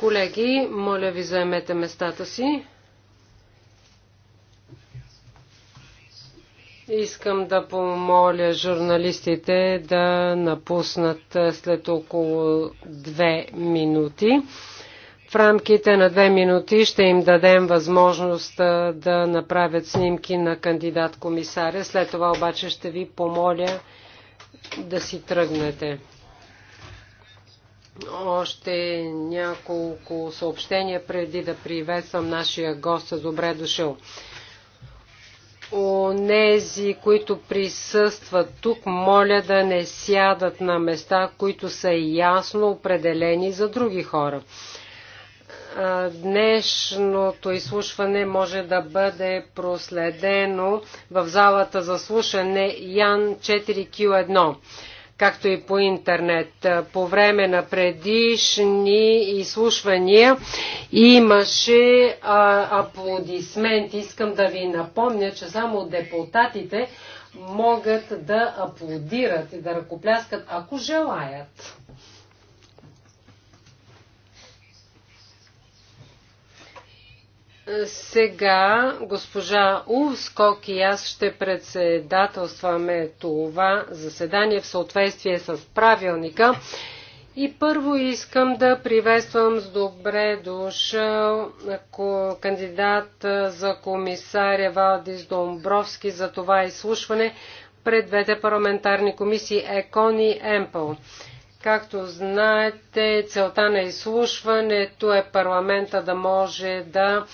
Колеги, моля ви заемете местата си. Искам да помоля журналистите да напуснат след около две минути. В рамките на две минути ще им дадем възможност да направят снимки на кандидат комисаря. След това обаче ще ви помоля да си тръгнете още няколко съобщения преди да приветствам нашия гост с добре дошъл. Онези, които присъстват тук, моля да не сядат на места, които са ясно определени за други хора. Днешното изслушване може да бъде проследено в залата за слушане Ян 4Q1 както и по интернет. По време на предишни изслушвания имаше а, аплодисмент. Искам да ви напомня, че само депутатите могат да аплодират и да ръкопляскат, ако желаят. Сега госпожа Увскок и аз ще председателстваме това заседание в съответствие с правилника. И първо искам да приветствам с добре дошъл кандидат за комисаря Валдис Домбровски за това изслушване пред двете парламентарни комисии ЕКОН и ЕМПЛ. Както знаете, целта на изслушването е парламента да може да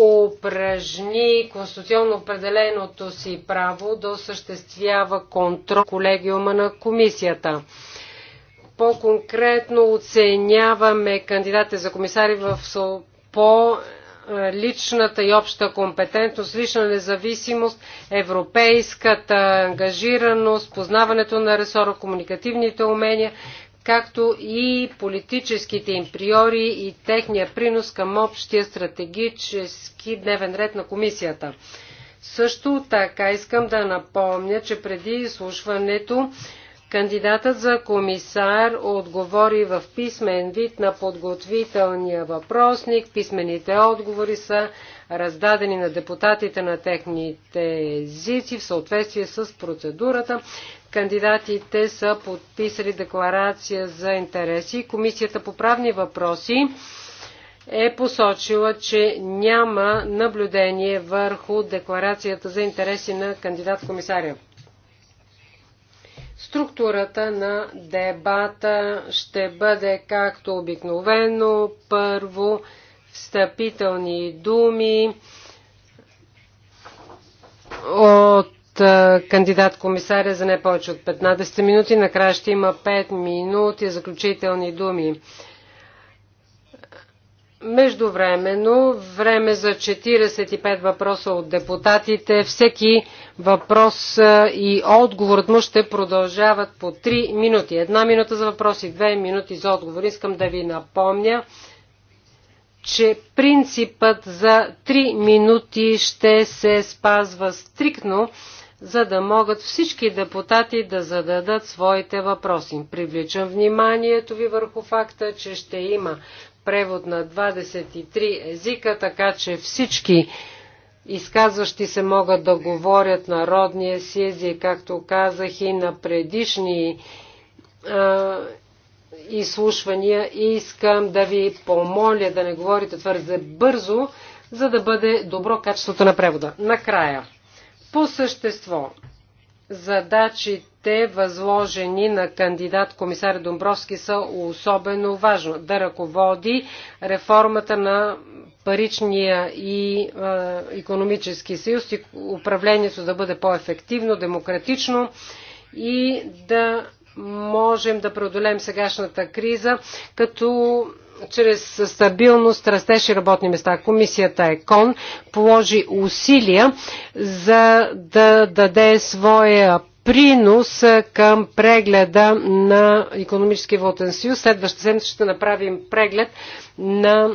упражни конституционно определеното си право да осъществява контрол колегиума на комисията. По-конкретно оценяваме кандидатите за комисари в по е, личната и обща компетентност, лична независимост, европейската ангажираност, познаването на ресора, комуникативните умения, както и политическите им приори и техния принос към общия стратегически дневен ред на комисията. Също така искам да напомня, че преди изслушването кандидатът за комисар отговори в писмен вид на подготвителния въпросник. Писмените отговори са раздадени на депутатите на техните езици в съответствие с процедурата. Кандидатите са подписали декларация за интереси. Комисията по правни въпроси е посочила, че няма наблюдение върху декларацията за интереси на кандидат-комисаря. Структурата на дебата ще бъде както обикновено. Първо, встъпителни думи от кандидат комисаря за не повече от 15 минути. Накрая ще има 5 минути заключителни думи. Междувременно време за 45 въпроса от депутатите. Всеки въпрос и отговорът му ще продължават по 3 минути. Една минута за въпроси, 2 минути за отговор. Искам да ви напомня, че принципът за 3 минути ще се спазва стриктно за да могат всички депутати да зададат своите въпроси. Привличам вниманието ви върху факта, че ще има превод на 23 езика, така че всички изказващи се могат да говорят народния си език, както казах и на предишни изслушвания и искам да ви помоля да не говорите твърде бързо, за да бъде добро качеството на превода. Накрая. По същество, задачите, възложени на кандидат комисар Домбровски, са особено важно да ръководи реформата на паричния и е, економически съюз, и управлението да бъде по-ефективно, демократично и да можем да преодолем сегашната криза, като чрез стабилност, растеж и работни места. Комисията ЕКОН положи усилия за да даде своя принос към прегледа на економически вълтен съюз. Следващата седмица ще направим преглед на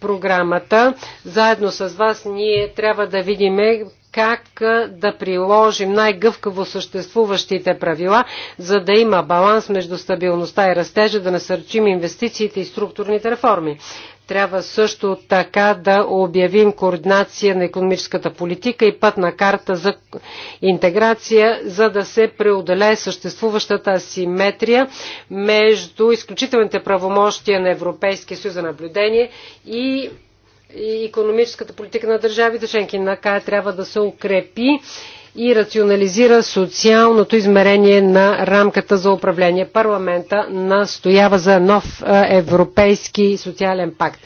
програмата. Заедно с вас ние трябва да видим как да приложим най-гъвкаво съществуващите правила, за да има баланс между стабилността и растежа, да насърчим инвестициите и структурните реформи. Трябва също така да обявим координация на економическата политика и пътна карта за интеграция, за да се преодолее съществуващата асиметрия между изключителните правомощия на Европейския съюз за наблюдение и и економическата политика на държавите членки. накая трябва да се укрепи и рационализира социалното измерение на рамката за управление. Парламента настоява за нов европейски социален пакт.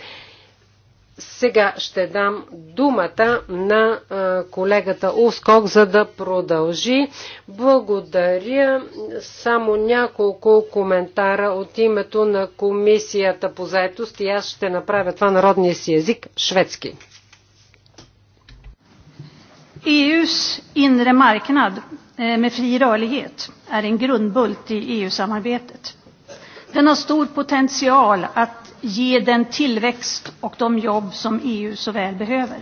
Сега ще дам думата на колегата Ускок, за да продължи. Благодаря. Само няколко коментара от името на Комисията по заетост и аз ще направя това народния си език шведски. EUs inre marknad eh, med fri rörlighet är en grundbult i EU-samarbetet. Den har stor potential att ge den tillväxt och de jobb som EU så väl behöver.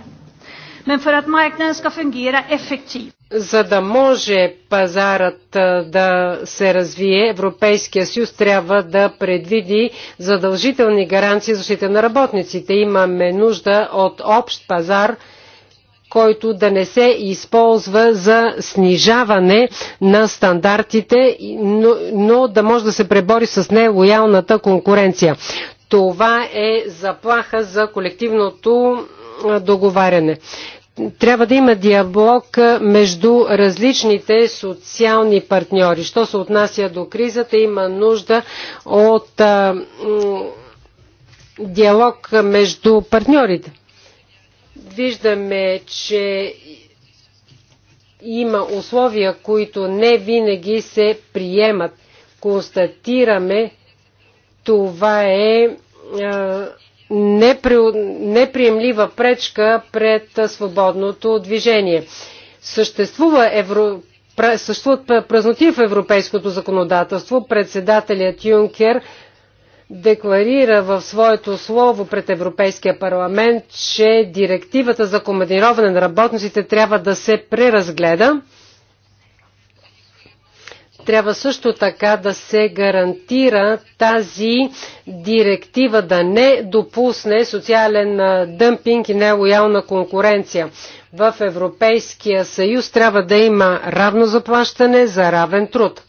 Men för att marknaden ska fungera effektivt за да може пазарът да се развие, Европейския съюз трябва да предвиди задължителни гаранции за защита на работниците. Имаме нужда от общ пазар който да не се използва за снижаване на стандартите, но, но да може да се пребори с нелоялната конкуренция. Това е заплаха за колективното договаряне трябва да има диалог между различните социални партньори. Що се отнася до кризата, има нужда от диалог между партньорите виждаме, че има условия, които не винаги се приемат. Констатираме, това е, е неприемлива пречка пред свободното движение. Съществува евро, съществуват празноти в европейското законодателство. Председателят Юнкер декларира в своето слово пред Европейския парламент, че директивата за командироване на работниците трябва да се преразгледа. Трябва също така да се гарантира тази директива да не допусне социален дъмпинг и нелоялна конкуренция. В Европейския съюз трябва да има равно заплащане за равен труд.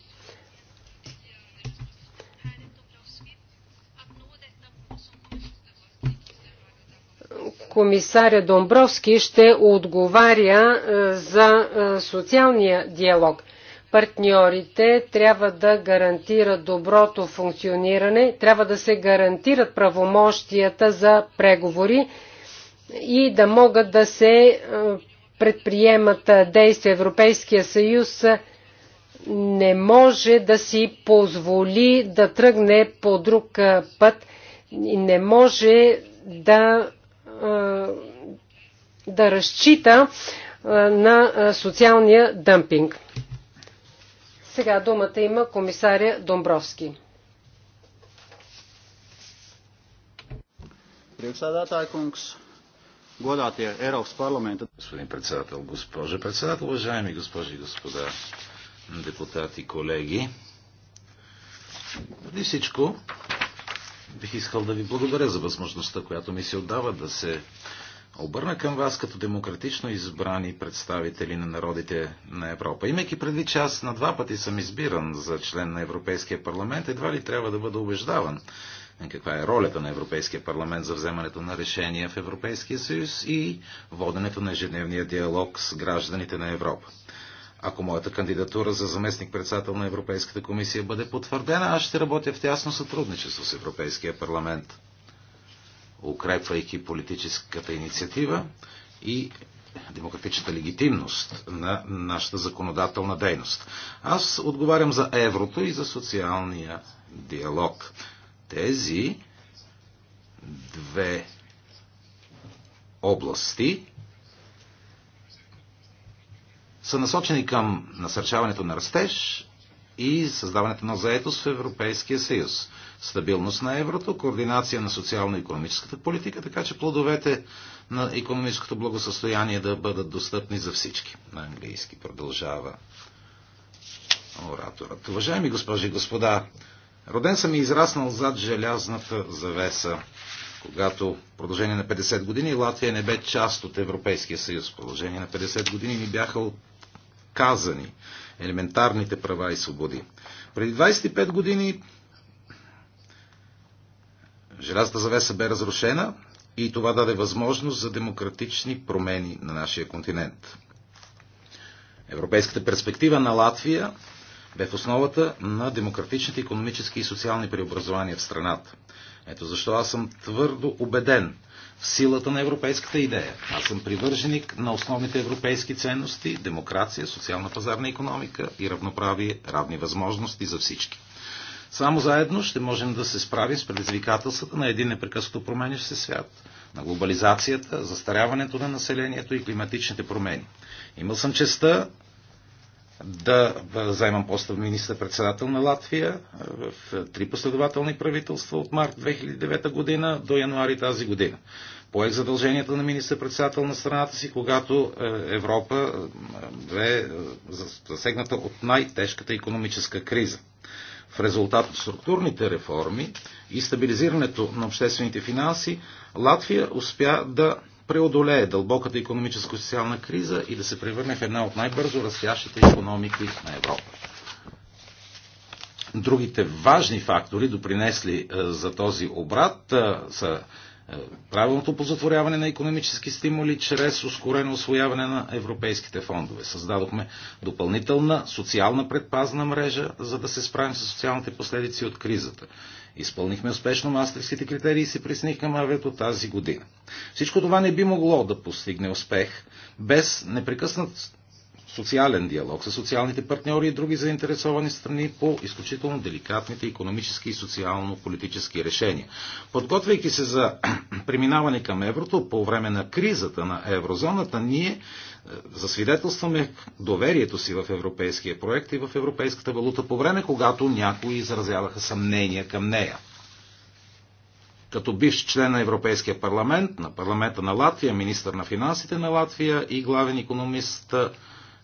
комисаря Домбровски ще отговаря е, за е, социалния диалог. Партньорите трябва да гарантират доброто функциониране, трябва да се гарантират правомощията за преговори и да могат да се е, предприемат действия. Европейския съюз не може да си позволи да тръгне по друг път и не може да да разчита на социалния дъмпинг. Сега думата има комисаря Домбровски. Господин председател, госпожа председател, уважаеми госпожи и господа депутати, колеги. Преди всичко, бих искал да ви благодаря за възможността, която ми се отдава да се обърна към вас като демократично избрани представители на народите на Европа. Имайки предвид, че аз на два пъти съм избиран за член на Европейския парламент, едва ли трябва да бъда убеждаван каква е ролята на Европейския парламент за вземането на решения в Европейския съюз и воденето на ежедневния диалог с гражданите на Европа. Ако моята кандидатура за заместник-председател на Европейската комисия бъде потвърдена, аз ще работя в тясно сътрудничество с Европейския парламент, укрепвайки политическата инициатива и демократичната легитимност на нашата законодателна дейност. Аз отговарям за еврото и за социалния диалог. Тези две области са насочени към насърчаването на растеж и създаването на заетост в Европейския съюз. Стабилност на еврото, координация на социално-економическата политика, така че плодовете на економическото благосъстояние да бъдат достъпни за всички. На английски продължава ораторът. Уважаеми госпожи и господа, роден съм и израснал зад желязната завеса, когато в продължение на 50 години Латвия не бе част от Европейския съюз. В продължение на 50 години ми бяха казани елементарните права и свободи. Преди 25 години желязната завеса бе разрушена и това даде възможност за демократични промени на нашия континент. Европейската перспектива на Латвия бе в основата на демократичните економически и социални преобразования в страната. Ето защо аз съм твърдо убеден, в силата на европейската идея. Аз съм привърженик на основните европейски ценности демокрация, социална пазарна економика и равноправие, равни възможности за всички. Само заедно ще можем да се справим с предизвикателствата на един непрекъснато променящ се свят, на глобализацията, застаряването на населението и климатичните промени. Имал съм честа да заемам поста в министър-председател на Латвия в три последователни правителства от март 2009 година до януари тази година. Поех задълженията на министър-председател на страната си, когато Европа бе засегната от най-тежката економическа криза. В резултат от структурните реформи и стабилизирането на обществените финанси, Латвия успя да преодолее дълбоката економическо-социална криза и да се превърне в една от най-бързо растящите економики на Европа. Другите важни фактори, допринесли е, за този обрат, е, са правилното позатворяване на економически стимули чрез ускорено освояване на европейските фондове. Създадохме допълнителна социална предпазна мрежа, за да се справим с социалните последици от кризата. Изпълнихме успешно мастерските критерии и се приснихме към авето тази година. Всичко това не би могло да постигне успех без непрекъснат социален диалог с социалните партньори и други заинтересовани страни по изключително деликатните економически и социално-политически решения. Подготвяйки се за преминаване към еврото по време на кризата на еврозоната, ние е, засвидетелстваме доверието си в европейския проект и в европейската валута по време, когато някои изразяваха съмнения към нея като бивш член на Европейския парламент, на парламента на Латвия, министър на финансите на Латвия и главен економист е,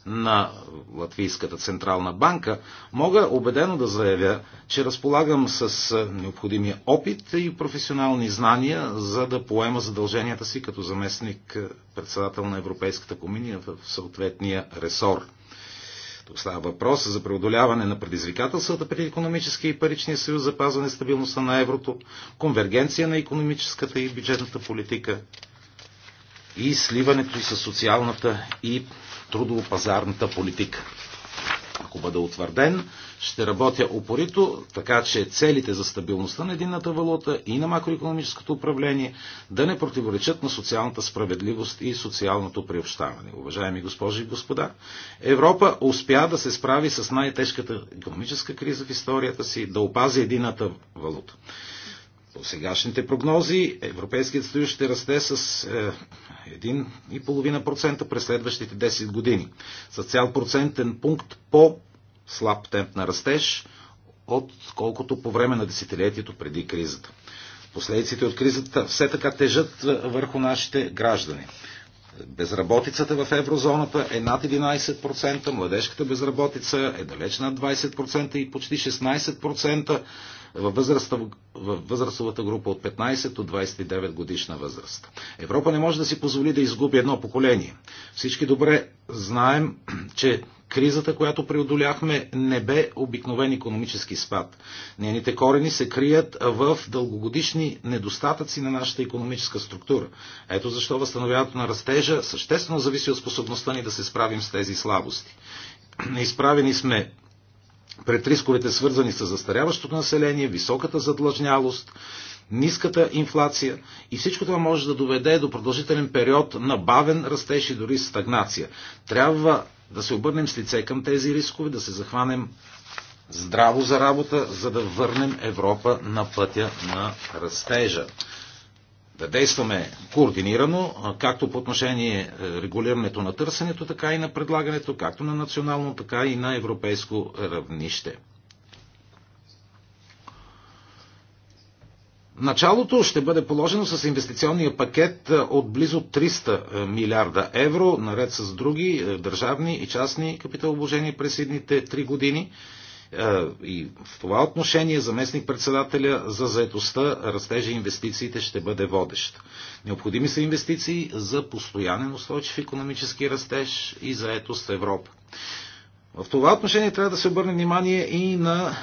на Латвийската централна банка, мога убедено да заявя, че разполагам с необходимия опит и професионални знания, за да поема задълженията си като заместник председател на Европейската комисия в съответния ресор. Тук става въпрос за преодоляване на предизвикателствата при економически и паричния съюз, запазване стабилността на еврото, конвергенция на економическата и бюджетната политика и сливането и с социалната и трудово-пазарната политика. Ако бъда утвърден, ще работя упорито, така че целите за стабилността на единната валута и на макроекономическото управление да не противоречат на социалната справедливост и социалното приобщаване. Уважаеми госпожи и господа, Европа успя да се справи с най-тежката економическа криза в историята си, да опази едината валута. По сегашните прогнози Европейският съюз ще расте с 1,5% е, през следващите 10 години. С цял процентен пункт по слаб темп на растеж, отколкото по време на десетилетието преди кризата. Последиците от кризата все така тежат е, върху нашите граждани. Безработицата в еврозоната е над 11%, младежката безработица е далеч над 20% и почти 16% във, във възрастовата група от 15 до 29 годишна възраст. Европа не може да си позволи да изгуби едно поколение. Всички добре знаем, че кризата, която преодоляхме, не бе обикновен економически спад. Нените корени се крият в дългогодишни недостатъци на нашата економическа структура. Ето защо възстановяването на растежа съществено зависи от способността ни да се справим с тези слабости. Изправени сме пред рисковете свързани с застаряващото население, високата задлъжнялост, ниската инфлация и всичко това може да доведе до продължителен период на бавен растеж и дори стагнация. Трябва да се обърнем с лице към тези рискове, да се захванем здраво за работа, за да върнем Европа на пътя на растежа да действаме координирано, както по отношение е, регулирането на търсенето, така и на предлагането, както на национално, така и на европейско равнище. Началото ще бъде положено с инвестиционния пакет е, от близо 300 е, милиарда евро, наред с други държавни и частни капиталобложения през едните три години – е, и в това отношение заместник председателя за заедостта, растежа и инвестициите ще бъде водещ. Необходими са инвестиции за постоянен устойчив економически растеж и заедост в Европа. В това отношение трябва да се обърне внимание и на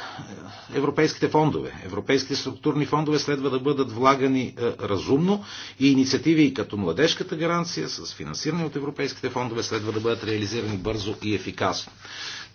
европейските фондове. Европейските структурни фондове следва да бъдат влагани е, разумно и инициативи като младежката гаранция с финансиране от европейските фондове следва да бъдат реализирани бързо и ефикасно.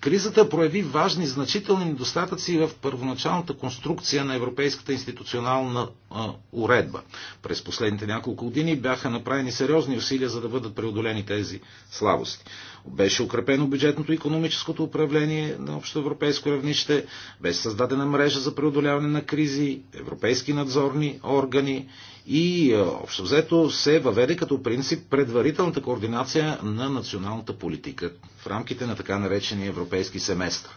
Кризата прояви важни, значителни недостатъци в първоначалната конструкция на европейската институционална а, уредба. През последните няколко години бяха направени сериозни усилия за да бъдат преодолени тези слабости. Беше укрепено бюджетното и економическото управление на общоевропейско равнище, беше създадена мрежа за преодоляване на кризи, европейски надзорни органи и е, общо взето се въведе като принцип предварителната координация на националната политика в рамките на така наречения европейски семестър.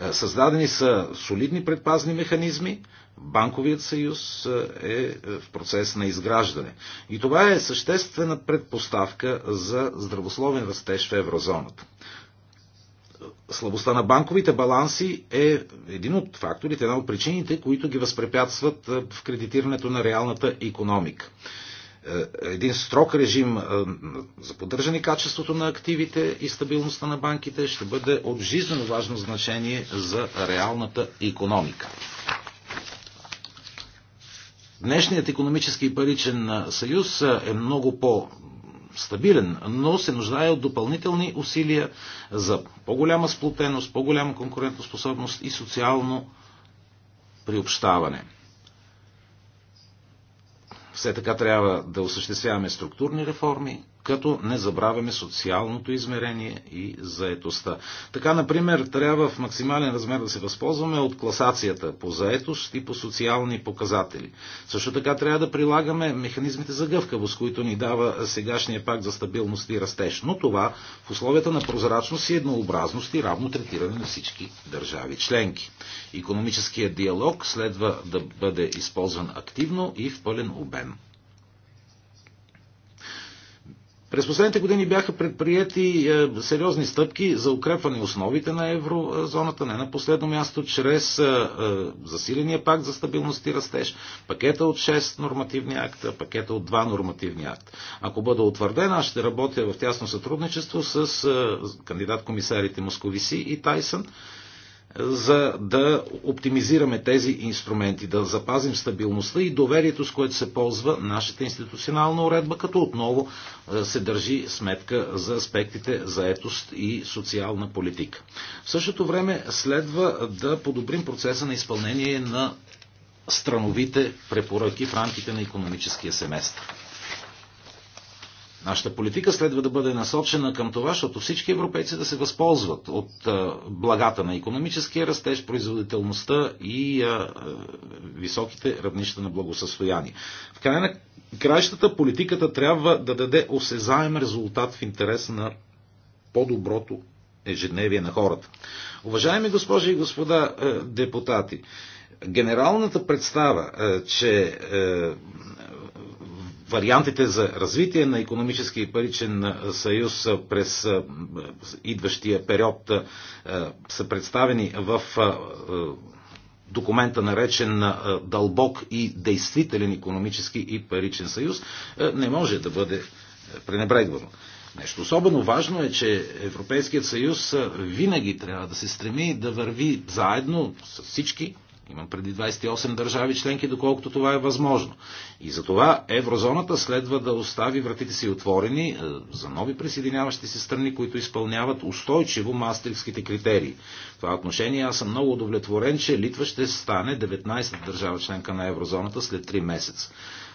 Е, създадени са солидни предпазни механизми, банковият съюз е, е в процес на изграждане. И това е съществена предпоставка за здравословен растеж в еврозоната слабостта на банковите баланси е един от факторите, една от причините, които ги възпрепятстват е, в кредитирането на реалната економика. Е, един строг режим е, за поддържане качеството на активите и стабилността на банките ще бъде от жизненно важно значение за реалната економика. Днешният економически и паричен съюз е много по стабилен, но се нуждае от допълнителни усилия за по-голяма сплотеност, по-голяма конкурентоспособност и социално приобщаване. Все така трябва да осъществяваме структурни реформи, като не забравяме социалното измерение и заетостта. Така, например, трябва в максимален размер да се възползваме от класацията по заетост и по социални показатели. Също така трябва да прилагаме механизмите за гъвкавост, които ни дава сегашния пакт за стабилност и растеж. Но това в условията на прозрачност и еднообразност и равно третиране на всички държави членки. Економическият диалог следва да бъде използван активно и в пълен обем. През последните години бяха предприяти е, сериозни стъпки за укрепване основите на еврозоната, не на последно място, чрез е, е, засиления пакт за стабилност и растеж, пакета от 6 нормативни акта, пакета от 2 нормативни акта. Ако бъда утвърден, аз ще работя в тясно сътрудничество с кандидат-комисарите Московиси и Тайсън, за да оптимизираме тези инструменти, да запазим стабилността и доверието, с което се ползва нашата институционална уредба, като отново е, се държи сметка за аспектите за етост и социална политика. В същото време следва да подобрим процеса на изпълнение на страновите препоръки в рамките на економическия семестър. Нашата политика следва да бъде насочена към това, защото всички европейци да се възползват от благата на економическия растеж, производителността и високите равнища на благосъстояние. В край на краищата политиката трябва да даде осезаем резултат в интерес на по-доброто ежедневие на хората. Уважаеми госпожи и господа депутати, генералната представа, че вариантите за развитие на економически и паричен съюз през идващия период са представени в документа наречен дълбок и действителен економически и паричен съюз, не може да бъде пренебрегвано. Нещо особено важно е, че Европейският съюз винаги трябва да се стреми да върви заедно с всички Имам преди 28 държави членки, доколкото това е възможно. И затова еврозоната следва да остави вратите си отворени е, за нови присъединяващи се страни, които изпълняват устойчиво мастрихските критерии. В това отношение аз съм много удовлетворен, че Литва ще стане 19 та държава членка на еврозоната след 3 месеца.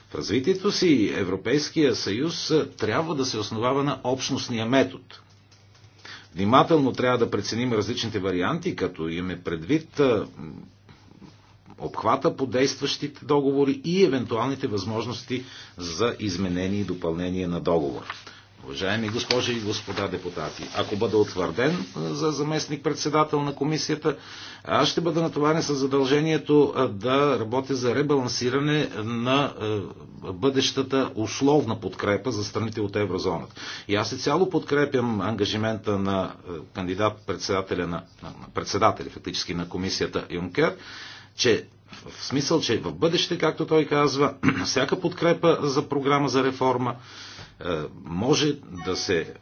В развитието си Европейския съюз е, трябва да се основава на общностния метод. Внимателно трябва да преценим различните варианти, като имаме предвид е, обхвата по действащите договори и евентуалните възможности за изменение и допълнение на договора. Уважаеми госпожи и господа депутати, ако бъда утвърден за заместник-председател на комисията, аз ще бъда натоварен с задължението да работя за ребалансиране на бъдещата условна подкрепа за страните от еврозоната. И аз цяло подкрепям ангажимента на кандидат-председателя на, на председателя фактически на комисията Юнкер че в смисъл, че в бъдеще, както той казва, всяка подкрепа за програма за реформа е, може да се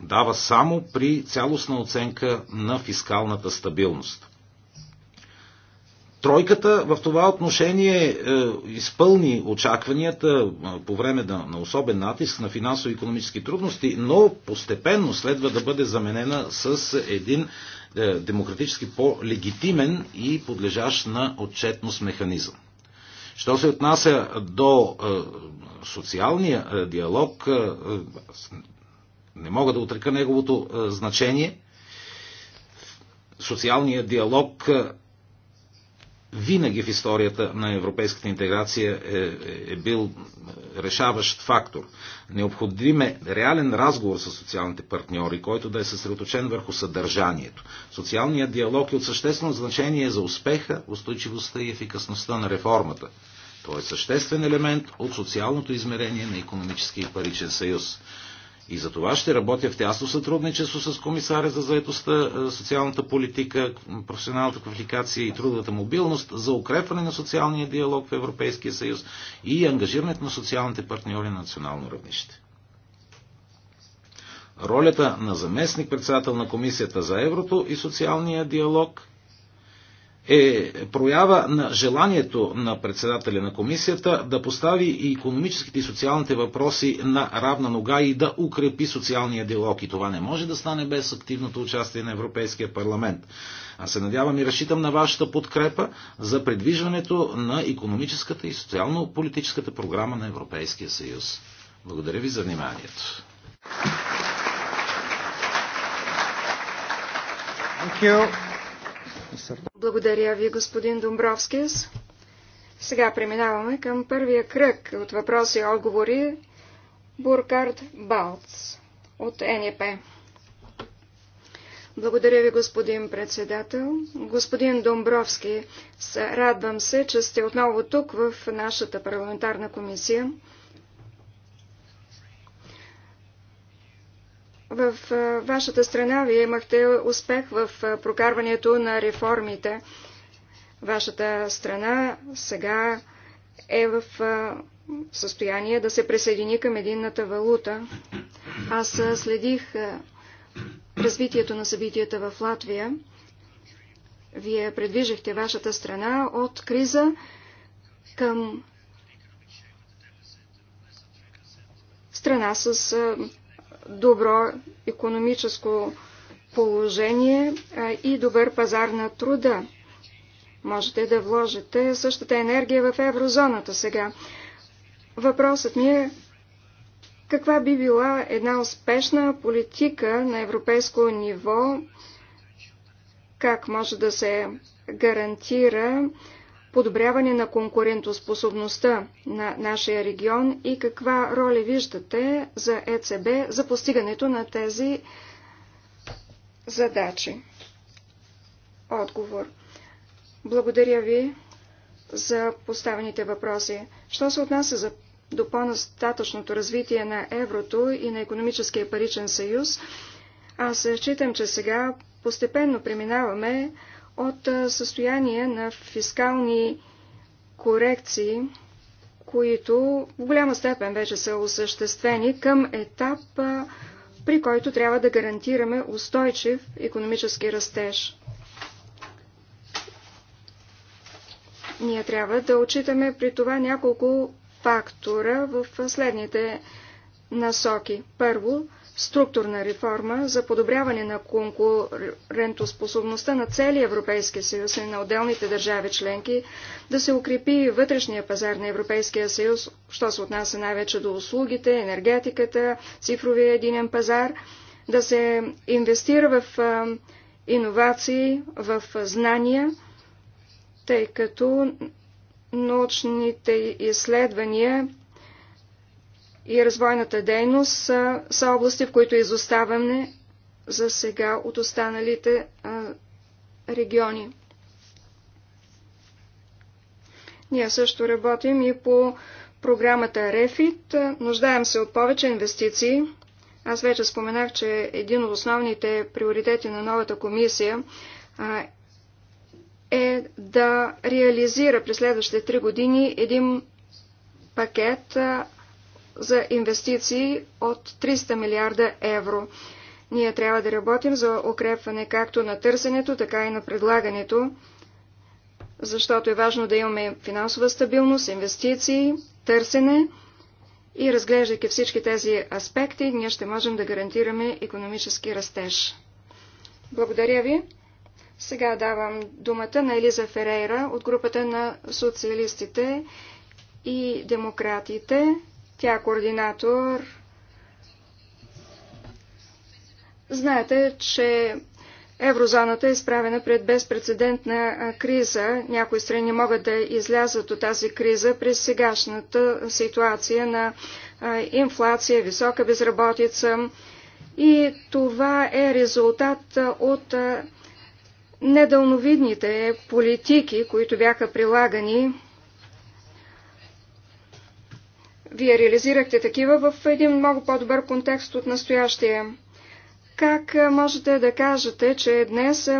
дава само при цялостна оценка на фискалната стабилност. Тройката в това отношение е, изпълни очакванията е, по време на, на особен натиск на финансово-економически трудности, но постепенно следва да бъде заменена с един е, демократически по-легитимен и подлежащ на отчетност механизъм. Що се отнася до е, социалния е, диалог, не мога да отрека неговото значение. Социалният диалог винаги в историята на европейската интеграция е, е, е бил решаващ фактор. Необходим е реален разговор с социалните партньори, който да е съсредоточен върху съдържанието. Социалният диалог е от съществено значение за успеха, устойчивостта и ефикасността на реформата. Той е съществен елемент от социалното измерение на економическия и паричен съюз. И за това ще работя в тясно сътрудничество с комисаря за заедостта, е, социалната политика, професионалната квалификация и трудовата мобилност за укрепване на социалния диалог в Европейския съюз и ангажирането на социалните партньори на национално равнище. Ролята на заместник-председател на Комисията за еврото и социалния диалог – е проява на желанието на председателя на комисията да постави и економическите и социалните въпроси на равна нога и да укрепи социалния диалог. И това не може да стане без активното участие на Европейския парламент. Аз се надявам и разчитам на вашата подкрепа за предвижването на економическата и социално-политическата програма на Европейския съюз. Благодаря ви за вниманието. Thank you. Благодаря ви, господин Домбровскис. Сега преминаваме към първия кръг от въпроси и отговори. Буркард Балц от НЕП. Благодаря ви, господин председател. Господин Домбровски, радвам се, че сте отново тук в нашата парламентарна комисия. В вашата страна вие имахте успех в прокарването на реформите. Вашата страна сега е в състояние да се присъедини към единната валута. Аз следих развитието на събитията в Латвия. Вие предвижихте вашата страна от криза към страна с добро економическо положение е, и добър пазар на труда. Можете да вложите същата енергия в еврозоната сега. Въпросът ми е каква би била една успешна политика на европейско ниво, как може да се гарантира подобряване на конкурентоспособността на нашия регион и каква роля виждате за ЕЦБ за постигането на тези задачи? Отговор. Благодаря ви за поставените въпроси. Що се отнася за до по-настатъчното развитие на еврото и на економическия паричен съюз, аз считам, че сега постепенно преминаваме от състояние на фискални корекции, които в голяма степен вече са осъществени към етап, при който трябва да гарантираме устойчив економически растеж. Ние трябва да отчитаме при това няколко фактора в следните насоки. Първо, структурна реформа за подобряване на конкурентоспособността на целия Европейския съюз и на отделните държави членки, да се укрепи вътрешния пазар на Европейския съюз, що се отнася най-вече до услугите, енергетиката, цифровия единен пазар, да се инвестира в иновации, в знания, тъй като научните изследвания и развойната дейност са, са области, в които изоставаме за сега от останалите а, региони. Ние също работим и по програмата РЕФИТ. Нуждаем се от повече инвестиции. Аз вече споменах, че един от основните приоритети на новата комисия а, е да реализира през следващите три години един пакет а, за инвестиции от 300 милиарда евро. Ние трябва да работим за укрепване както на търсенето, така и на предлагането, защото е важно да имаме финансова стабилност, инвестиции, търсене и разглеждайки всички тези аспекти, ние ще можем да гарантираме економически растеж. Благодаря ви. Сега давам думата на Елиза Ферейра от групата на социалистите и демократите. Тя е координатор. Знаете, че еврозоната е изправена пред безпредседентна криза. Някои страни могат да излязат от тази криза през сегашната ситуация на инфлация, висока безработица. И това е резултат от недълновидните политики, които бяха прилагани вие реализирахте такива в един много по-добър контекст от настоящия. Как можете да кажете, че днес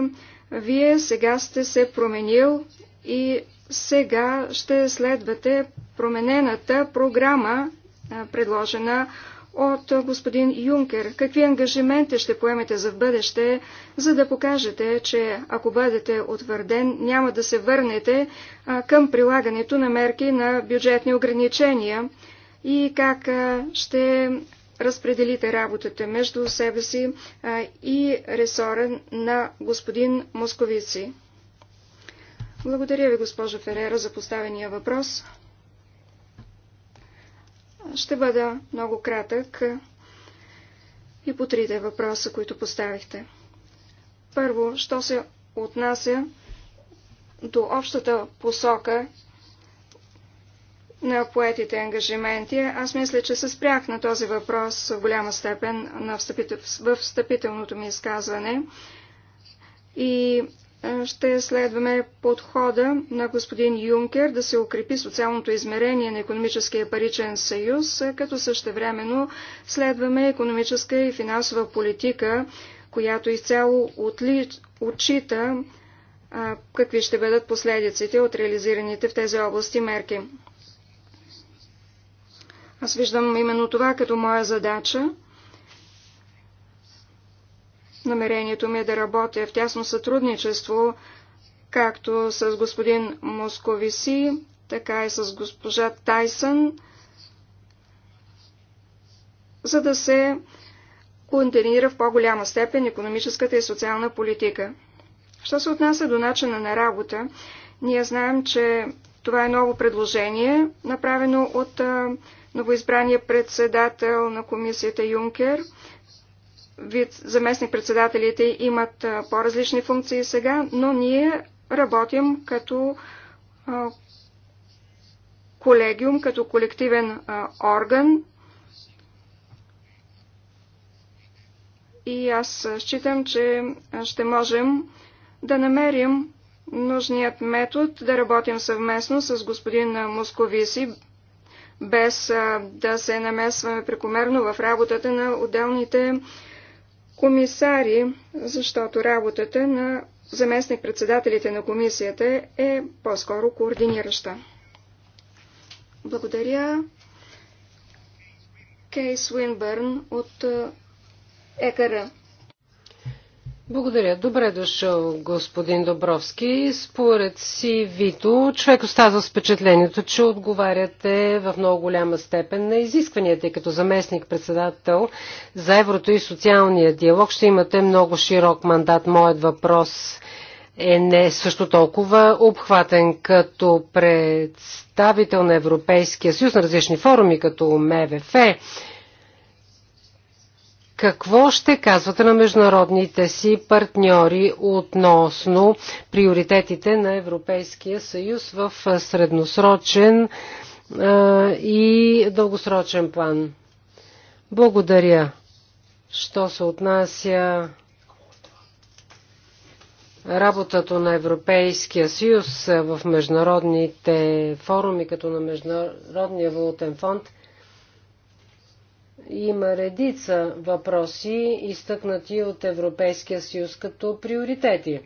вие сега сте се променил и сега ще следвате променената програма, предложена от господин Юнкер. Какви ангажименти ще поемете за в бъдеще, за да покажете, че ако бъдете утвърден, няма да се върнете към прилагането на мерки на бюджетни ограничения, и как ще разпределите работата между себе си и ресора на господин Московици. Благодаря ви, госпожо Ферера, за поставения въпрос. Ще бъда много кратък и по трите въпроса, които поставихте. Първо, що се отнася до общата посока на поетите ангажименти. Аз мисля, че се спрях на този въпрос в голяма степен на встъпител... в встъпителното ми изказване и е, ще следваме подхода на господин Юнкер да се укрепи социалното измерение на економическия паричен съюз, е, като същевременно следваме економическа и финансова политика, която изцяло отли... отчита а, е, какви ще бъдат последиците от реализираните в тези области мерки. Аз виждам именно това като моя задача. Намерението ми е да работя в тясно сътрудничество, както с господин Московиси, така и с госпожа Тайсън, за да се контенира в по-голяма степен економическата и социална политика. Що се отнася до начина на работа, ние знаем, че това е ново предложение, направено от новоизбрания председател на комисията Юнкер. Заместник-председателите имат по-различни функции сега, но ние работим като колегиум, като колективен орган. И аз считам, че ще можем да намерим нужният метод да работим съвместно с господин Московиси, без да се намесваме прекомерно в работата на отделните комисари, защото работата на заместник-председателите на комисията е по-скоро координираща. Благодаря. Кейс Уинбърн от ЕКРА. Благодаря. Добре дошъл, господин Добровски. Според си Вито, човек остава с впечатлението, че отговаряте в много голяма степен на изискванията, и като заместник-председател за еврото и социалния диалог ще имате много широк мандат. Моят въпрос е не също толкова обхватен като представител на Европейския съюз на различни форуми, като МВФ, какво ще казвате на международните си партньори относно приоритетите на Европейския съюз в средносрочен и дългосрочен план? Благодаря. Що се отнася работата на Европейския съюз в международните форуми, като на Международния валутен фонд – има редица въпроси, изтъкнати от Европейския съюз като приоритети.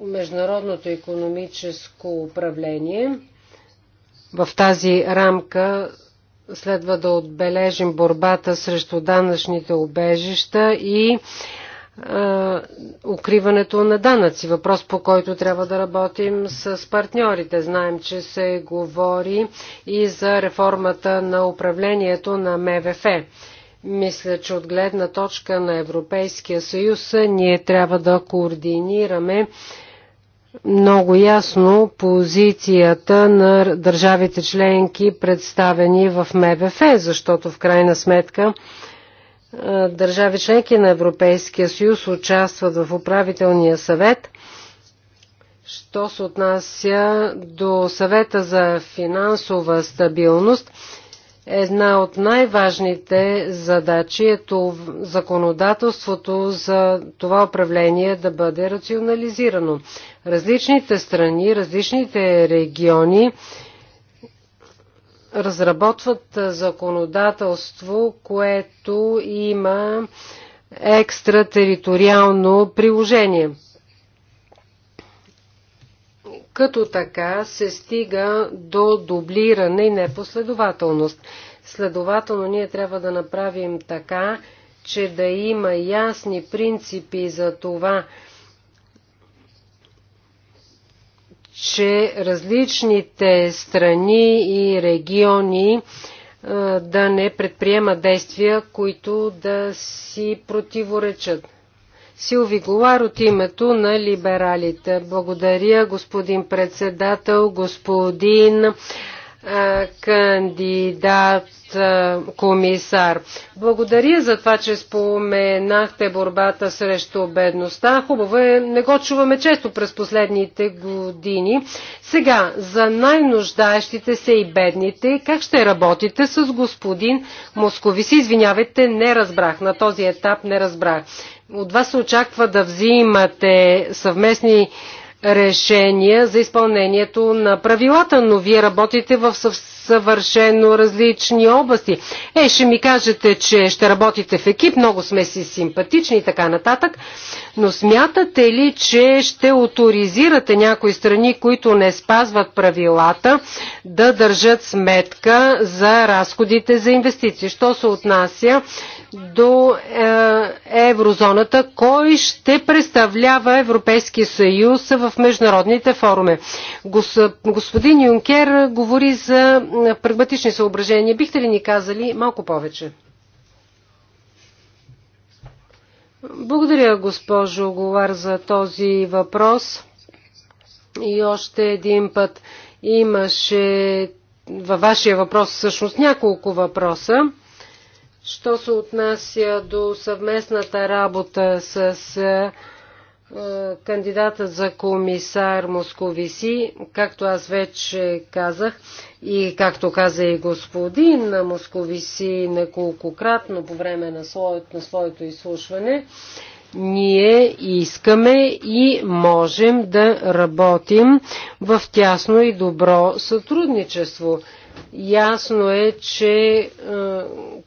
Международното економическо управление. В тази рамка следва да отбележим борбата срещу данъчните обежища и укриването на данъци. Въпрос по който трябва да работим с партньорите. Знаем, че се говори и за реформата на управлението на МВФ. Мисля, че от гледна точка на Европейския съюз ние трябва да координираме много ясно позицията на държавите членки, представени в МВФ, защото в крайна сметка е, държави членки на Европейския съюз участват в управителния съвет. Що се отнася до съвета за финансова стабилност, една от най-важните задачи е законодателството за това управление да бъде рационализирано. Различните страни, различните региони разработват законодателство, което има екстратериториално приложение. Като така се стига до дублиране и непоследователност. Следователно ние трябва да направим така, че да има ясни принципи за това, че различните страни и региони е, да не предприемат действия, които да си противоречат. Силви Голар от името на либералите. Благодаря, господин председател, господин кандидат комисар. Благодаря за това, че споменахте борбата срещу бедността. Хубаво е, не го чуваме често през последните години. Сега, за най-нуждаещите се и бедните, как ще работите с господин Московиси? Извинявайте, не разбрах. На този етап не разбрах. От вас се очаква да взимате съвместни решения за изпълнението на правилата, но вие работите в съвършено различни области. Е, ще ми кажете, че ще работите в екип, много сме си симпатични и така нататък, но смятате ли, че ще авторизирате някои страни, които не спазват правилата, да държат сметка за разходите за инвестиции? Що се отнася до е, еврозоната, кой ще представлява Европейския съюз в международните форуми. Господин Юнкер говори за е, прагматични съображения. Бихте ли ни казали малко повече? Благодаря, госпожо Говар, за този въпрос. И още един път имаше във вашия въпрос всъщност няколко въпроса. Що се отнася до съвместната работа с е, кандидатът за комисар Московиси, както аз вече казах и както каза и господин Московиси неколкократно по време на своето, на своето изслушване, ние искаме и можем да работим в тясно и добро сътрудничество. Ясно е, че е,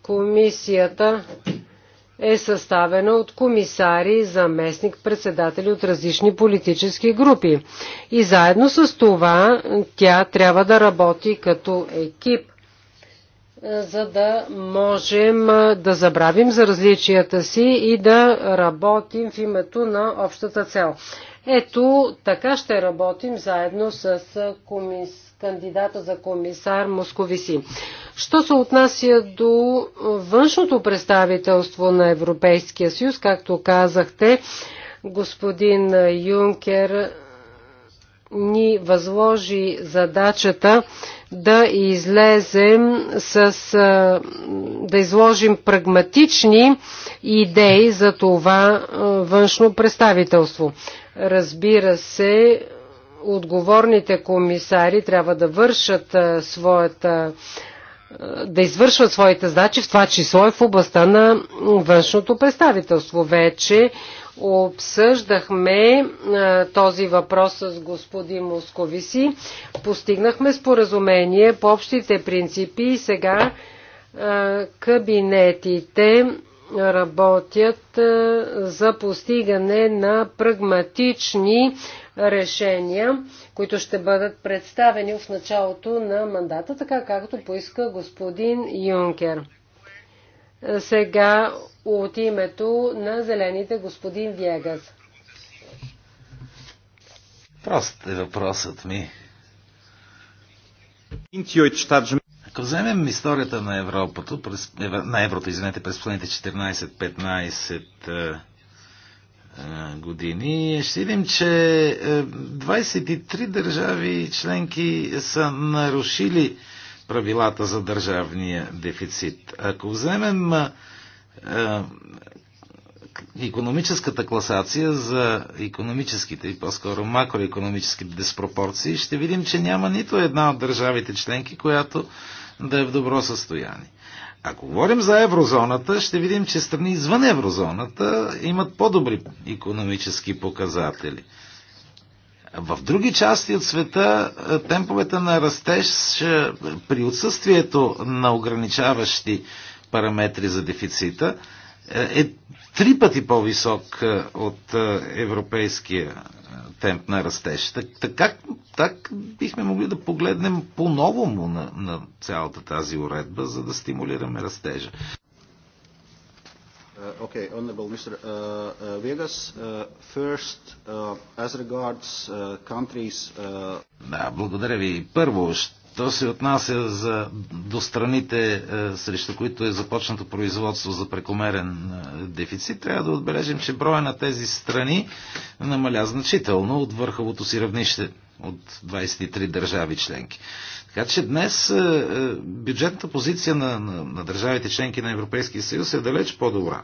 комисията е съставена от комисари, заместник, председатели от различни политически групи. И заедно с това тя трябва да работи като екип е, за да можем е, да забравим за различията си и да работим в името на общата цел. Ето така ще работим заедно с е, комис... кандидата за комисар Московиси. Що се отнася до външното представителство на Европейския съюз, както казахте, господин Юнкер ни възложи задачата да излезем с, да изложим прагматични идеи за това външно представителство. Разбира се, отговорните комисари трябва да вършат своята да извършват своите задачи, в това число и в областта на външното представителство. Вече обсъждахме този въпрос с господин Московиси. Постигнахме споразумение по общите принципи и сега кабинетите работят за постигане на прагматични решения, които ще бъдат представени в началото на мандата, така както поиска господин Юнкер. Сега от името на зелените господин Вегас. Прост е въпросът ми. Ако вземем историята на Европата, през, на Европа, извинете, през последните 14-15 години, ще видим, че 23 е, държави членки са нарушили правилата за държавния дефицит. Ако вземем економическата класация за економическите и по-скоро макроекономическите диспропорции, ще видим, че няма нито една от държавите членки, която да е в добро състояние. Ако говорим за еврозоната, ще видим, че страни извън еврозоната имат по-добри економически показатели. В други части от света е, темповете на растеж е, при отсъствието на ограничаващи параметри за дефицита е, е три пъти по-висок от европейския темп на растеж. Така, так бихме могли да погледнем по-новому на, на цялата тази уредба, за да стимулираме растежа. Uh, okay, Honorable Mr. Uh, uh, Vegas, uh, first, uh, as regards uh, countries... Uh... Да, благодаря ви. Първо, ще то се отнася за, до страните, е, срещу които е започнато производство за прекомерен е, дефицит, трябва да отбележим, че броя на тези страни намаля значително от върховото си равнище от 23 държави членки. Така че днес е, бюджетната позиция на, на, на държавите членки на Европейския съюз е далеч по-добра,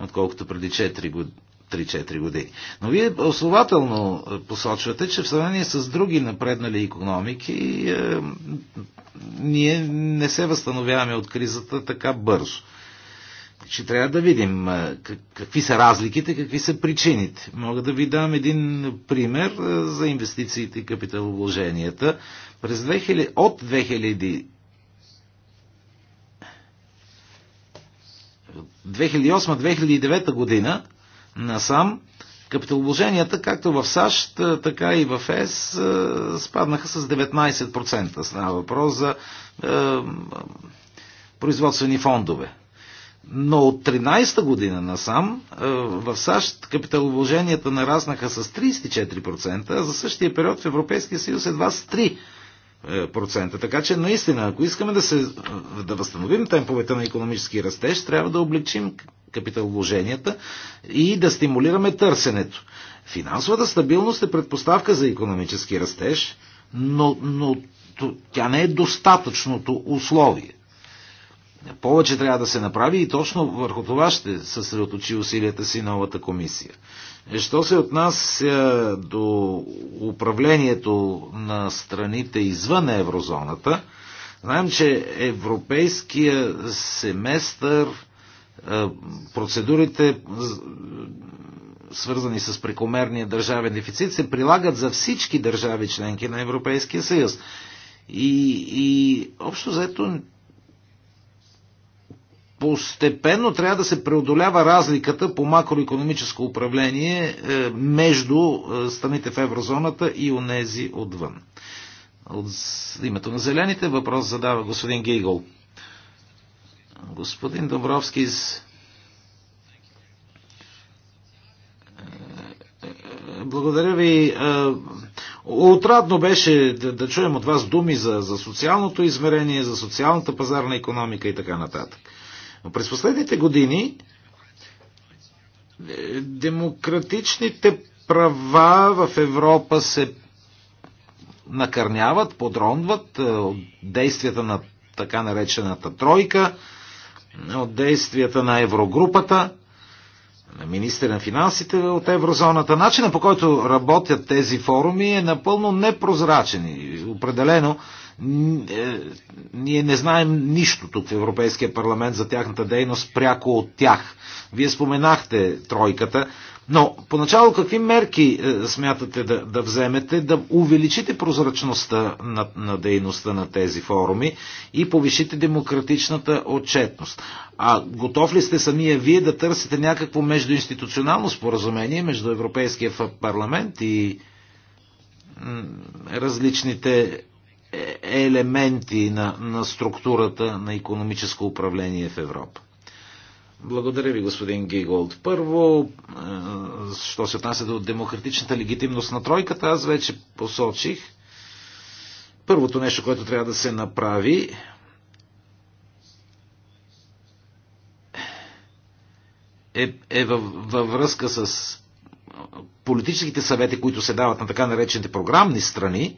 отколкото преди 4 години 3-4 години. Но вие основателно е, посочвате, че в сравнение с други напреднали економики, е, ние не се възстановяваме от кризата така бързо. Ще значи, трябва да видим е, какви са разликите, какви са причините. Мога да ви дам един пример за инвестициите и капиталовложенията. През 2000, от 2000 2008-2009 година насам, капиталовложенията, както в САЩ, така и в ЕС, спаднаха с 19%. Става въпрос за е, производствени фондове. Но от 13-та година насам в САЩ капиталовложенията нараснаха с 34%, а за същия период в Европейския съюз едва с 3% процента. Така че наистина, ако искаме да, се, да възстановим темповете на економически растеж, трябва да облегчим капиталовложенията и да стимулираме търсенето. Финансовата стабилност е предпоставка за економически растеж, но, но тя не е достатъчното условие. Повече трябва да се направи и точно върху това ще съсредоточи усилията си новата комисия. Е, що се отнася е, до управлението на страните извън еврозоната, знаем, че европейския семестър, е, процедурите свързани с прекомерния държавен дефицит, се прилагат за всички държави членки на Европейския съюз. И, и общо заето постепенно трябва да се преодолява разликата по макроекономическо управление е, между е, страните в еврозоната и онези отвън. От името на зелените въпрос задава господин Гейгол. Господин Добровски, е, благодаря ви. Отрадно беше да, да чуем от вас думи за, за социалното измерение, за социалната пазарна економика и така нататък. Но през последните години е, демократичните права в Европа се накърняват, подронват е, от действията на така наречената тройка, от действията на еврогрупата, на министър на финансите от еврозоната. Начина по който работят тези форуми е напълно непрозрачен и определено е, ние не знаем нищо тук в Европейския парламент за тяхната дейност пряко от тях. Вие споменахте тройката, но поначало какви мерки е, смятате да, да вземете да увеличите прозрачността на, на дейността на тези форуми и повишите демократичната отчетност? А готов ли сте самия вие да търсите някакво междуинституционално споразумение между Европейския парламент и различните елементи на, на структурата на економическо управление в Европа. Благодаря ви, господин Гиголд. Първо, е, що се отнася до демократичната легитимност на тройката, аз вече посочих. Първото нещо, което трябва да се направи, е, е във, във връзка с политическите съвети, които се дават на така наречените програмни страни,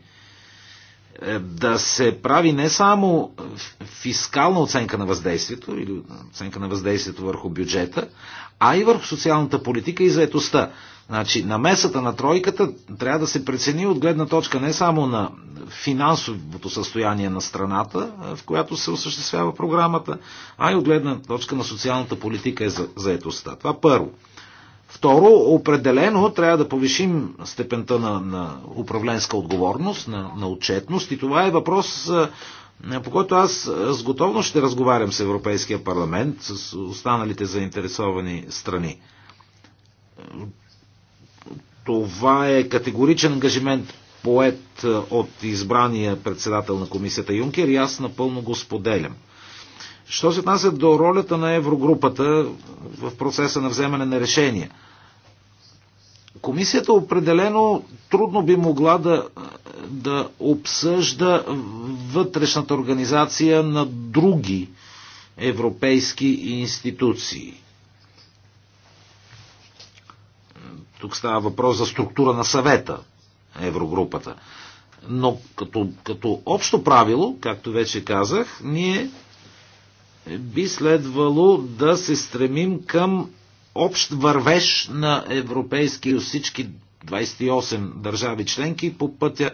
е, да се прави не само фискална оценка на въздействието или оценка на въздействието върху бюджета, а и върху социалната политика и заетостта. Значи, намесата на тройката трябва да се прецени от гледна точка не само на финансовото състояние на страната, е, в която се осъществява програмата, а и от гледна точка на социалната политика и заетостта. Това първо. Второ, определено трябва да повишим степента на, на управленска отговорност, на, на отчетност и това е въпрос, по който аз с готовност ще разговарям с Европейския парламент, с останалите заинтересовани страни. Това е категоричен ангажимент поет от избрания председател на комисията Юнкер и аз напълно го споделям. Що се отнася до ролята на Еврогрупата в процеса на вземане на решения? Комисията определено трудно би могла да, да обсъжда вътрешната организация на други европейски институции. Тук става въпрос за структура на съвета, Еврогрупата. Но като, като общо правило, както вече казах, ние би следвало да се стремим към общ вървеж на европейски и всички 28 държави членки по пътя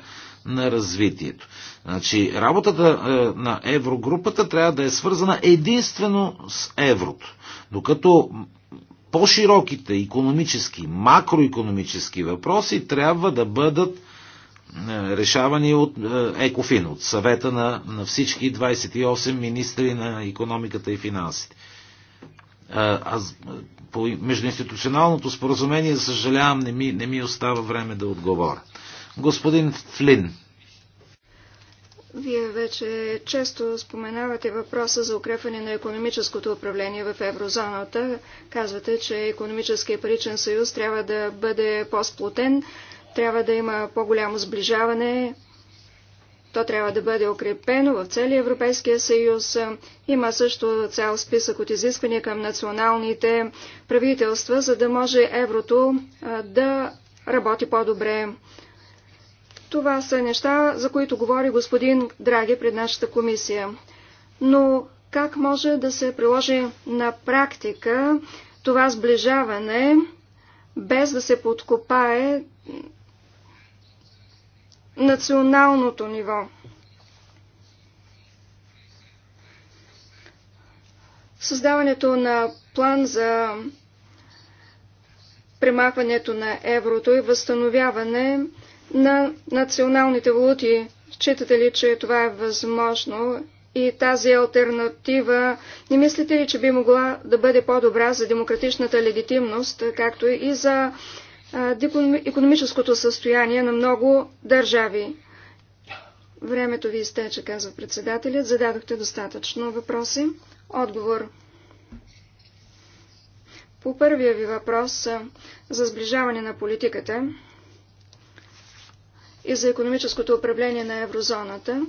на развитието. Значи, работата е, на еврогрупата трябва да е свързана единствено с еврото. Докато по-широките економически, макроекономически въпроси трябва да бъдат е, решавани от е, ЕКОФИН, от съвета на, на всички 28 министри на економиката и финансите. Е, аз по междуинституционалното споразумение, съжалявам, не ми, не ми остава време да отговоря. Господин Флин. Вие вече често споменавате въпроса за укрепване на економическото управление в еврозоната. Казвате, че економическия паричен съюз трябва да бъде по-сплотен трябва да има по-голямо сближаване. То трябва да бъде укрепено в целия Европейския съюз. Има също цял списък от изисквания към националните правителства, за да може еврото да работи по-добре. Това са неща, за които говори господин Драги пред нашата комисия. Но как може да се приложи на практика това сближаване, без да се подкопае националното ниво. Създаването на план за премахването на еврото и възстановяване на националните валути. Считате ли, че това е възможно и тази альтернатива, не мислите ли, че би могла да бъде по-добра за демократичната легитимност, както и за економическото състояние на много държави. Времето ви изтече, казва председателят. Зададохте достатъчно въпроси. Отговор. По първия ви въпрос за сближаване на политиката и за економическото управление на еврозоната,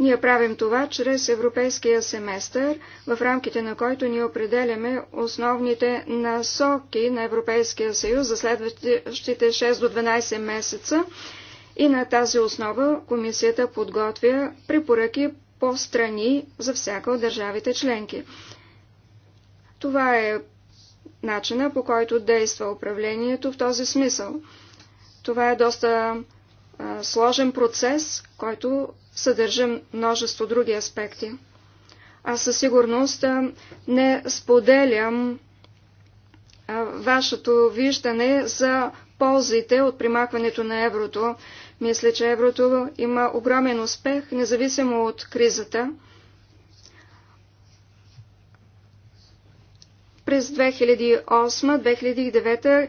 Ние правим това чрез европейския семестър, в рамките на който ние определяме основните насоки на Европейския съюз за следващите 6 до 12 месеца. И на тази основа комисията подготвя препоръки по страни за всяка от държавите членки. Това е начина по който действа управлението в този смисъл. Това е доста а, сложен процес, който съдържа множество други аспекти. Аз със сигурност не споделям вашето виждане за ползите от примахването на еврото. Мисля, че еврото има огромен успех, независимо от кризата. През 2008-2009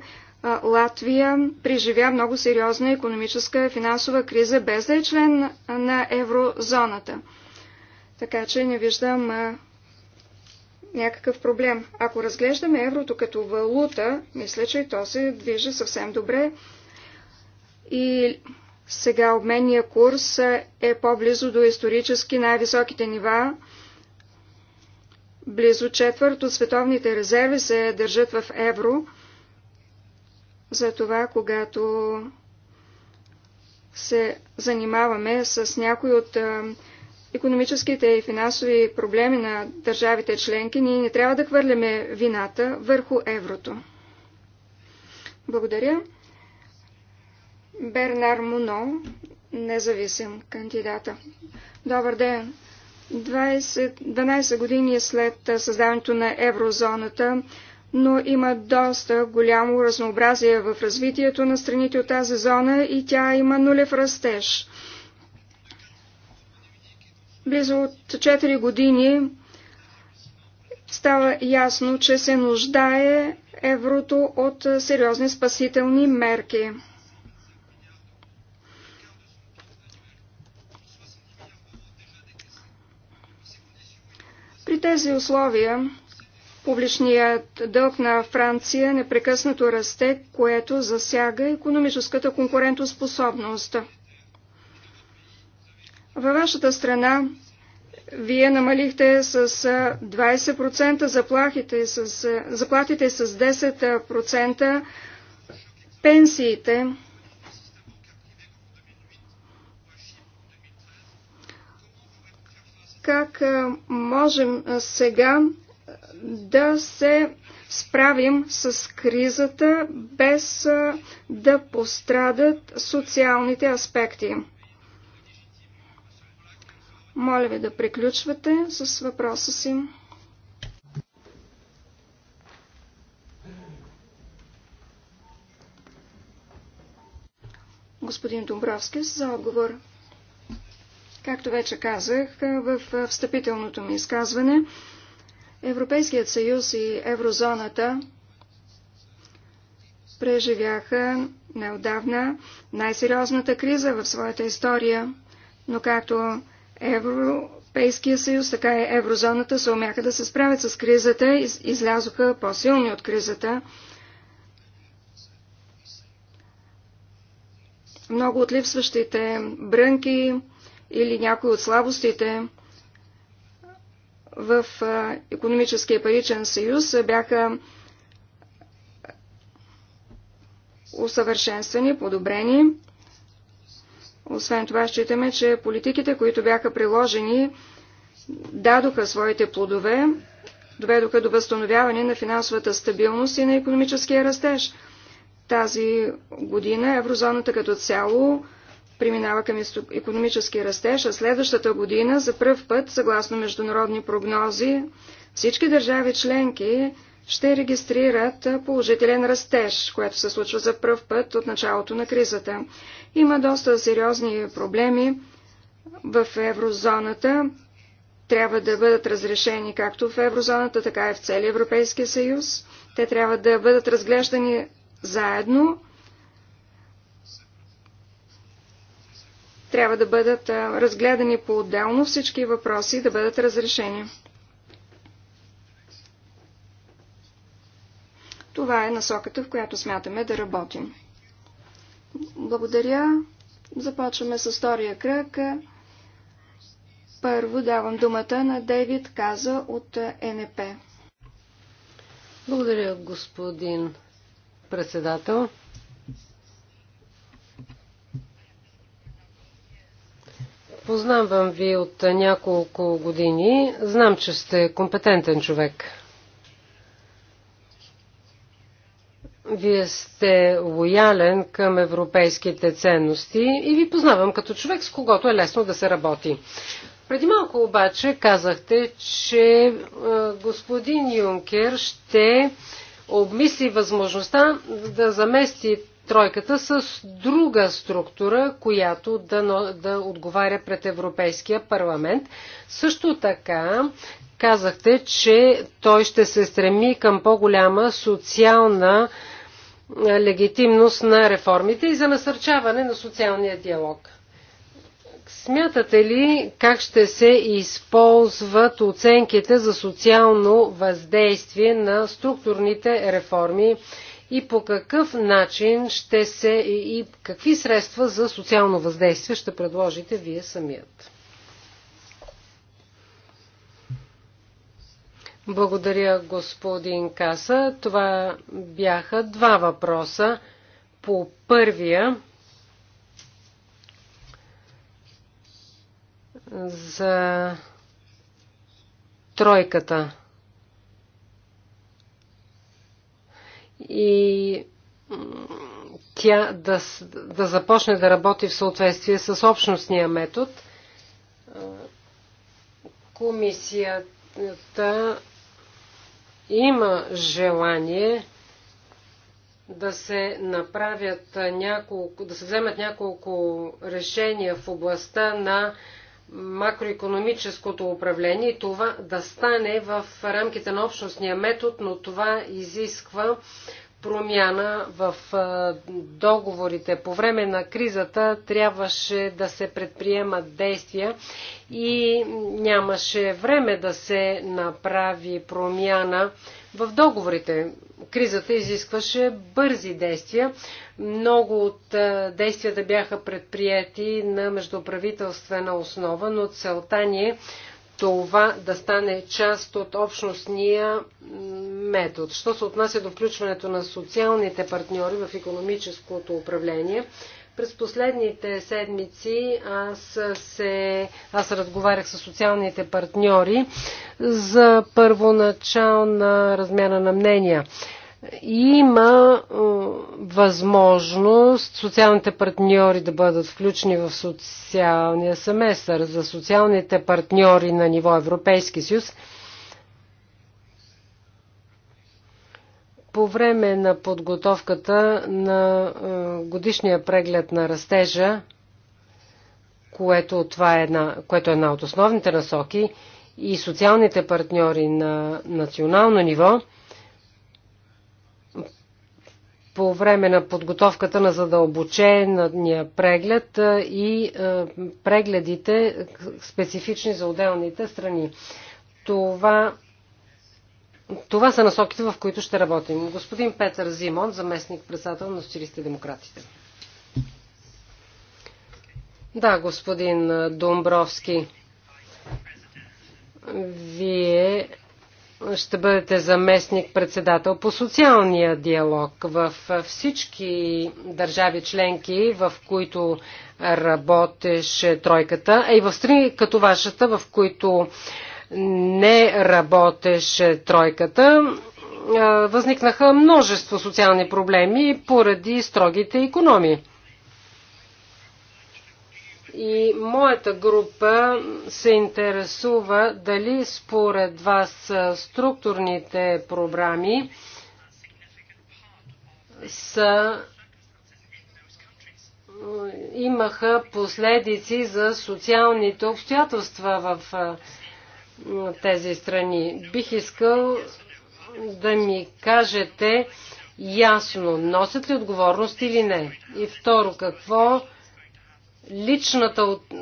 Латвия преживя много сериозна економическа и финансова криза, без да е член на еврозоната. Така че не виждам а, някакъв проблем. Ако разглеждаме еврото като валута, мисля, че то се движи съвсем добре. И сега обменния курс е по-близо до исторически най-високите нива. Близо четвърт от световните резерви се държат в евро – за това, когато се занимаваме с някои от економическите и финансови проблеми на държавите членки, ние не трябва да хвърляме вината върху еврото. Благодаря. Бернар Муно, независим кандидата. Добър ден! 20, 12 години след създаването на еврозоната, но има доста голямо разнообразие в развитието на страните от тази зона и тя има нулев растеж. Близо от 4 години става ясно, че се нуждае еврото от сериозни спасителни мерки. При тези условия Публичният дълг на Франция непрекъснато расте, което засяга економическата конкурентоспособност. Във вашата страна вие намалихте с 20% заплахите, с, заплатите с 10%, пенсиите. Как можем сега да се справим с кризата без да пострадат социалните аспекти. Моля ви да приключвате с въпроса си. господин Домбровски за отговор. Както вече казах в встъпителното ми изказване, Европейският съюз и еврозоната преживяха неодавна най-сериозната криза в своята история, но както Европейския съюз, така и еврозоната се умяха да се справят с кризата и излязоха по-силни от кризата. Много от липсващите брънки или някои от слабостите в економическия паричен съюз бяха усъвършенствани, подобрени. Освен това, считаме, че политиките, които бяха приложени, дадоха своите плодове, доведоха до възстановяване на финансовата стабилност и на економическия растеж. Тази година еврозоната като цяло преминава към економически растеж, а следващата година за първ път, съгласно международни прогнози, всички държави членки ще регистрират положителен растеж, което се случва за пръв път от началото на кризата. Има доста сериозни проблеми в еврозоната. Трябва да бъдат разрешени както в еврозоната, така и в целия Европейския съюз. Те трябва да бъдат разглеждани заедно Трябва да бъдат разгледани по-отделно всички въпроси да бъдат разрешени. Това е насоката, в която смятаме да работим. Благодаря. Започваме с втория кръг. Първо давам думата на Дейвид Каза от НП. Благодаря, господин председател. Познавам ви от няколко години. Знам, че сте компетентен човек. Вие сте лоялен към европейските ценности и ви познавам като човек, с когото е лесно да се работи. Преди малко обаче казахте, че е, господин Юнкер ще обмисли възможността да замести тройката с друга структура, която да, да отговаря пред Европейския парламент. Също така казахте, че той ще се стреми към по-голяма социална легитимност на реформите и за насърчаване на социалния диалог. Смятате ли как ще се използват оценките за социално въздействие на структурните реформи? и по какъв начин ще се и какви средства за социално въздействие ще предложите вие самият. Благодаря, господин Каса. Това бяха два въпроса. По първия за тройката. и тя да, да започне да работи в съответствие с общностния метод. Комисията има желание да се направят няколко, да се вземат няколко решения в областта на макроекономическото управление и това да стане в рамките на общностния метод, но това изисква промяна в договорите. По време на кризата трябваше да се предприемат действия и нямаше време да се направи промяна в договорите. Кризата изискваше бързи действия. Много от действията бяха предприяти на междуправителствена основа, но целта ни е това да стане част от общностния метод. Що се отнася до включването на социалните партньори в економическото управление, през последните седмици аз, се, аз разговарях с социалните партньори за първоначална размяна на мнения. Има възможност социалните партньори да бъдат включени в социалния семестър. За социалните партньори на ниво Европейски съюз по време на подготовката на годишния преглед на растежа, което, това е една, което е една от основните насоки, и социалните партньори на национално ниво – по време на подготовката на задълбочения преглед и прегледите специфични за отделните страни. Това, това са насоките, в които ще работим. Господин Петър Зимон, заместник председател на Социалистите демократите. Да, господин Домбровски, вие ще бъдете заместник председател по социалния диалог в всички държави членки, в които работеше тройката, а и в страни като вашата, в които не работеше тройката, възникнаха множество социални проблеми поради строгите економии. И моята група се интересува дали според вас структурните програми са имаха последици за социалните обстоятелства в тези страни. Бих искал да ми кажете ясно, носят ли отговорност или не. И второ, какво личната е,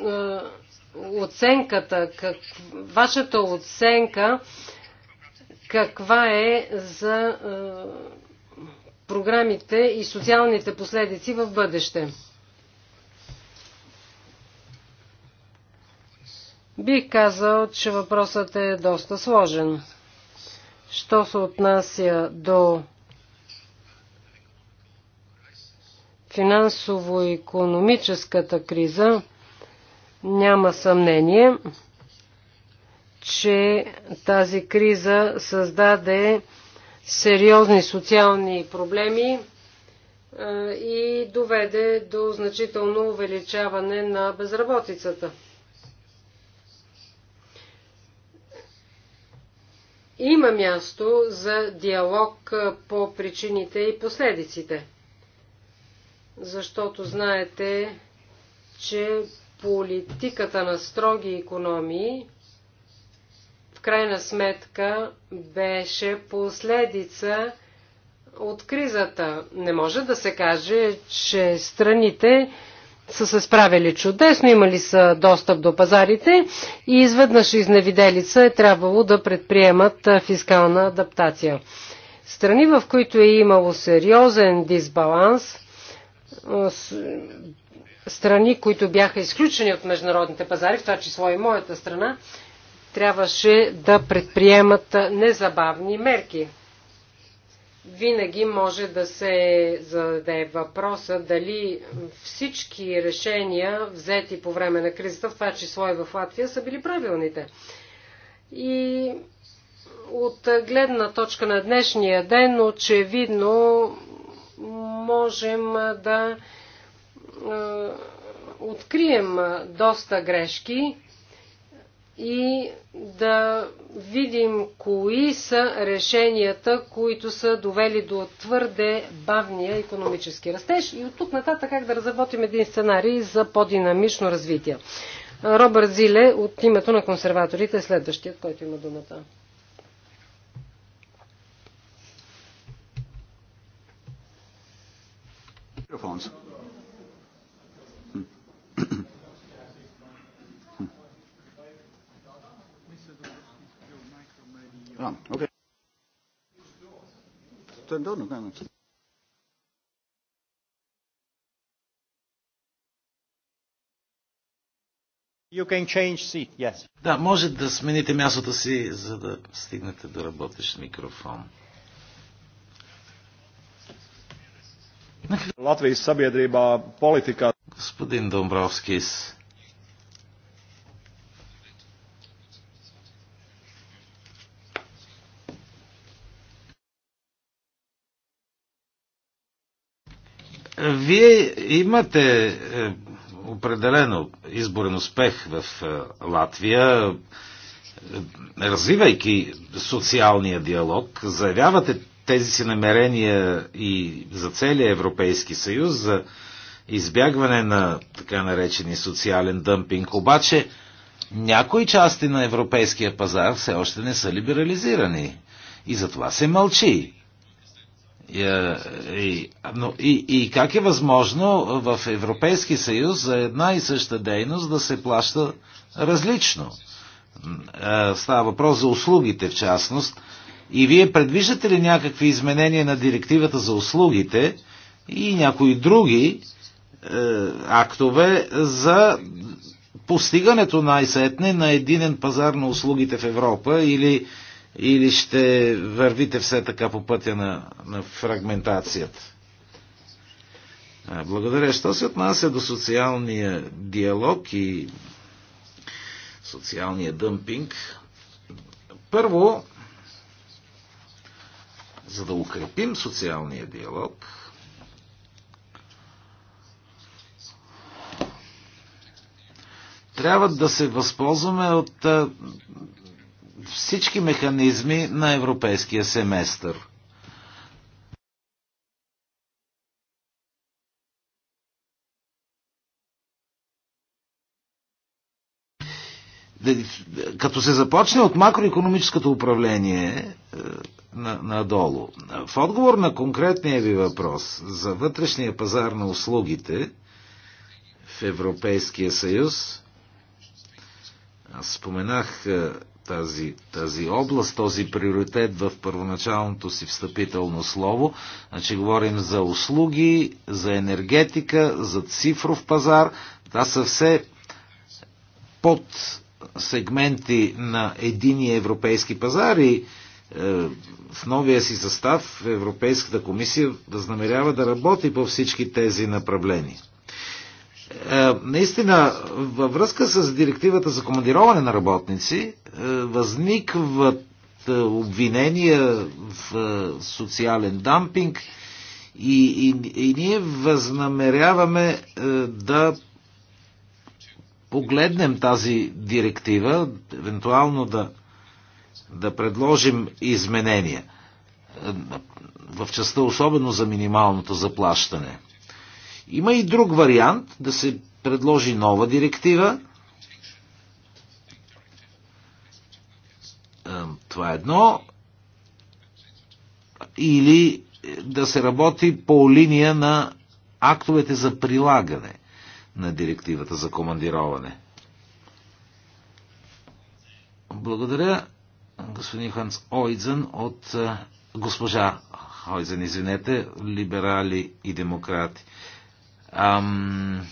оценката, как, вашата оценка, каква е за е, програмите и социалните последици в бъдеще. Бих казал, че въпросът е доста сложен. Що се отнася до финансово-економическата криза, няма съмнение, че тази криза създаде сериозни социални проблеми и доведе до значително увеличаване на безработицата. Има място за диалог по причините и последиците защото знаете, че политиката на строги економии в крайна сметка беше последица от кризата. Не може да се каже, че страните са се справили чудесно, имали са достъп до пазарите и изведнъж изневиделица е трябвало да предприемат фискална адаптация. Страни, в които е имало сериозен дисбаланс, страни, които бяха изключени от международните пазари, в това число и моята страна, трябваше да предприемат незабавни мерки. Винаги може да се зададе въпроса дали всички решения, взети по време на кризата, в това число и в Латвия, са били правилните. И от гледна точка на днешния ден, очевидно можем да открием доста грешки и да видим кои са решенията, които са довели до твърде бавния економически растеж и от тук нататък как да разработим един сценарий за по-динамично развитие. Робърт Зиле от името на консерваторите е следващият, който има думата. Microphones. okay. Е you can change seat, yes. Да, може да смените мястото си, за да стигнете до да работещ микрофон. Latvijas sabiedrībā politikā. Господин Dombrovskis. Вие имате е, определено изборен успех в е, Латвия, е, развивайки социалния диалог, заявявате тези си намерения и за целия Европейски съюз, за избягване на така наречени социален дъмпинг. Обаче някои части на европейския пазар все още не са либерализирани. И за това се мълчи. И, е, и, но, и, и как е възможно в Европейски съюз за една и съща дейност да се плаща различно? Е, става въпрос за услугите в частност и вие предвиждате ли някакви изменения на директивата за услугите и някои други е, актове за постигането най-сетне на единен пазар на услугите в Европа или, или ще вървите все така по пътя на, на фрагментацията? Благодаря. Що се отнася до социалния диалог и социалния дъмпинг? Първо, за да укрепим социалния диалог, трябва да се възползваме от всички механизми на европейския семестър. като се започне от макроекономическото управление е, надолу, в отговор на конкретния ви въпрос за вътрешния пазар на услугите в Европейския съюз, аз споменах е, тази, тази област, този приоритет в първоначалното си встъпително слово. Значи говорим за услуги, за енергетика, за цифров пазар. Това са все под сегменти на единия европейски пазар и е, в новия си състав Европейската комисия възнамерява да работи по всички тези направления. Е, наистина, във връзка с директивата за командироване на работници, е, възникват обвинения в социален дампинг и, и, и ние възнамеряваме да погледнем тази директива, евентуално да, да предложим изменения е, в частта особено за минималното заплащане. Има и друг вариант да се предложи нова директива. Е, това е едно. Или да се работи по линия на актовете за прилагане на директивата за командироване. Благодаря господин Ханс Ойдзен от госпожа Ойдзен, извинете, либерали и демократи. Ам...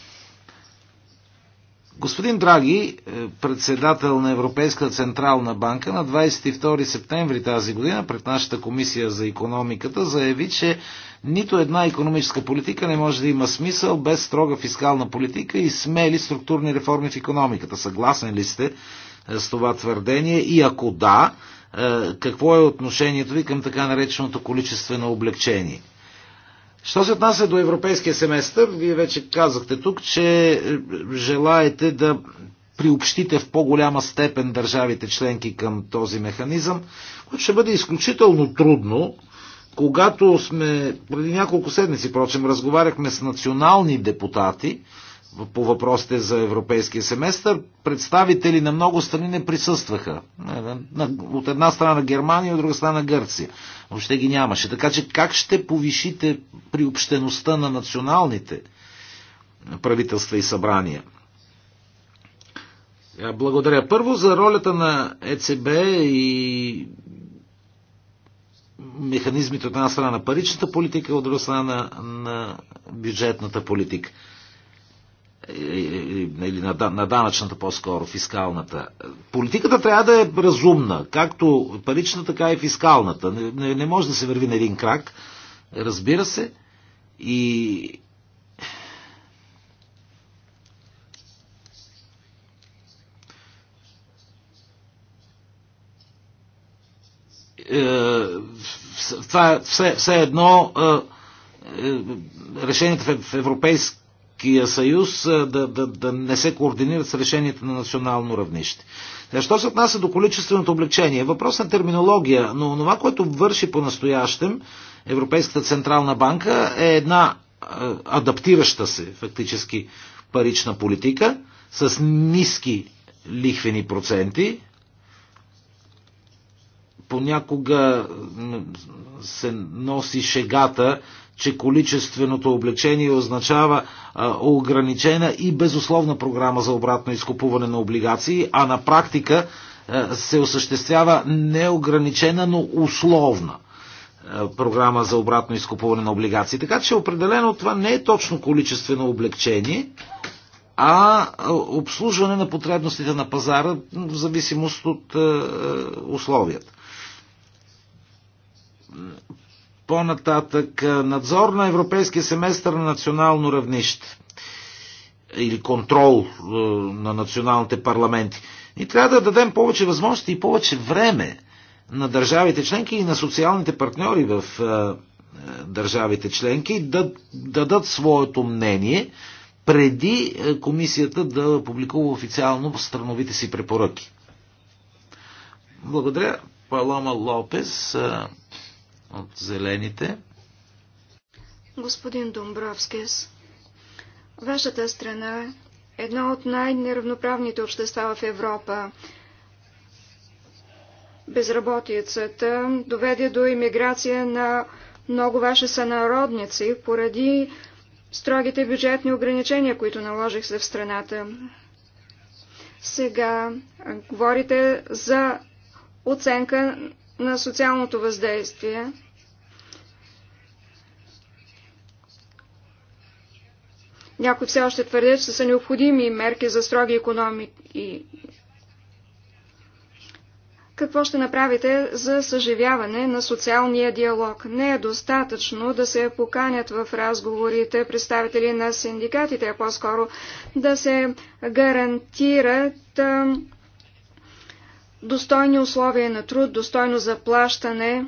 Господин Драги, е, председател на Европейска централна банка, на 22 септември тази година пред нашата комисия за економиката заяви, че нито една економическа политика не може да има смисъл без строга фискална политика и смели структурни реформи в економиката. Съгласен ли сте е, с това твърдение? И ако да, е, какво е отношението ви към така нареченото количествено облегчение? Що се отнася до европейския семестър, вие вече казахте тук, че желаете да приобщите в по-голяма степен държавите членки към този механизъм, което ще бъде изключително трудно, когато сме, преди няколко седмици, прочим, разговаряхме с национални депутати по въпросите за европейския семестър, представители на много страни не присъстваха. От една страна Германия, от друга страна Гърция. Въобще ги нямаше. Така че как ще повишите приобщеността на националните правителства и събрания? Благодаря. Първо за ролята на ЕЦБ и механизмите от една страна на паричната политика, от друга страна на, на бюджетната политика или на, на данъчната по-скоро, фискалната. Политиката трябва да е разумна, както парична, така и фискалната. Не, не може да се върви на един крак, разбира се. И, Е, това е все, все едно е, е, решението в Европейския съюз да, да, да не се координират с решенията на национално равнище. Що се отнася до количественото облегчение? Въпрос на терминология, но това, което върши по-настоящем Европейската Централна банка е една адаптираща се фактически парична политика с ниски лихвени проценти, понякога се носи шегата, че количественото облечение означава а, ограничена и безусловна програма за обратно изкупуване на облигации, а на практика а, се осъществява неограничена, но условна а, програма за обратно изкупуване на облигации. Така че определено това не е точно количествено облегчение, а обслужване на потребностите на пазара в зависимост от а, условията. По-нататък надзор на европейския семестър на национално равнище или контрол на националните парламенти. И трябва да дадем повече възможности и повече време на държавите членки и на социалните партньори в държавите членки да дадат своето мнение преди комисията да публикува официално страновите си препоръки. Благодаря. Палома Лопес от зелените. Господин Домбровскис, вашата страна е едно от най-неравноправните общества в Европа. Безработицата доведе до иммиграция на много ваши сънародници поради строгите бюджетни ограничения, които наложих се в страната. Сега говорите за оценка на социалното въздействие. Някои все още твърдят, че са необходими мерки за строги економики. Какво ще направите за съживяване на социалния диалог? Не е достатъчно да се поканят в разговорите представители на синдикатите, а по-скоро да се гарантират достойни условия на труд, достойно заплащане.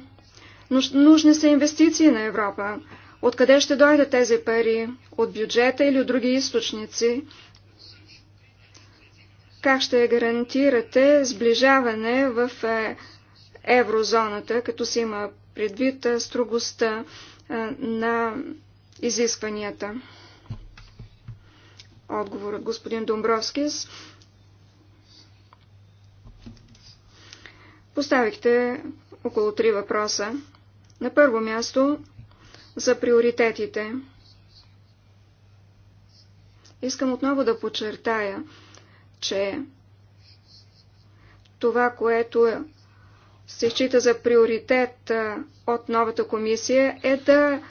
Нужни са инвестиции на Европа. Откъде ще дойдат тези пари? От бюджета или от други източници? Как ще гарантирате сближаване в е, еврозоната, като се има предвид е, строгостта е, на изискванията? Отговорът господин Домбровскис. Поставихте около три въпроса. На първо място за приоритетите. Искам отново да подчертая, че това, което се счита за приоритет от новата комисия е да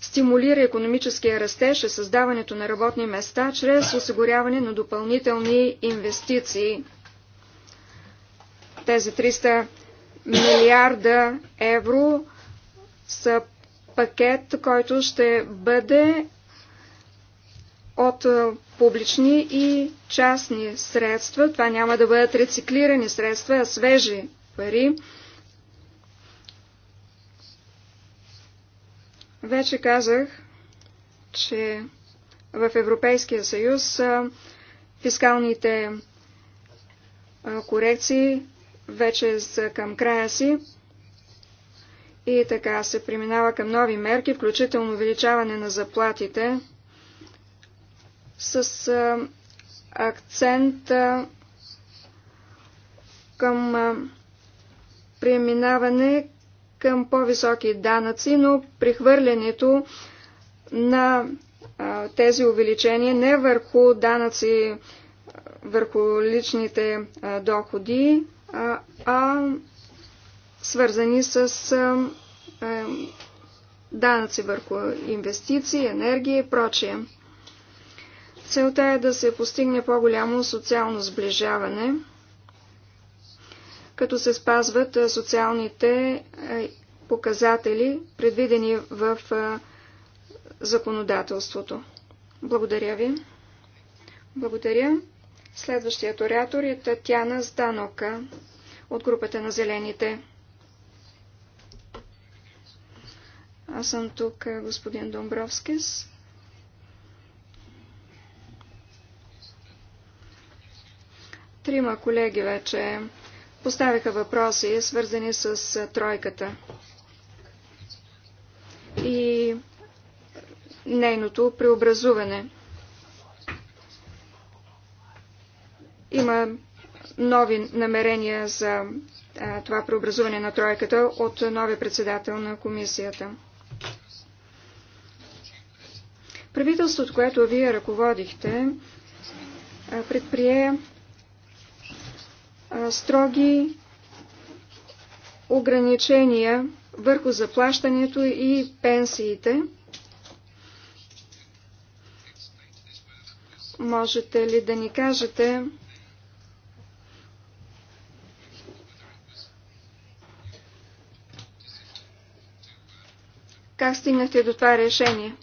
стимулира економическия растеж и е създаването на работни места чрез осигуряване на допълнителни инвестиции – тези 300 милиарда евро са пакет, който ще бъде от публични и частни средства. Това няма да бъдат рециклирани средства, а свежи пари. Вече казах, че в Европейския съюз фискалните корекции вече са към края си. И така се преминава към нови мерки, включително увеличаване на заплатите с а, акцент а, към а, преминаване към по-високи данъци, но прихвърлянето на а, тези увеличения не върху данъци, върху личните а, доходи, а, свързани с данъци върху инвестиции, енергия и прочие. Целта е да се постигне по-голямо социално сближаване, като се спазват социалните показатели, предвидени в законодателството. Благодаря ви. Благодаря. Следващият оратор е Татьяна Зданока от групата на Зелените. Аз съм тук, е, господин Домбровскис. Трима колеги вече поставиха въпроси, свързани с е, тройката и нейното преобразуване – Има нови намерения за това преобразуване на тройката от новия председател на комисията. Правителството, което вие ръководихте, предприе строги ограничения върху заплащането и пенсиите. Можете ли да ни кажете Как стигнахте до това решение?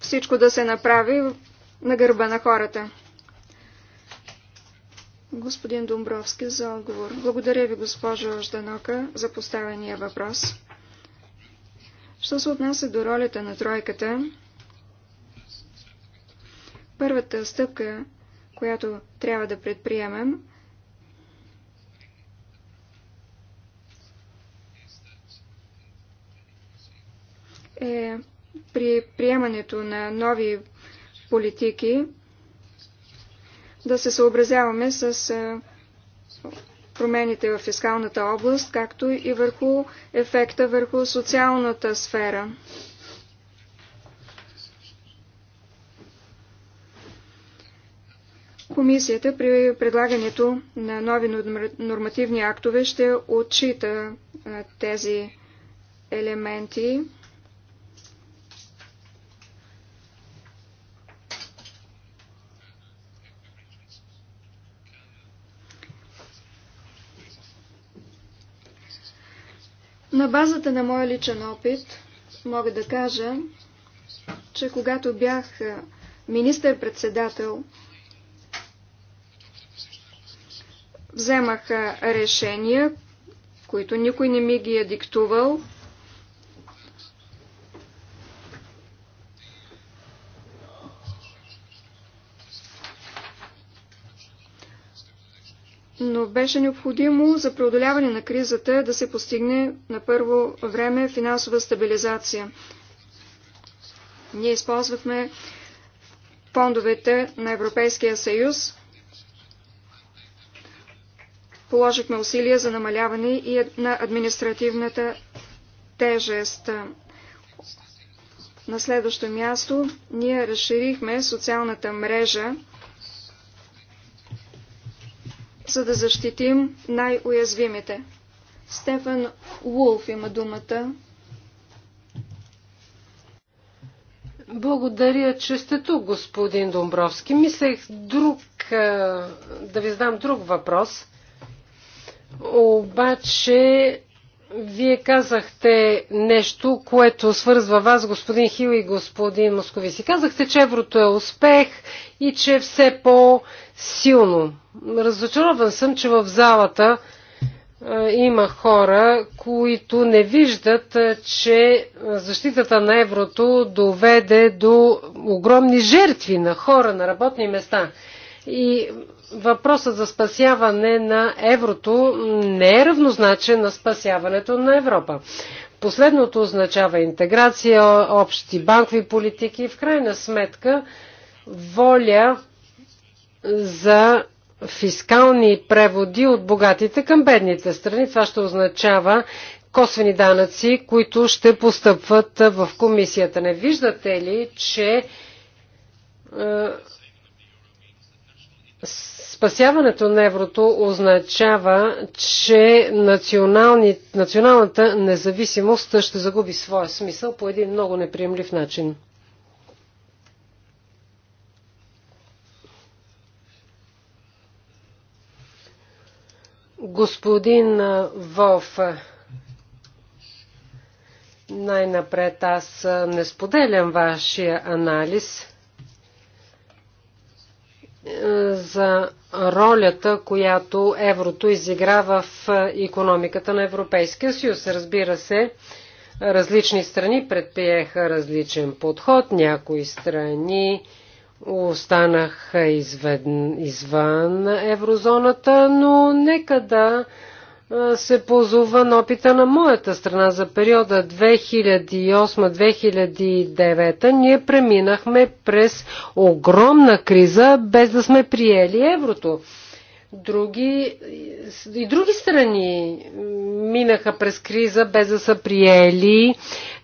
Всичко да се направи на гърба на хората. Господин Домбровски за отговор. Благодаря ви, госпожо Жданока, за поставения въпрос. Що се отнася до ролята на тройката, първата стъпка, която трябва да предприемем, е при приемането на нови политики да се съобразяваме с промените в фискалната област, както и върху ефекта върху социалната сфера. Комисията при предлагането на нови нормативни актове ще отчита тези елементи. На базата на моя личен опит мога да кажа, че когато бях министър-председател, вземах решения, които никой не ми ги е диктувал – но беше необходимо за преодоляване на кризата да се постигне на първо време финансова стабилизация. Ние използвахме фондовете на Европейския съюз, положихме усилия за намаляване и на административната тежест. На следващо място ние разширихме социалната мрежа за да защитим най-уязвимите. Стефан Вулф има думата. Благодаря, че сте тук, господин Домбровски. Мислех друг, да ви задам друг въпрос. Обаче вие казахте нещо, което свързва вас, господин Хил и господин Московиси. Казахте, че еврото е успех и че е все по-силно. Разочарован съм, че в залата е, има хора, които не виждат, е, че защитата на еврото доведе до огромни жертви на хора, на работни места. И въпросът за спасяване на еврото не е равнозначен на спасяването на Европа. Последното означава интеграция, общи банкови политики и в крайна сметка воля за фискални преводи от богатите към бедните страни. Това ще означава косвени данъци, които ще постъпват в комисията. Не виждате ли, че е, Спасяването на еврото означава, че националната независимост ще загуби своя смисъл по един много неприемлив начин. Господин Волф, най-напред аз не споделям вашия анализ за ролята, която еврото изигра в економиката на Европейския съюз. Разбира се, различни страни предприеха различен подход, някои страни останаха извън еврозоната, но нека да се позова на опита на моята страна за периода 2008-2009. Ние преминахме през огромна криза, без да сме приели еврото. Други, и други страни минаха през криза, без да са приели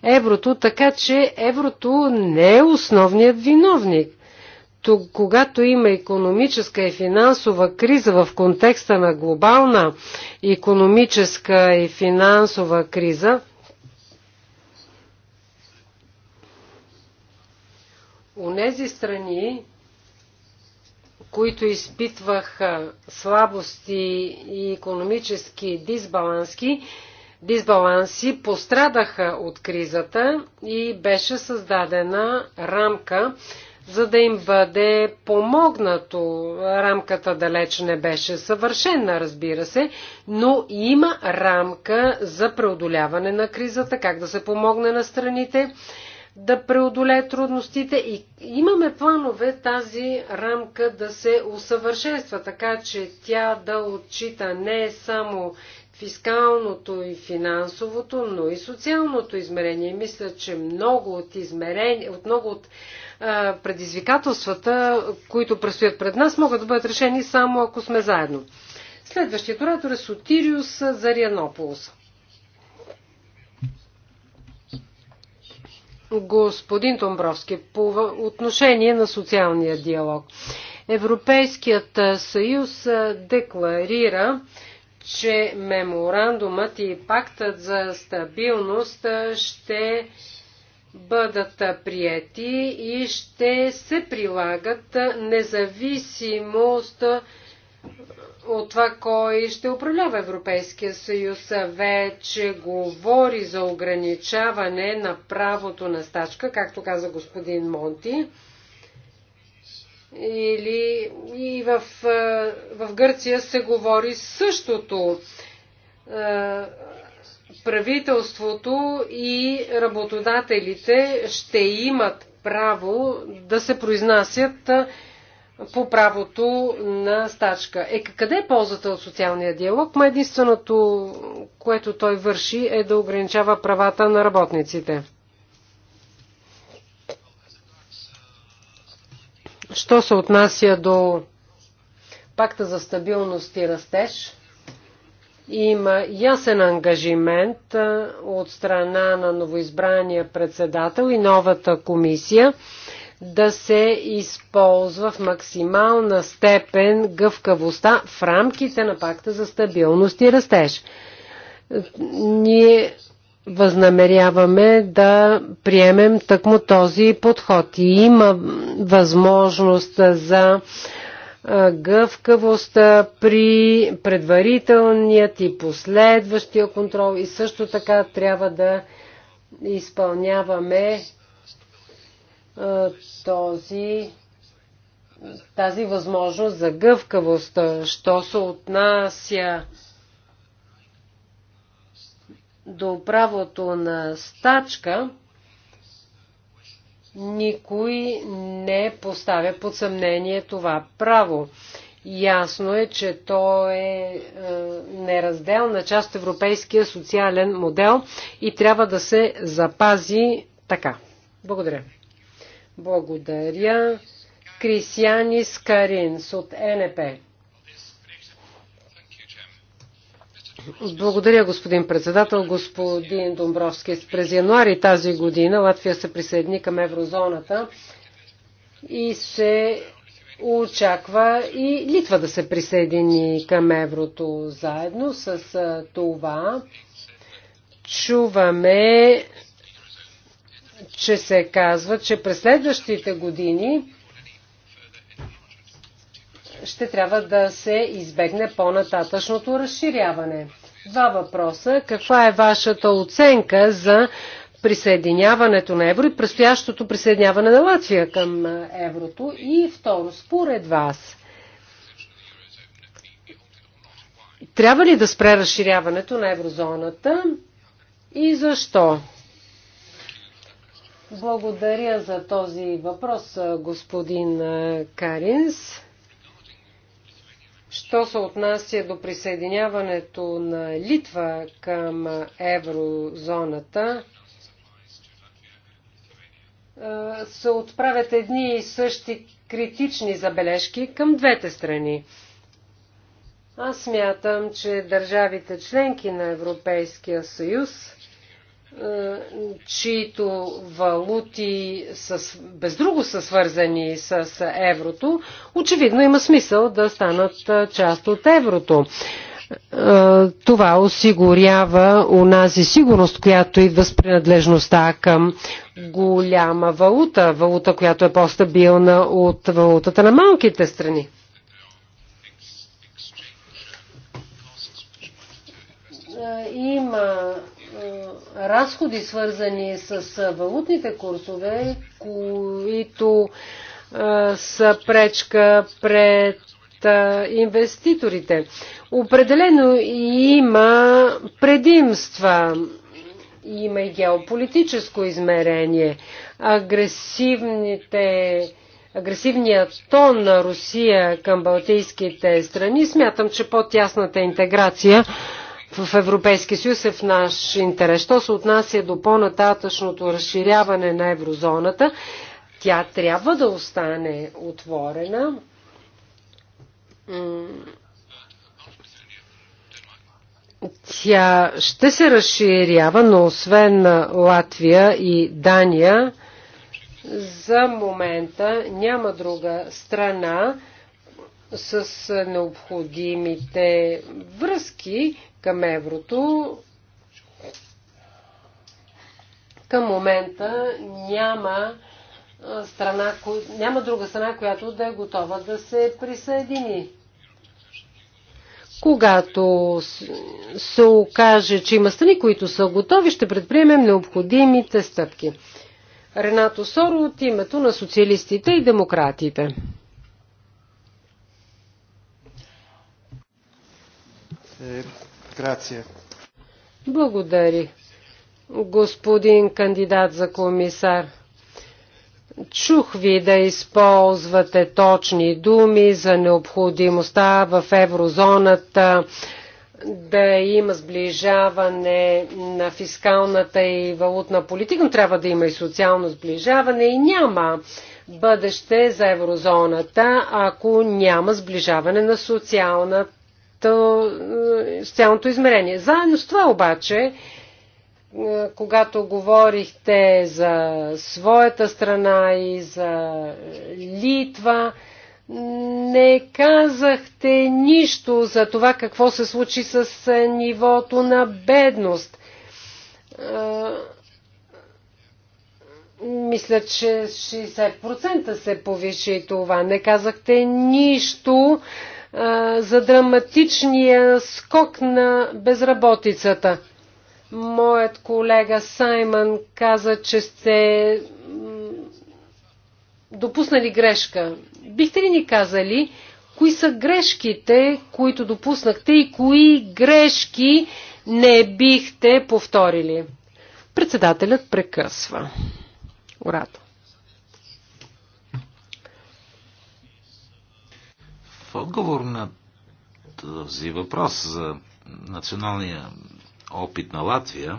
еврото, така че еврото не е основният виновник тук, когато има економическа и финансова криза в контекста на глобална економическа и финансова криза, нези страни, които изпитваха слабости и економически дисбаланси, дисбаланси пострадаха от кризата и беше създадена рамка за да им бъде помогнато. Рамката далеч не беше съвършена, разбира се, но има рамка за преодоляване на кризата, как да се помогне на страните да преодолее трудностите и имаме планове тази рамка да се усъвършенства, така че тя да отчита не само фискалното и финансовото, но и социалното измерение. Мисля, че много от, измерения, от много от предизвикателствата, които предстоят пред нас, могат да бъдат решени само ако сме заедно. Следващият оратор е Сотириус Зарианополос. Господин Томбровски, по отношение на социалния диалог. Европейският съюз декларира, че меморандумът и пактът за стабилност ще бъдат прияти и ще се прилагат независимост от това, кой ще управлява Европейския съюз. Вече говори за ограничаване на правото на стачка, както каза господин Монти. Или и в, в Гърция се говори същото правителството и работодателите ще имат право да се произнасят по правото на стачка. Е, къде е ползата от социалния диалог? Ма единственото, което той върши, е да ограничава правата на работниците. Що се отнася до пакта за стабилност и растеж – има ясен ангажимент от страна на новоизбрания председател и новата комисия да се използва в максимална степен гъвкавостта в рамките на пакта за стабилност и растеж. Ние възнамеряваме да приемем тъкмо този подход и има възможност за Гъвкавостта при предварителният и последващия контрол и също така трябва да изпълняваме този, тази възможност за гъвкавост, що се отнася до правото на стачка, никой не поставя под съмнение това право. Ясно е, че то е, е, неразделна част от европейския социален модел и трябва да се запази така. Благодаря. Благодаря. Крисиани Скаринс от НП. Благодаря, господин председател. Господин Домбровски, през януари тази година Латвия се присъедини към еврозоната и се очаква и Литва да се присъедини към еврото заедно. С това чуваме, че се казва, че през следващите години ще трябва да се избегне по-нататъчното разширяване. Два въпроса. Каква е вашата оценка за присъединяването на евро и предстоящото присъединяване на Латвия към еврото? И второ, според вас, трябва ли да спре разширяването на еврозоната и защо? Благодаря за този въпрос, господин Каринс. Що се отнася до присъединяването на Литва към еврозоната, се отправят едни и същи критични забележки към двете страни. Аз смятам, че държавите членки на Европейския съюз е, чието валути с, без друго са свързани с еврото, очевидно има смисъл да станат е, част от еврото. Е, това осигурява унази сигурност, която идва с принадлежността към голяма валута, валута, която е по-стабилна от валутата на малките страни. Има разходи, свързани с валутните курсове, които са пречка пред инвеститорите. Определено има предимства. Има и геополитическо измерение. Агресивните агресивният тон на Русия към балтийските страни, смятам, че по-тясната интеграция в Европейския съюз е в наш интерес. Що се отнася до по-нататъчното разширяване на еврозоната, тя трябва да остане отворена. Тя ще се разширява, но освен Латвия и Дания, за момента няма друга страна с необходимите връзки, към еврото. Към момента няма страна, няма друга страна, която да е готова да се присъедини. Когато се окаже, че има страни, които са готови, ще предприемем необходимите стъпки. Ренато Соро от името на социалистите и демократите. Е, Грация. Благодари, господин кандидат за комисар. Чух ви да използвате точни думи за необходимостта в еврозоната да има сближаване на фискалната и валутна политика, но трябва да има и социално сближаване и няма бъдеще за еврозоната, ако няма сближаване на социалната е, цялото измерение. Заедно с това обаче, е, когато говорихте за своята страна и за Литва, не казахте нищо за това какво се случи с е, нивото на бедност. Мисля, че 60% се повиши това. Не казахте нищо за драматичния скок на безработицата. Моят колега Саймън каза, че сте допуснали грешка. Бихте ли ни казали, кои са грешките, които допуснахте и кои грешки не бихте повторили? Председателят прекъсва. Орато. отговор на този въпрос за националния опит на Латвия,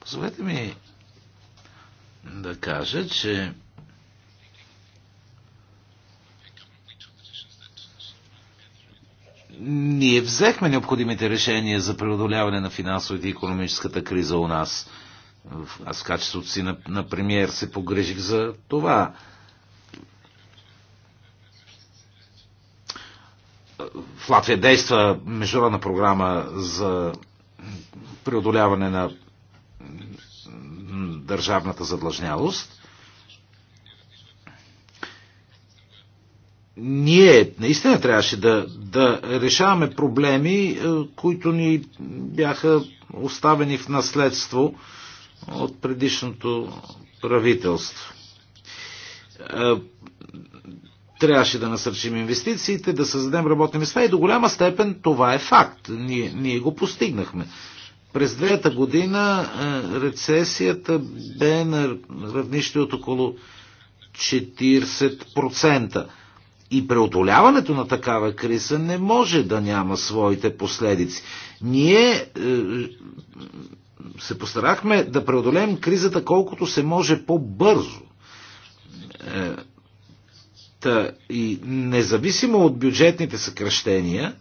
позволете ми да кажа, че ние взехме необходимите решения за преодоляване на финансовата и економическата криза у нас. Аз в качеството си на, на премиер се погрежих за това. в Латвия действа международна програма за преодоляване на държавната задлъжнялост. Ние наистина трябваше да, да решаваме проблеми, е, които ни бяха оставени в наследство от предишното правителство е, Трябваше да насърчим инвестициите, да създадем работни места и до голяма степен това е факт. Ние, ние го постигнахме. През двета година е, рецесията бе на равнище от около 40%. И преодоляването на такава криза не може да няма своите последици. Ние е, се постарахме да преодолеем кризата колкото се може по-бързо. Е, Та, и независимо от бюджетните съкръщения,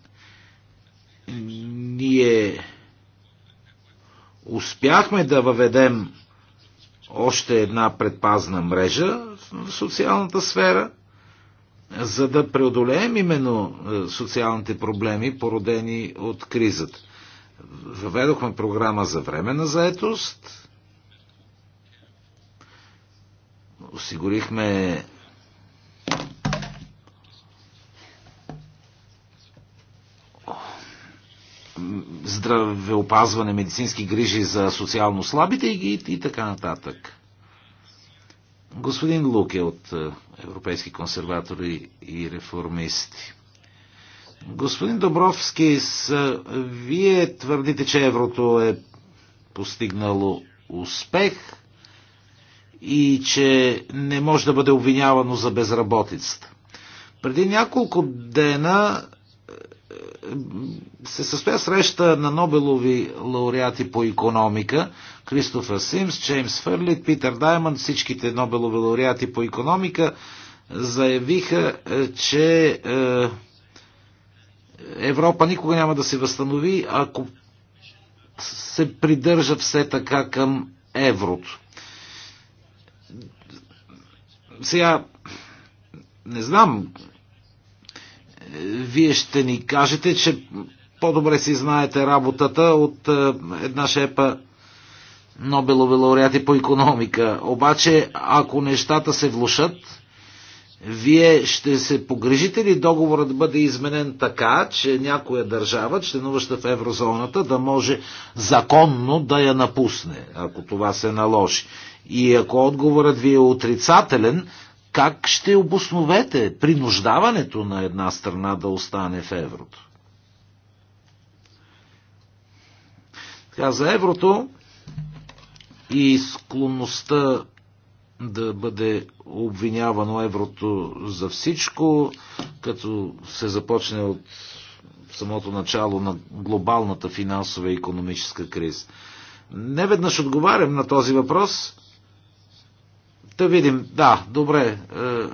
ние успяхме да въведем още една предпазна мрежа в социалната сфера, за да преодолеем именно е, социалните проблеми, породени от кризата. Въведохме програма за време на заетост, осигурихме здравеопазване, медицински грижи за социално слабите и, и така нататък. Господин Луке от е, Европейски консерватори и реформисти. Господин Добровски, с, е, вие твърдите, че еврото е постигнало успех и че не може да бъде обвинявано за безработицата. Преди няколко дена се състоя среща на Нобелови лауреати по економика, Кристофър Симс, Джеймс Фърлит, Питър Даймън, всичките Нобелови лауреати по економика заявиха, е, че е, Европа никога няма да се възстанови, ако се придържа все така към еврото. Сега, не знам вие ще ни кажете, че по-добре си знаете работата от е, една шепа Нобелови лауреати по економика. Обаче, ако нещата се влушат, вие ще се погрежите ли договорът да бъде изменен така, че някоя държава, членуваща в еврозоната, да може законно да я напусне, ако това се наложи? И ако отговорът ви е отрицателен, как ще обосновете принуждаването на една страна да остане в еврото? Така, за еврото и склонността да бъде обвинявано еврото за всичко, като се започне от самото начало на глобалната финансова и економическа криза. Не веднъж отговарям на този въпрос, да видим, да, добре. Е, е,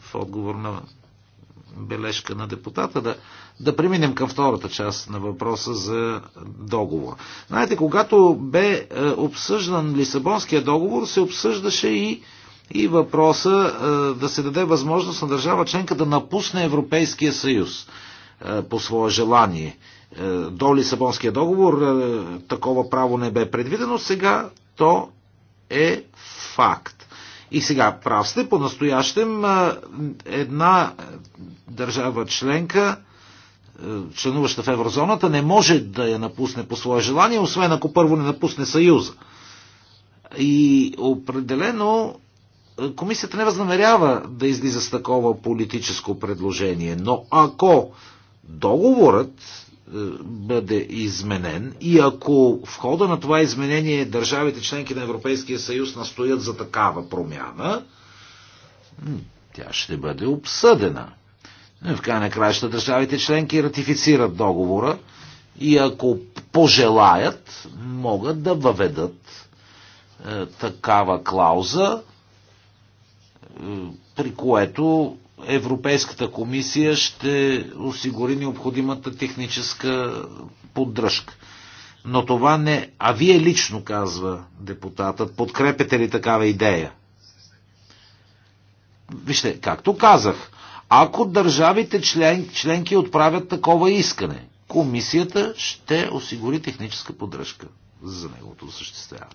в отговор на бележка на депутата, да, да преминем към втората част на въпроса за договор. Знаете, когато бе е, обсъждан Лисабонския договор, се обсъждаше и, и въпроса да се даде възможност на държава членка да напусне Европейския съюз по свое желание. До Лисабонския договор такова право не бе предвидено, сега то е факт. И сега, прав сте, по-настоящем една държава членка, членуваща в еврозоната, не може да я напусне по свое желание, освен ако първо не напусне Съюза. И определено комисията не възнамерява да излиза с такова политическо предложение, но ако договорът бъде изменен и ако в хода на това изменение държавите членки на Европейския съюз настоят за такава промяна, тя ще бъде обсъдена. В край на краища държавите членки ратифицират договора и ако пожелаят, могат да въведат е, такава клауза, е, при което Европейската комисия ще осигури необходимата техническа поддръжка. Но това не... А вие лично, казва депутатът, подкрепете ли такава идея? Вижте, както казах, ако държавите член, членки отправят такова искане, комисията ще осигури техническа поддръжка за неговото осъществяване.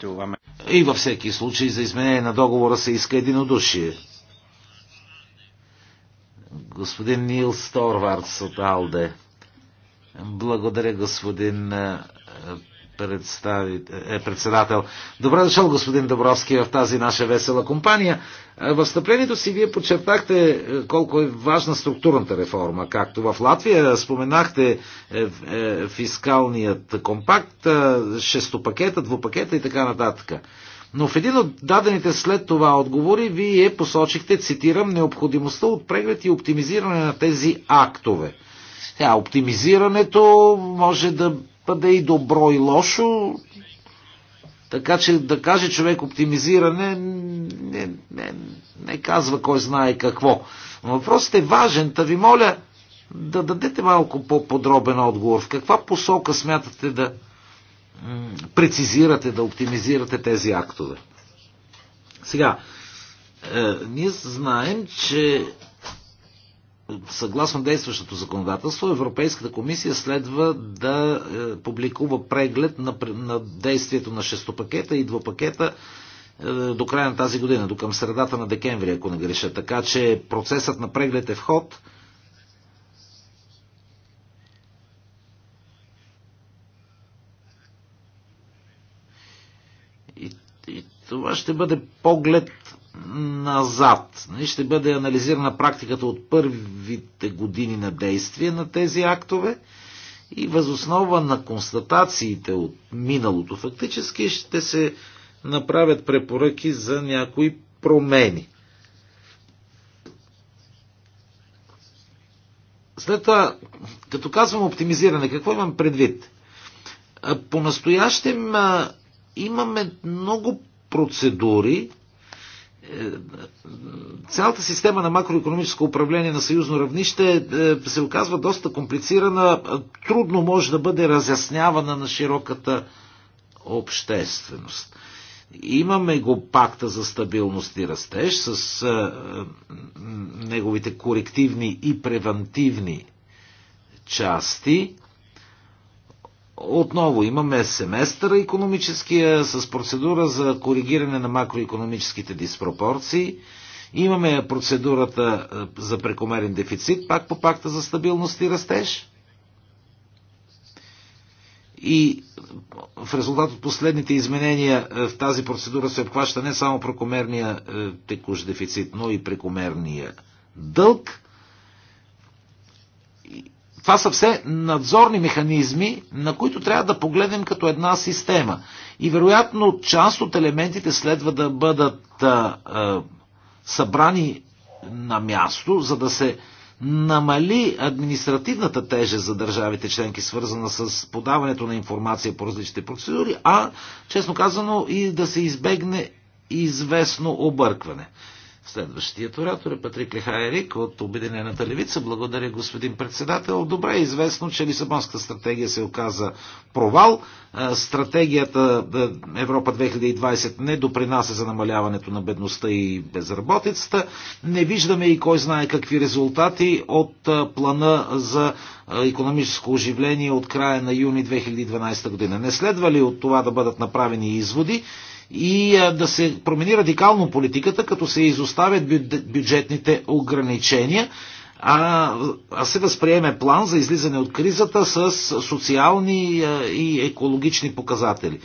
to... И във всеки случай за изменение на договора се иска единодушие. Господин Нил Сторвардс от Алде. Благодаря, господин е, председател. Добре дошъл, господин Добровски, в тази наша весела компания. Е, в стъплението си вие подчертахте е, колко е важна структурната реформа, както в Латвия споменахте е, фискалният компакт, шестопакета, двупакета и така нататък. Но в един от дадените след това отговори вие посочихте, цитирам, необходимостта от преглед и оптимизиране на тези актове. Тя, оптимизирането може да бъде и добро и лошо. Така че да каже човек оптимизиране не, не, не казва кой знае какво. Но въпросът е важен, та ви моля да дадете малко по-подробен отговор. В каква посока смятате да прецизирате, да оптимизирате тези актове? Сега, е, ние знаем, че съгласно действащото законодателство, Европейската комисия следва да е, публикува преглед на, на действието на шестопакета и двопакета е, до края на тази година, до към средата на декември, ако не греша. Така че процесът на преглед е в ход. И, и това ще бъде поглед назад. Нали, ще бъде анализирана практиката от първите години на действие на тези актове и възоснова на констатациите от миналото фактически ще се направят препоръки за някои промени. След това, като казвам оптимизиране, какво имам предвид? По-настоящем имаме много процедури, е, цялата система на макроекономическо управление на съюзно равнище е, се оказва доста комплицирана, трудно може да бъде разяснявана на широката общественост. Имаме го пакта за стабилност и растеж с е, неговите корективни и превантивни части, отново имаме семестъра економическия с процедура за коригиране на макроекономическите диспропорции. Имаме процедурата е, за прекомерен дефицит, пак по пакта за стабилност и растеж. И в резултат от последните изменения е, в тази процедура се обхваща не само прекомерния е, текущ дефицит, но и прекомерния дълг. Това са все надзорни механизми, на които трябва да погледнем като една система. И вероятно част от елементите следва да бъдат а, а, събрани на място, за да се намали административната тежест за държавите членки, свързана с подаването на информация по различните процедури, а, честно казано, и да се избегне известно объркване. Следващият оратор е Патрик Лехайрик от Обединената левица. Благодаря, господин председател. Добре е известно, че Лисабонската стратегия се оказа провал. Стратегията Европа 2020 не допринася за намаляването на бедността и безработицата. Не виждаме и кой знае какви резултати от плана за економическо оживление от края на юни 2012 година. Не следва ли от това да бъдат направени изводи? и да се промени радикално политиката, като се изоставят бюджетните ограничения, а, а се възприеме план за излизане от кризата с социални и екологични показатели.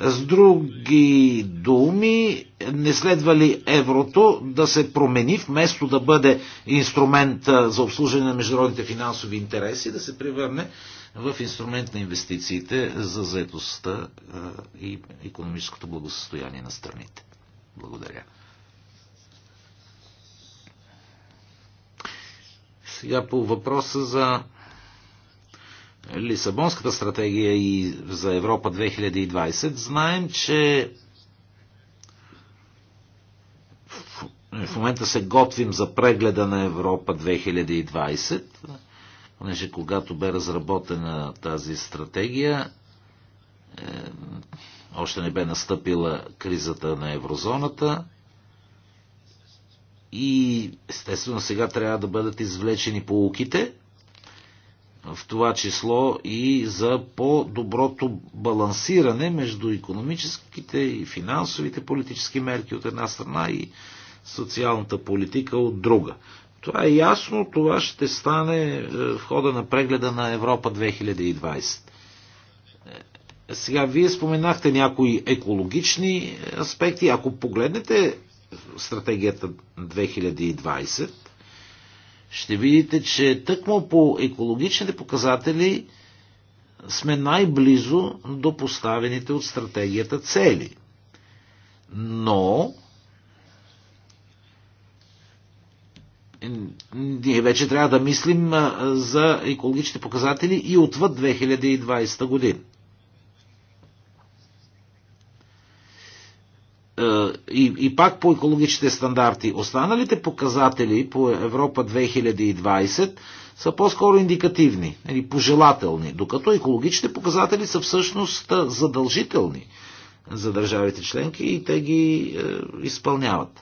С други думи, не следва ли еврото да се промени, вместо да бъде инструмент за обслужване на международните финансови интереси, да се превърне в инструмент на инвестициите за заедостта и економическото благосъстояние на страните. Благодаря. Сега по въпроса за Лисабонската стратегия и за Европа 2020, знаем, че в момента се готвим за прегледа на Европа 2020 понеже когато бе разработена тази стратегия, е, още не бе настъпила кризата на еврозоната и естествено сега трябва да бъдат извлечени полуките, в това число и за по-доброто балансиране между економическите и финансовите политически мерки от една страна и социалната политика от друга. Това е ясно, това ще стане е, в хода на прегледа на Европа 2020. Е, сега, вие споменахте някои екологични аспекти. Ако погледнете стратегията 2020, ще видите, че тъкмо по екологичните показатели сме най-близо до поставените от стратегията цели. Но ние вече трябва да мислим за екологичните показатели и отвъд 2020 година. И, и пак по екологичните стандарти. Останалите показатели по Европа 2020 са по-скоро индикативни или нали, пожелателни, докато екологичните показатели са всъщност задължителни за държавите членки и те ги е, изпълняват.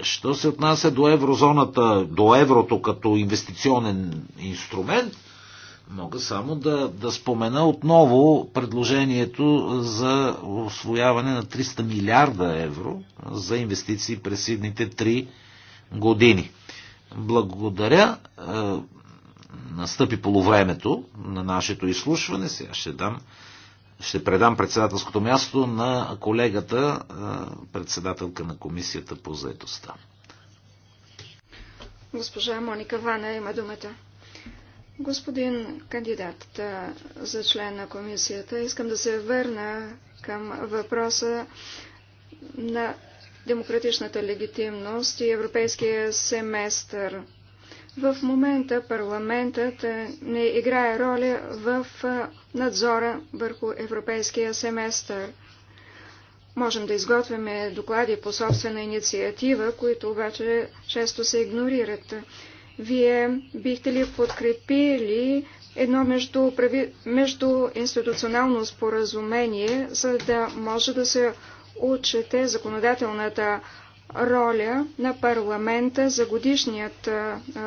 Що се отнася до еврозоната, до еврото като инвестиционен инструмент, мога само да, да спомена отново предложението за освояване на 300 милиарда евро за инвестиции през едните 3 години. Благодаря. Е, настъпи полувремето на нашето изслушване. Сега ще дам ще предам председателското място на колегата, председателка на комисията по заедостта. Госпожа Моника Вана има думата. Господин кандидат за член на комисията, искам да се върна към въпроса на демократичната легитимност и европейския семестър. В момента парламентът е, не играе роля в е, надзора върху европейския семестър. Можем да изготвяме доклади по собствена инициатива, които обаче често се игнорират. Вие бихте ли подкрепили едно между, между институционално споразумение, за да може да се отчете законодателната роля на парламента за годишният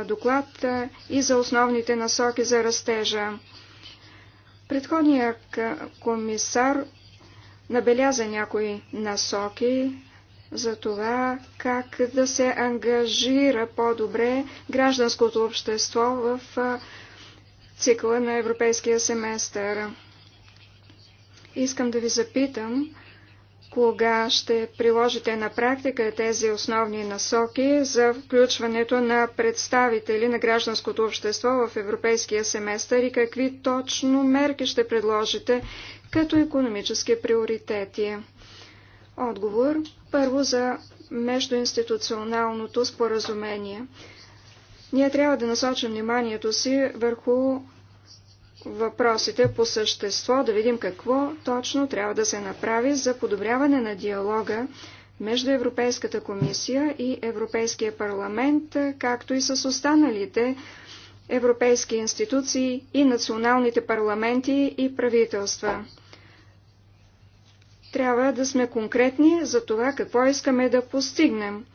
доклад и за основните насоки за растежа. Предходният комисар набеляза някои насоки за това как да се ангажира по-добре гражданското общество в цикла на европейския семестър. Искам да ви запитам кога ще приложите на практика тези основни насоки за включването на представители на гражданското общество в европейския семестър и какви точно мерки ще предложите като економически приоритети? Отговор първо за междуинституционалното споразумение. Ние трябва да насочим вниманието си върху въпросите по същество, да видим какво точно трябва да се направи за подобряване на диалога между Европейската комисия и Европейския парламент, както и с останалите европейски институции и националните парламенти и правителства. Трябва да сме конкретни за това какво искаме да постигнем.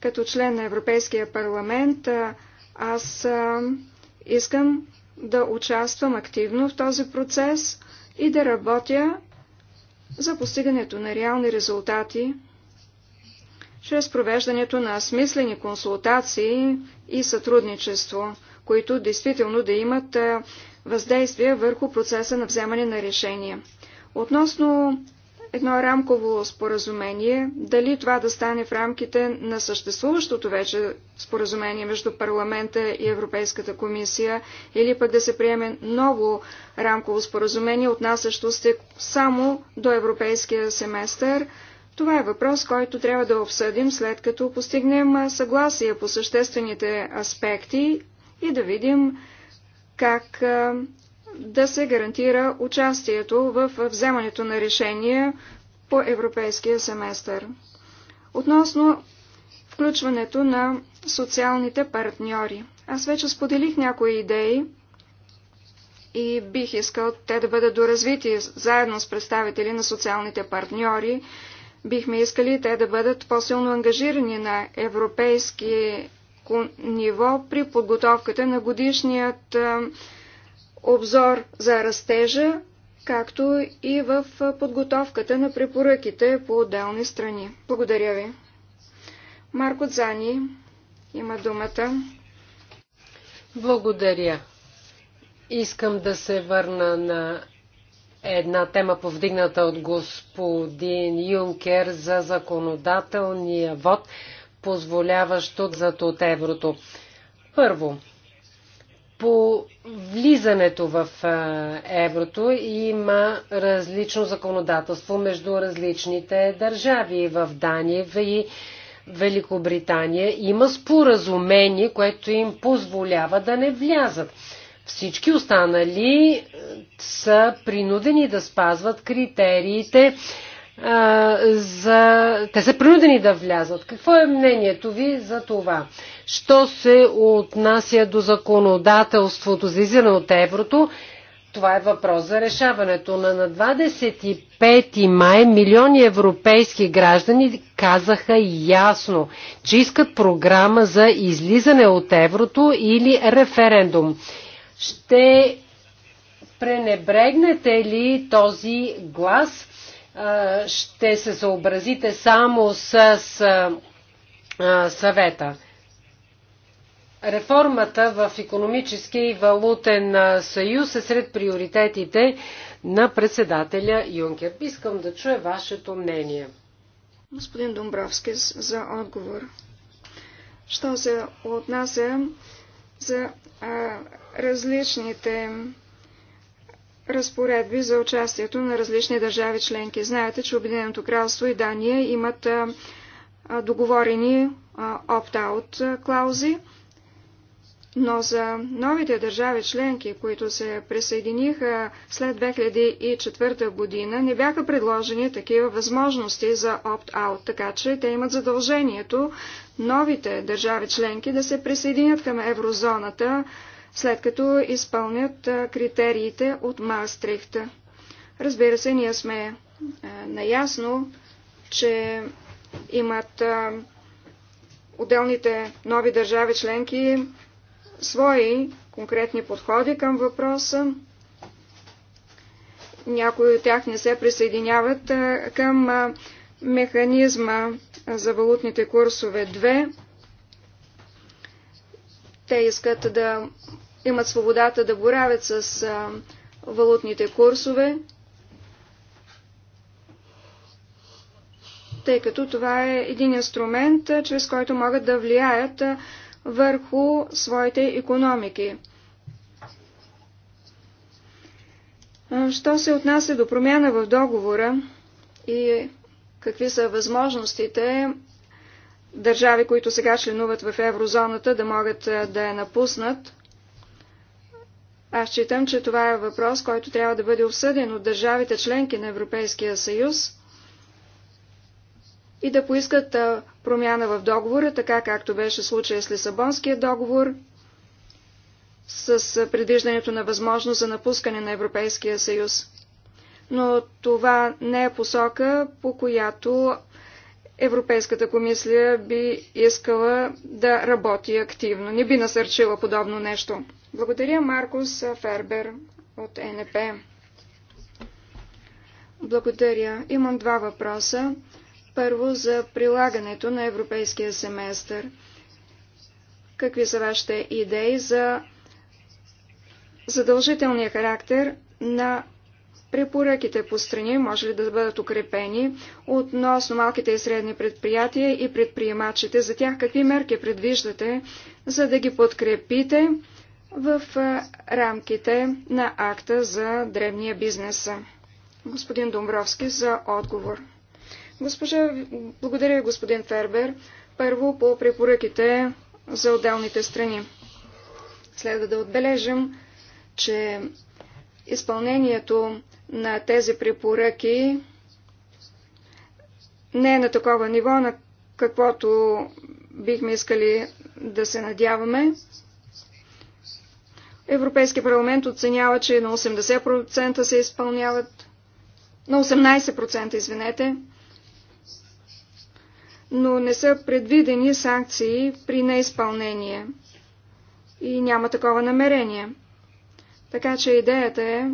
Като член на Европейския парламент аз искам да участвам активно в този процес и да работя за постигането на реални резултати чрез провеждането на смислени консултации и сътрудничество, които действително да имат въздействие върху процеса на вземане на решения. Относно едно рамково споразумение, дали това да стане в рамките на съществуващото вече споразумение между парламента и Европейската комисия, или пък да се приеме ново рамково споразумение, отнасящо се само до европейския семестър. Това е въпрос, който трябва да обсъдим след като постигнем съгласие по съществените аспекти и да видим как да се гарантира участието в вземането на решения по европейския семестър. Относно включването на социалните партньори. Аз вече споделих някои идеи и бих искал те да бъдат доразвити заедно с представители на социалните партньори. Бихме искали те да бъдат по-силно ангажирани на европейски ниво при подготовката на годишният обзор за растежа, както и в подготовката на препоръките по отделни страни. Благодаря ви. Марко Дзани има думата. Благодаря. Искам да се върна на една тема повдигната от господин Юнкер за законодателния вод, позволяващ от зад от еврото. Първо, по влизането в еврото има различно законодателство между различните държави в Дания и Великобритания. Има споразумение, което им позволява да не влязат. Всички останали са принудени да спазват критериите за... Те са принудени да влязат. Какво е мнението ви за това? Що се отнася до законодателството за излизане от еврото? Това е въпрос за решаването. На, на 25 май милиони европейски граждани казаха ясно, че искат програма за излизане от еврото или референдум. Ще пренебрегнете ли този глас? ще се съобразите само с съвета. Реформата в економически и валутен съюз е сред приоритетите на председателя Юнкер. Искам да чуя вашето мнение. Господин Домбровски, за отговор. Що се отнася за а, различните разпоредби за участието на различни държави членки. Знаете, че Обединеното кралство и Дания имат договорени опт-аут клаузи, но за новите държави членки, които се присъединиха след 2004 година, не бяха предложени такива възможности за опт-аут, така че те имат задължението новите държави членки да се присъединят към еврозоната след като изпълнят критериите от Маастрихта. Разбира се, ние сме наясно, че имат отделните нови държави членки свои конкретни подходи към въпроса. Някои от тях не се присъединяват към механизма за валутните курсове 2. Те искат да имат свободата да боравят с а, валутните курсове, тъй като това е един инструмент, чрез който могат да влияят върху своите економики. Що се отнася до промяна в договора и какви са възможностите държави, които сега членуват в еврозоната, да могат да я напуснат, аз считам, че това е въпрос, който трябва да бъде обсъден от държавите членки на Европейския съюз и да поискат промяна в договора, така както беше случая с Лисабонския договор, с предвиждането на възможност за напускане на Европейския съюз. Но това не е посока, по която Европейската комисия би искала да работи активно. Не би насърчила подобно нещо. Благодаря Маркус Фербер от НП. Благодаря. Имам два въпроса. Първо за прилагането на европейския семестър. Какви са вашите идеи за задължителния характер на Препоръките по страни може ли да бъдат укрепени относно малките и средни предприятия и предприемачите? За тях какви мерки предвиждате, за да ги подкрепите в рамките на акта за древния бизнес? Господин Домбровски за отговор. Госпожа, благодаря господин Фербер. Първо по препоръките за отделните страни. Следва да отбележим, че изпълнението на тези препоръки не е на такова ниво, на каквото бихме искали да се надяваме. Европейски парламент оценява, че на 80% се изпълняват, на 18% извинете, но не са предвидени санкции при неизпълнение и няма такова намерение. Така че идеята е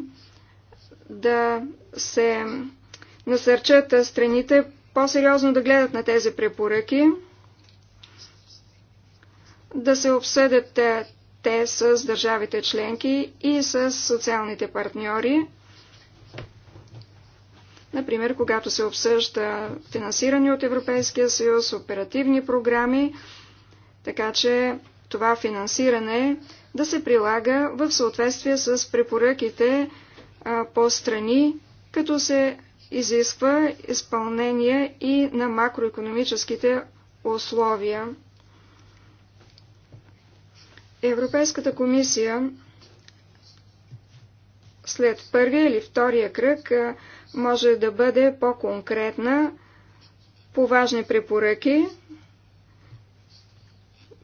да се насърчат страните по-сериозно да гледат на тези препоръки, да се обсъдят е, те с държавите членки и с социалните партньори. Например, когато се обсъжда финансиране от Европейския съюз, оперативни програми, така че това финансиране да се прилага в съответствие с препоръките по страни, като се изисква изпълнение и на макроекономическите условия. Европейската комисия след първия или втория кръг може да бъде по-конкретна по важни препоръки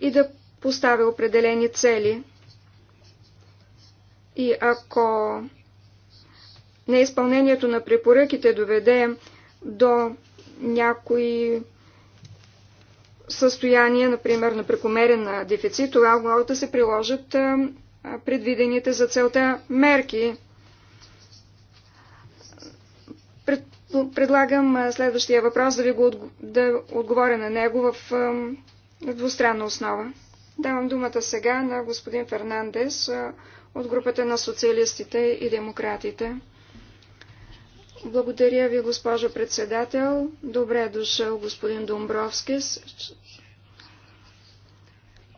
и да поставя определени цели. И ако неизпълнението на препоръките доведе до някои състояния, например, на прекомерен дефицит, тогава могат да се приложат предвидените за целта мерки. предлагам следващия въпрос да ви го да отговоря на него в двустранна основа. Давам думата сега на господин Фернандес от групата на социалистите и демократите. Благодаря ви, госпожо председател. Добре е дошъл, господин Домбровски.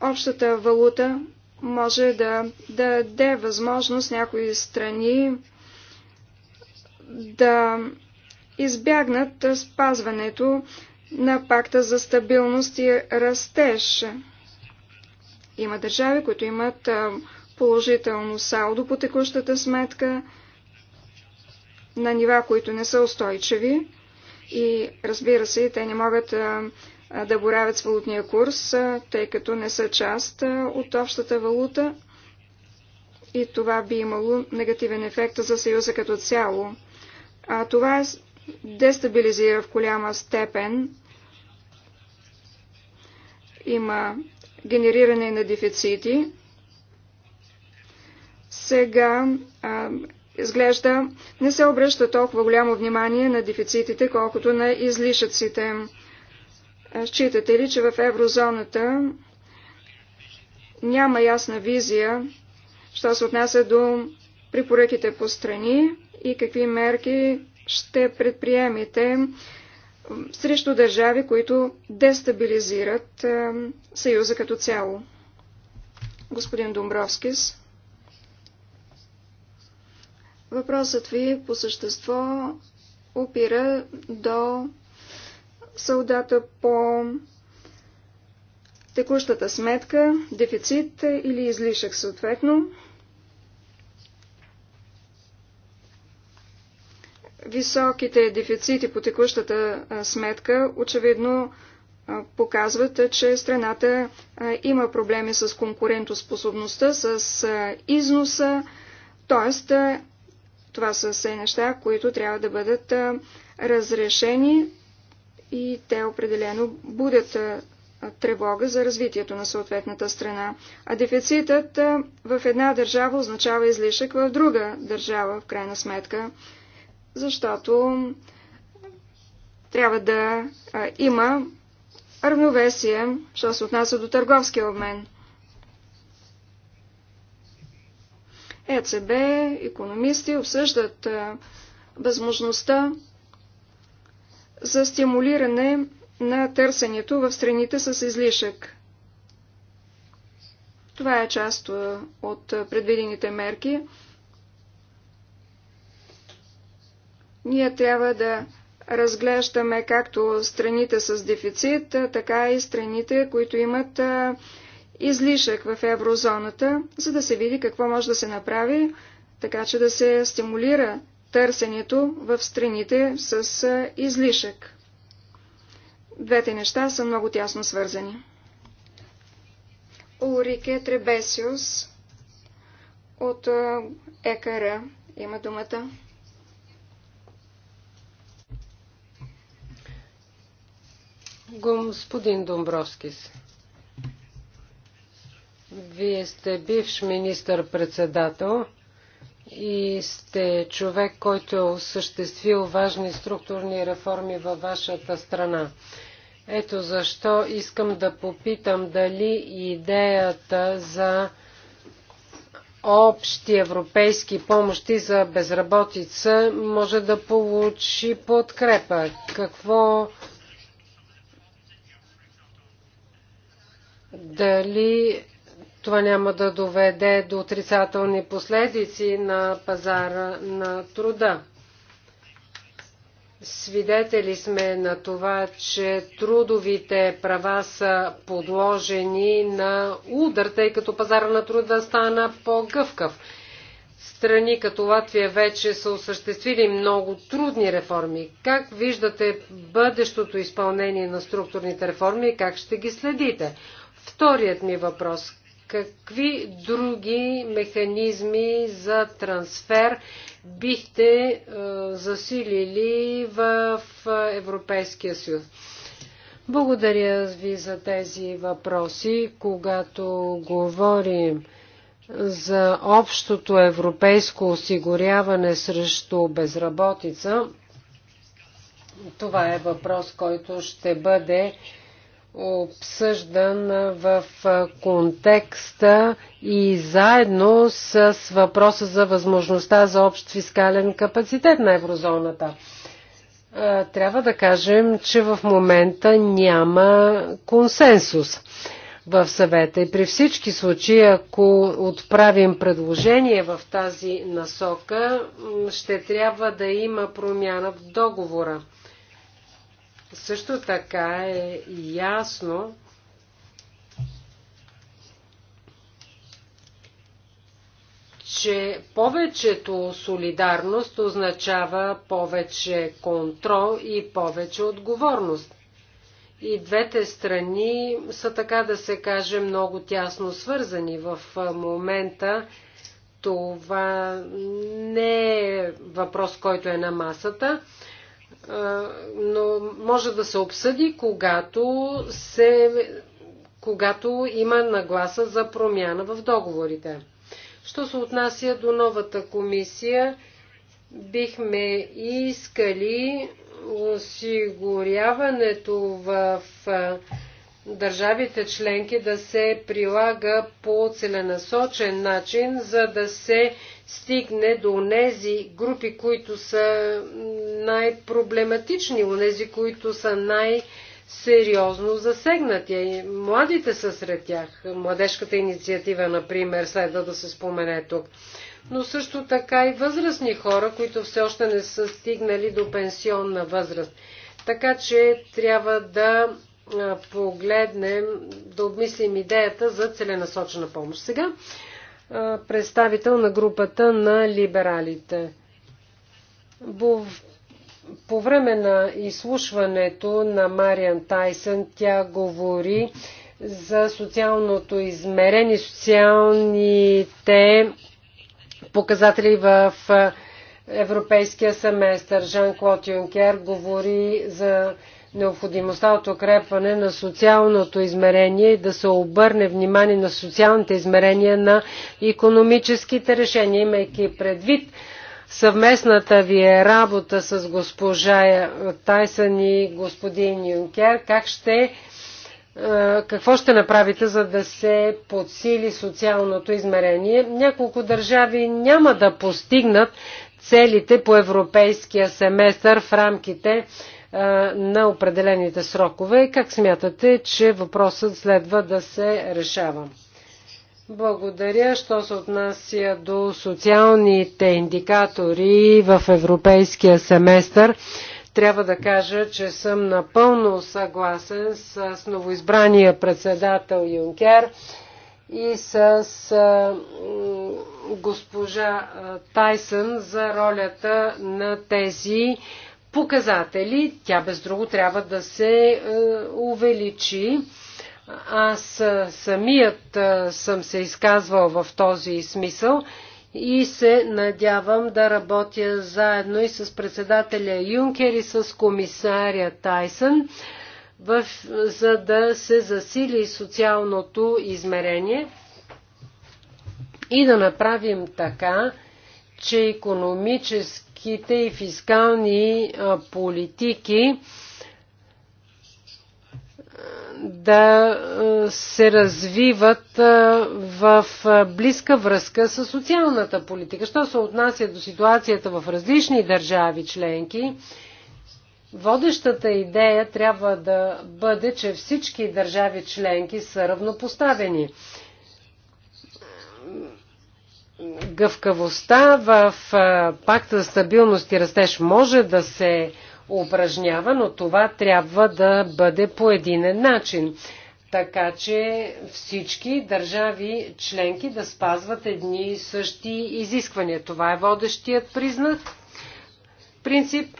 Общата валута може да, даде възможност някои страни да избягнат спазването на пакта за стабилност и растеж. Има държави, които имат положително салдо по текущата сметка, на нива, които не са устойчиви и разбира се, те не могат да боравят с валутния курс, тъй като не са част от общата валута и това би имало негативен ефект за Съюза като цяло. А това дестабилизира в голяма степен. Има генериране на дефицити. Сега а, изглежда не се обръща толкова голямо внимание на дефицитите, колкото на излишъците. Считате ли, че в еврозоната няма ясна визия, що се отнася до препоръките по страни и какви мерки ще предприемете срещу държави, които дестабилизират Съюза като цяло? Господин Домбровскис. Въпросът ви по същество опира до сълдата по текущата сметка, дефицит или излишък съответно. Високите дефицити по текущата сметка очевидно показват, че страната има проблеми с конкурентоспособността, с износа, т.е. Това са все неща, които трябва да бъдат разрешени и те определено будят тревога за развитието на съответната страна. А дефицитът в една държава означава излишък в друга държава, в крайна сметка, защото трябва да има равновесие, що се отнася до търговския обмен – ЕЦБ, економисти обсъждат възможността за стимулиране на търсенето в страните с излишък. Това е част от предвидените мерки. Ние трябва да разглеждаме както страните с дефицит, така и страните, които имат излишък в еврозоната, за да се види какво може да се направи, така че да се стимулира търсенето в страните с излишък. Двете неща са много тясно свързани. Урике Требесиус от ЕКР има думата. Господин Домбровскис, вие сте бивш министър-председател и сте човек, който е осъществил важни структурни реформи във вашата страна. Ето защо искам да попитам дали идеята за общи европейски помощи за безработица може да получи подкрепа. Какво дали това няма да доведе до отрицателни последици на пазара на труда. Свидетели сме на това, че трудовите права са подложени на удар, тъй като пазара на труда стана по-гъвкав. Страни като Латвия вече са осъществили много трудни реформи. Как виждате бъдещото изпълнение на структурните реформи и как ще ги следите? Вторият ми въпрос какви други механизми за трансфер бихте е, засилили в Европейския съюз? Благодаря ви за тези въпроси. Когато говорим за общото европейско осигуряване срещу безработица, това е въпрос, който ще бъде обсъждан в контекста и заедно с въпроса за възможността за общ фискален капацитет на еврозоната. Трябва да кажем, че в момента няма консенсус в съвета. И при всички случаи, ако отправим предложение в тази насока, ще трябва да има промяна в договора. Също така е ясно, че повечето солидарност означава повече контрол и повече отговорност. И двете страни са, така да се каже, много тясно свързани. В момента това не е въпрос, който е на масата но може да се обсъди, когато, се, когато има нагласа за промяна в договорите. Що се отнася до новата комисия, бихме искали осигуряването в държавите членки да се прилага по целенасочен начин, за да се стигне до нези групи, които са най-проблематични, онези, които са най- сериозно засегнати. Младите са сред тях. Младежката инициатива, например, следва да се спомене тук. Но също така и възрастни хора, които все още не са стигнали до пенсионна възраст. Така че трябва да погледнем, да обмислим идеята за целенасочена помощ. Сега представител на групата на либералите. По време на изслушването на Мариан Тайсън тя говори за социалното измерение, социалните показатели в Европейския семестър. Жан-Клод Юнкер говори за необходимостта от укрепване на социалното измерение и да се обърне внимание на социалните измерения на економическите решения, имайки предвид съвместната ви е работа с госпожа Тайсън и господин Юнкер, как ще, е, какво ще направите, за да се подсили социалното измерение? Няколко държави няма да постигнат целите по европейския семестър в рамките на определените срокове. Как смятате, че въпросът следва да се решава? Благодаря. Що се отнася до социалните индикатори в европейския семестър, трябва да кажа, че съм напълно съгласен с новоизбрания председател Юнкер и с госпожа Тайсън за ролята на тези показатели. Тя без друго трябва да се е, увеличи. Аз е, самият е, съм се изказвал в този смисъл и се надявам да работя заедно и с председателя Юнкер и с комисаря Тайсън, в, за да се засили социалното измерение и да направим така, че економически економическите и фискални политики да се развиват в близка връзка с социалната политика. Що се отнася до ситуацията в различни държави членки, водещата идея трябва да бъде, че всички държави членки са равнопоставени гъвкавостта в пакта за стабилност и растеж може да се упражнява, но това трябва да бъде по единен начин. Така че всички държави членки да спазват едни и същи изисквания. Това е водещият признак, принцип.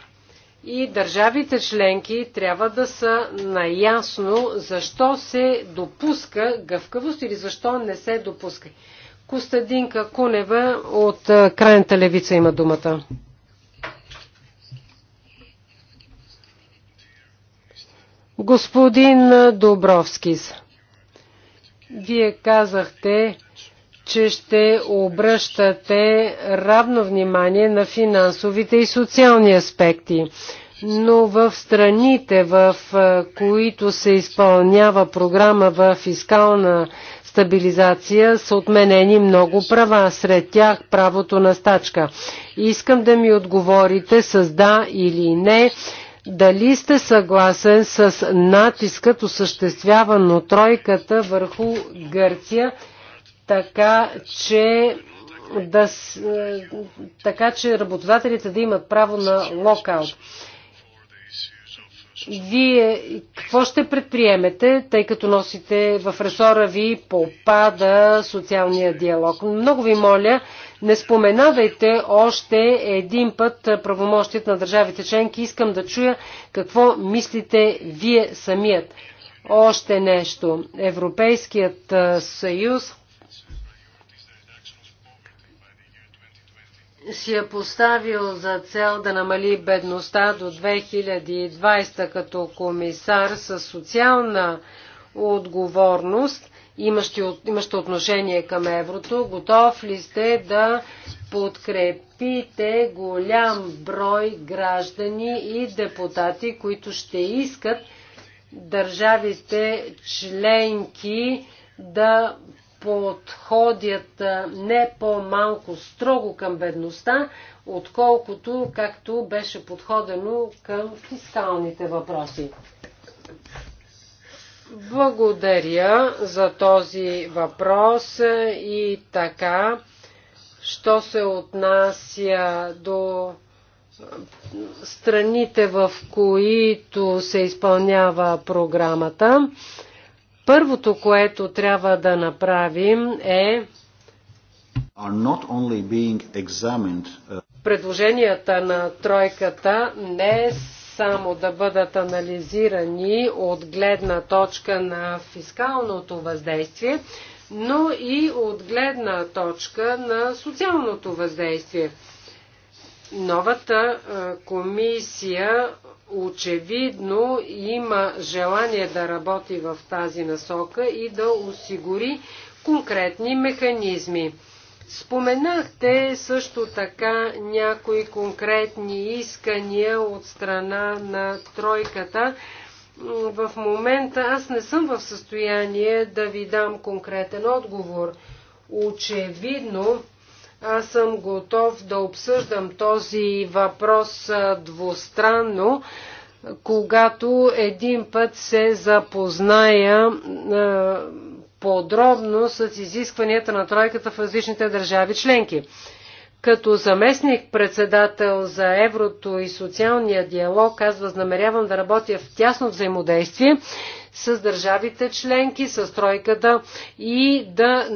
И държавите членки трябва да са наясно защо се допуска гъвкавост или защо не се допуска. Костадинка Кунева от Крайната левица има думата. Господин Добровскис, вие казахте, че ще обръщате равно внимание на финансовите и социални аспекти. Но в страните, в които се изпълнява програма в фискална стабилизация са отменени много права, сред тях правото на стачка. Искам да ми отговорите с да или не. Дали сте съгласен с натискът, осъществяван от тройката върху Гърция, така че, да, е, така че работодателите да имат право на локаут? Вие какво ще предприемете, тъй като носите в ресора ви попада социалния диалог? Много ви моля, не споменавайте още един път правомощият на държавите членки. Искам да чуя какво мислите вие самият. Още нещо. Европейският съюз си е поставил за цел да намали бедността до 2020 като комисар с социална отговорност, имащо отношение към еврото. Готов ли сте да подкрепите голям брой граждани и депутати, които ще искат държавите членки да подходят не по-малко строго към бедността, отколкото както беше подходено към фискалните въпроси. Благодаря за този въпрос и така, що се отнася до страните, в които се изпълнява програмата. Първото, което трябва да направим е uh, предложенията на тройката не само да бъдат анализирани от гледна точка на фискалното въздействие, но и от гледна точка на социалното въздействие. Новата комисия очевидно има желание да работи в тази насока и да осигури конкретни механизми. Споменахте също така някои конкретни искания от страна на тройката. В момента аз не съм в състояние да ви дам конкретен отговор. Очевидно, аз съм готов да обсъждам този въпрос двустранно, когато един път се запозная подробно с изискванията на тройката в различните държави членки. Като заместник председател за еврото и социалния диалог, аз възнамерявам да работя в тясно взаимодействие с държавите членки, с тройката и да,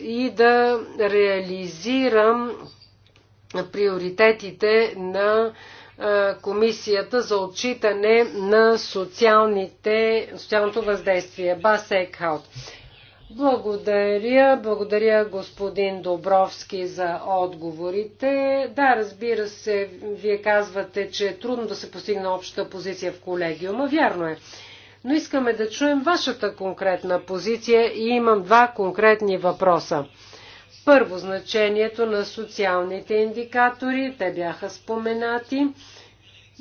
и да реализирам приоритетите на комисията за отчитане на социалното въздействие. Бас Екхаут. Благодаря, благодаря господин Добровски за отговорите. Да, разбира се, вие казвате, че е трудно да се постигне обща позиция в колегиума. Вярно е но искаме да чуем вашата конкретна позиция и имам два конкретни въпроса. Първо, значението на социалните индикатори, те бяха споменати,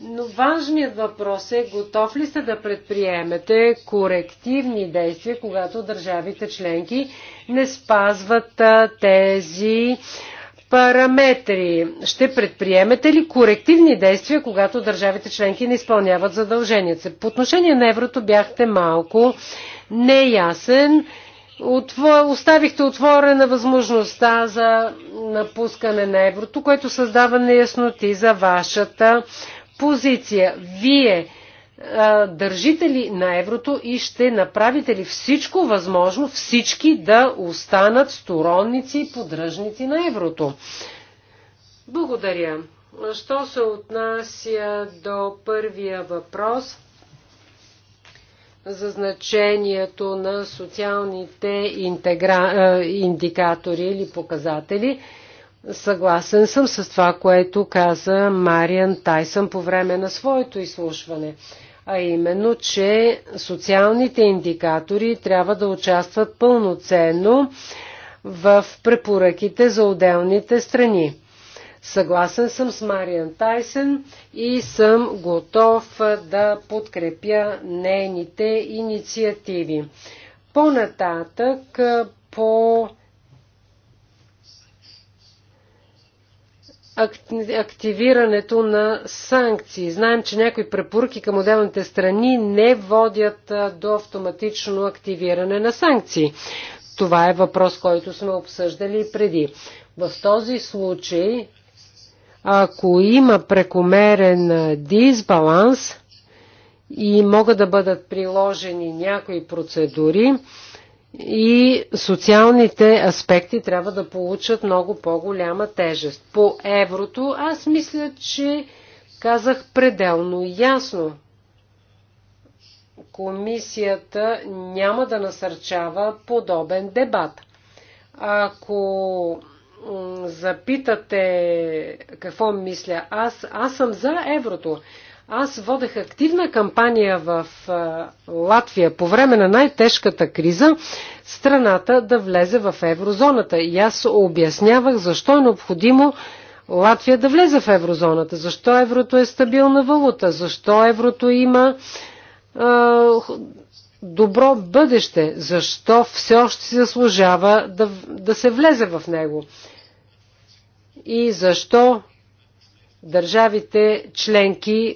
но важният въпрос е, готов ли сте да предприемете корективни действия, когато държавите членки не спазват тези параметри. Ще предприемете ли корективни действия, когато държавите членки не изпълняват задълженията си? По отношение на еврото бяхте малко неясен. Отво... Оставихте отворена възможността за напускане на еврото, което създава неясноти за вашата позиция. Вие държите ли на еврото и ще направите ли всичко възможно всички да останат сторонници и поддръжници на еврото? Благодаря. Що се отнася до първия въпрос за значението на социалните интегра... индикатори или показатели, Съгласен съм с това, което каза Мариан Тайсън по време на своето изслушване, а именно, че социалните индикатори трябва да участват пълноценно в препоръките за отделните страни. Съгласен съм с Мариан Тайсен и съм готов да подкрепя нейните инициативи. По-нататък, по, -нататък, по активирането на санкции. Знаем, че някои препоръки към отделните страни не водят до автоматично активиране на санкции. Това е въпрос, който сме обсъждали преди. В този случай, ако има прекомерен дисбаланс и могат да бъдат приложени някои процедури, и социалните аспекти трябва да получат много по-голяма тежест. По еврото аз мисля, че казах пределно ясно. Комисията няма да насърчава подобен дебат. Ако запитате какво мисля аз, аз съм за еврото. Аз водех активна кампания в Латвия по време на най-тежката криза страната да влезе в еврозоната. И аз обяснявах защо е необходимо Латвия да влезе в еврозоната, защо еврото е стабилна валута, защо еврото има е, добро бъдеще, защо все още се заслужава да, да се влезе в него и защо държавите членки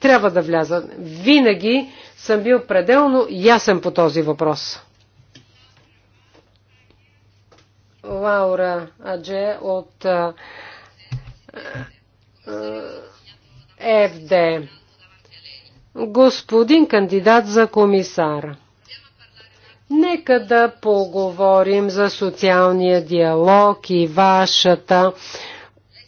трябва да вляза. Винаги съм бил пределно ясен по този въпрос. Лаура Адже от е, ФД. Господин кандидат за комисар. Нека да поговорим за социалния диалог и вашата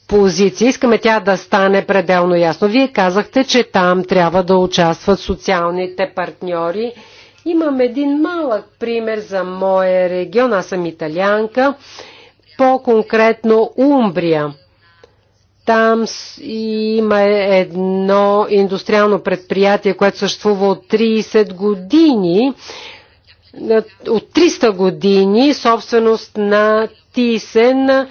позиция. Искаме тя да стане пределно ясно. Вие казахте, че там трябва да участват социалните партньори. Имам един малък пример за моя регион. Аз съм италианка. По-конкретно Умбрия. Там има едно индустриално предприятие, което съществува от 30 години от 300 години собственост на Тисен.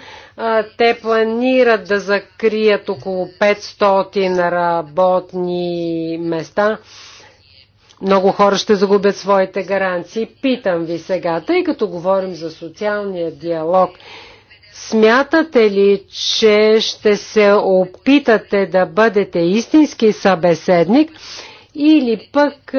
Те планират да закрият около 500 работни места. Много хора ще загубят своите гаранции. Питам ви сега, тъй като говорим за социалния диалог, смятате ли, че ще се опитате да бъдете истински събеседник? или пък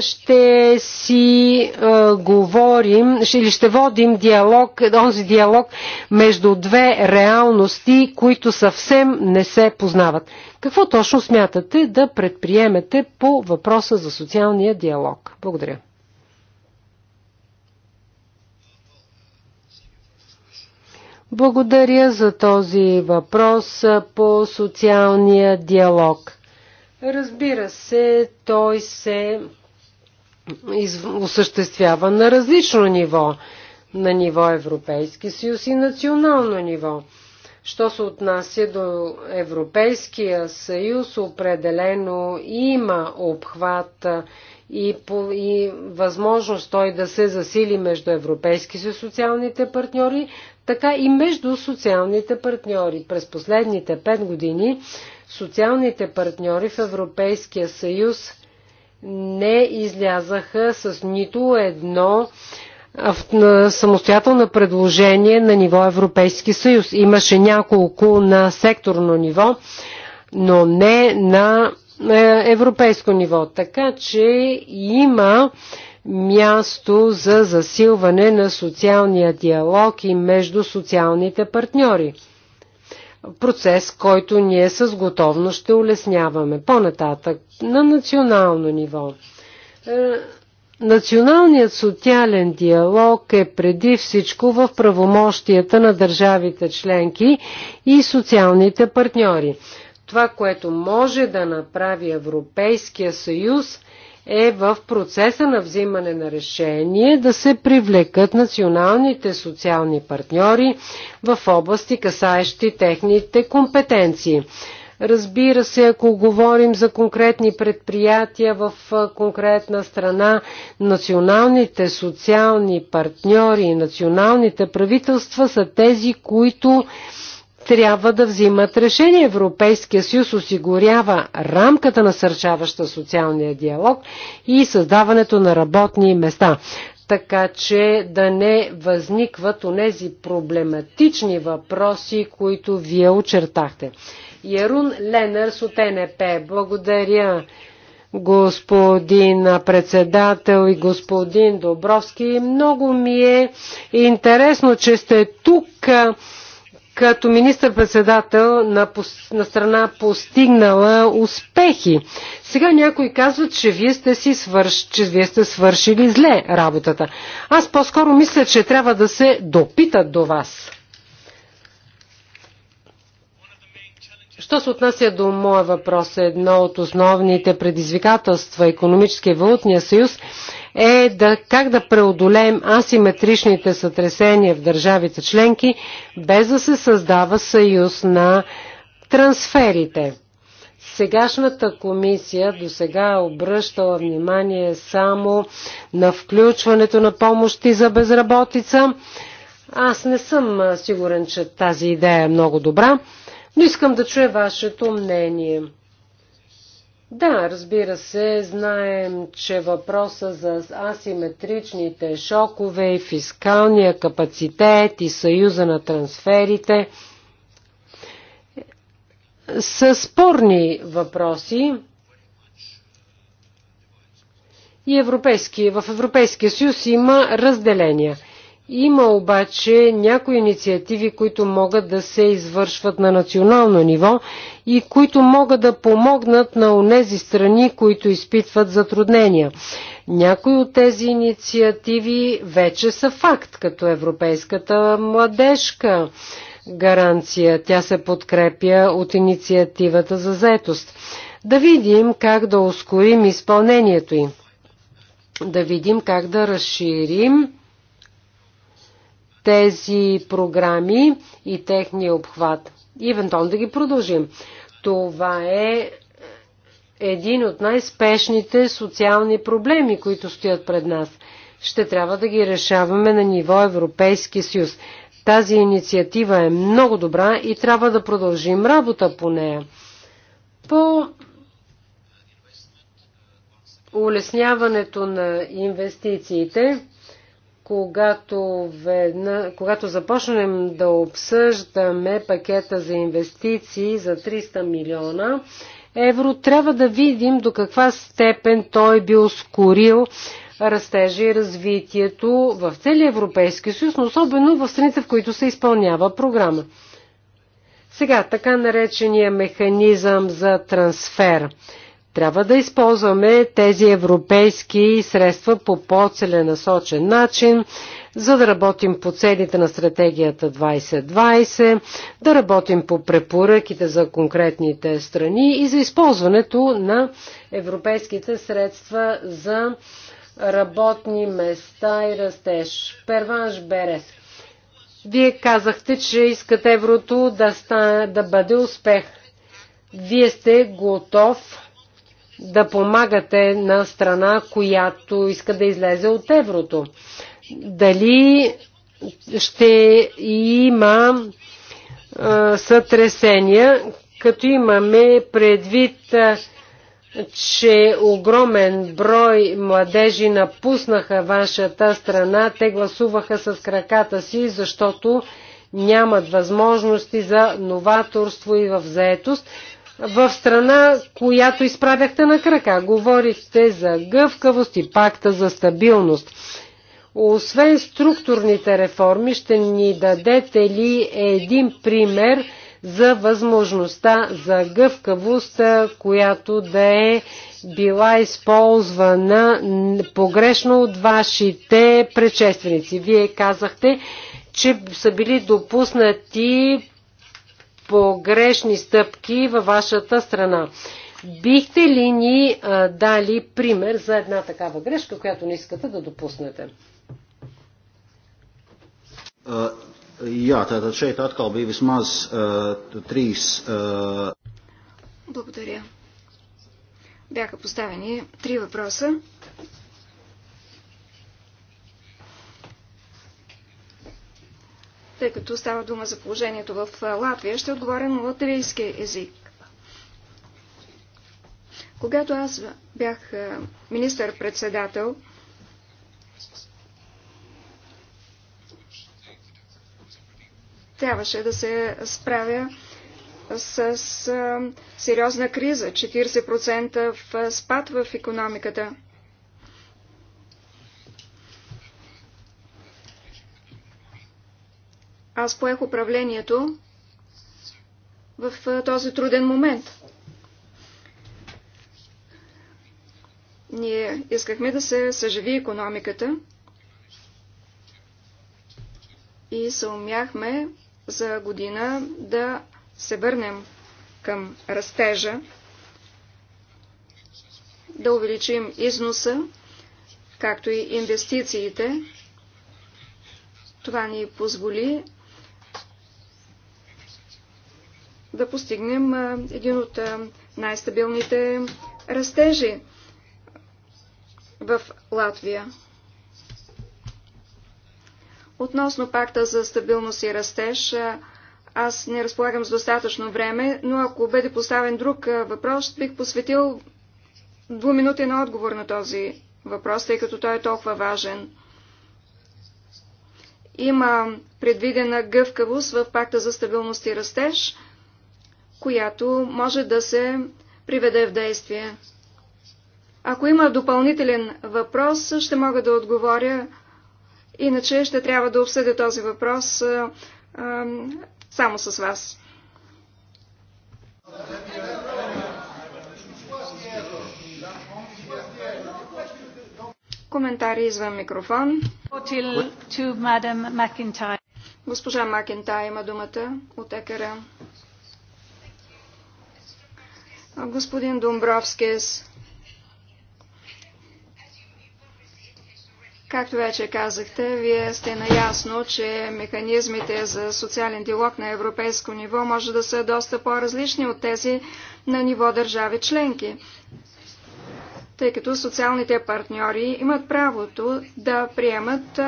ще си а, говорим, или ще, ще водим диалог, онзи диалог между две реалности, които съвсем не се познават. Какво точно смятате да предприемете по въпроса за социалния диалог? Благодаря. Благодаря за този въпрос по социалния диалог. Разбира се, той се из... осъществява на различно ниво, на ниво Европейски съюз и национално ниво. Що се отнася до Европейския съюз, определено има обхват и, по, и възможност той да се засили между Европейски съюз социалните партньори, така и между социалните партньори. През последните пет години социалните партньори в Европейския съюз не излязаха с нито едно самостоятелно предложение на ниво Европейски съюз. Имаше няколко на секторно ниво, но не на е, европейско ниво. Така че има място за засилване на социалния диалог и между социалните партньори процес, който ние с готовност ще улесняваме. По-нататък, на национално ниво. Е, националният социален диалог е преди всичко в правомощията на държавите членки и социалните партньори. Това, което може да направи Европейския съюз е в процеса на взимане на решение да се привлекат националните социални партньори в области, касаещи техните компетенции. Разбира се, ако говорим за конкретни предприятия в конкретна страна, националните социални партньори и националните правителства са тези, които трябва да взимат решение. Европейския съюз осигурява рамката на сърчаваща социалния диалог и създаването на работни места, така че да не възникват онези проблематични въпроси, които вие очертахте. Ярун Ленърс от НП. Благодаря господин председател и господин Добровски. Много ми е интересно, че сте тук като министър-председател на, на страна постигнала успехи. Сега някои казват, че вие сте си свърш, че вие сте свършили зле работата. Аз по-скоро мисля, че трябва да се допитат до вас. Що се отнася до моя въпрос, едно от основните предизвикателства економическия и валутния съюз е да, как да преодолеем асиметричните сътресения в държавите членки, без да се създава съюз на трансферите. Сегашната комисия до сега е обръщала внимание само на включването на помощи за безработица. Аз не съм сигурен, че тази идея е много добра, но искам да чуя вашето мнение. Да, разбира се, знаем, че въпроса за асиметричните шокове и фискалния капацитет и съюза на трансферите са спорни въпроси. И европейски, в Европейския съюз има разделения – има обаче някои инициативи, които могат да се извършват на национално ниво и които могат да помогнат на онези страни, които изпитват затруднения. Някои от тези инициативи вече са факт, като Европейската младежка гаранция. Тя се подкрепя от инициативата за заетост. Да видим как да ускорим изпълнението им. Да видим как да разширим тези програми и техния обхват и евентуално да ги продължим. Това е един от най-спешните социални проблеми, които стоят пред нас. Ще трябва да ги решаваме на ниво Европейски съюз. Тази инициатива е много добра и трябва да продължим работа по нея. По улесняването на инвестициите, когато, ведна, когато започнем да обсъждаме пакета за инвестиции за 300 милиона евро, трябва да видим до каква степен той би ускорил растежа и развитието в целия Европейски съюз, но особено в страните, в които се изпълнява програма. Сега, така наречения механизъм за трансфер – трябва да използваме тези европейски средства по по-целенасочен начин, за да работим по целите на стратегията 2020, да работим по препоръките за конкретните страни и за използването на европейските средства за работни места и растеж. Перванш Берес. Вие казахте, че искате еврото да, стане, да бъде успех. Вие сте готов да помагате на страна, която иска да излезе от еврото? Дали ще има а, сътресения, като имаме предвид, а, че огромен брой младежи напуснаха вашата страна, те гласуваха с краката си, защото нямат възможности за новаторство и в заетост в страна, която изправяхте на крака. Говорихте за гъвкавост и пакта за стабилност. Освен структурните реформи, ще ни дадете ли един пример за възможността за гъвкавост, която да е била използвана погрешно от вашите предшественици. Вие казахте, че са били допуснати погрешни стъпки във вашата страна. Бихте ли ни а, дали пример за една такава грешка, която не искате да допуснете? Jā, tātad šeit atkal bija vismaz uh, trīs. Благодаря. Бяха поставени три въпроса. тъй като става дума за положението в Латвия, ще отговоря на латвийски език. Когато аз бях министър-председател, трябваше да се справя с сериозна криза, 40% в спад в економиката – Аз поех управлението в този труден момент. Ние искахме да се съживи економиката и се умяхме за година да се върнем към растежа, да увеличим износа, както и инвестициите. Това ни позволи да постигнем един от най-стабилните растежи в Латвия. Относно пакта за стабилност и растеж, аз не разполагам с достатъчно време, но ако бъде поставен друг въпрос, бих посветил двуминутен отговор на този въпрос, тъй като той е толкова важен. Има предвидена гъвкавост в пакта за стабилност и растеж, която може да се приведе в действие. Ако има допълнителен въпрос, ще мога да отговоря, иначе ще трябва да обсъдя този въпрос а, а, само с вас. Коментари извън микрофон. Госпожа Макентай има думата от екара. Господин Домбровскис, както вече казахте, вие сте наясно, че механизмите за социален диалог на европейско ниво може да са доста по-различни от тези на ниво държави членки тъй като социалните партньори имат правото да приемат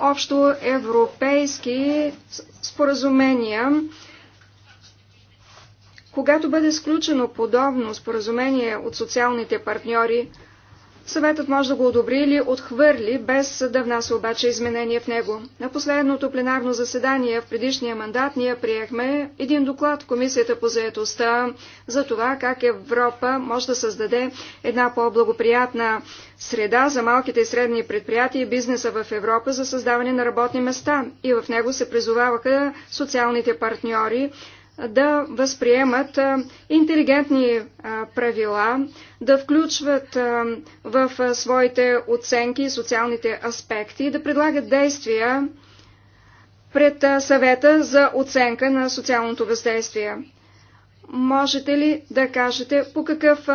общо европейски споразумения когато бъде сключено подобно споразумение от социалните партньори, съветът може да го одобри или отхвърли, без да внася обаче изменение в него. На последното пленарно заседание в предишния мандат ние приехме един доклад в Комисията по заедостта за това как Европа може да създаде една по-благоприятна среда за малките и средни предприятия и бизнеса в Европа за създаване на работни места. И в него се призоваваха социалните партньори да възприемат интелигентни правила, да включват в своите оценки социалните аспекти и да предлагат действия пред съвета за оценка на социалното въздействие. Можете ли да кажете по какъв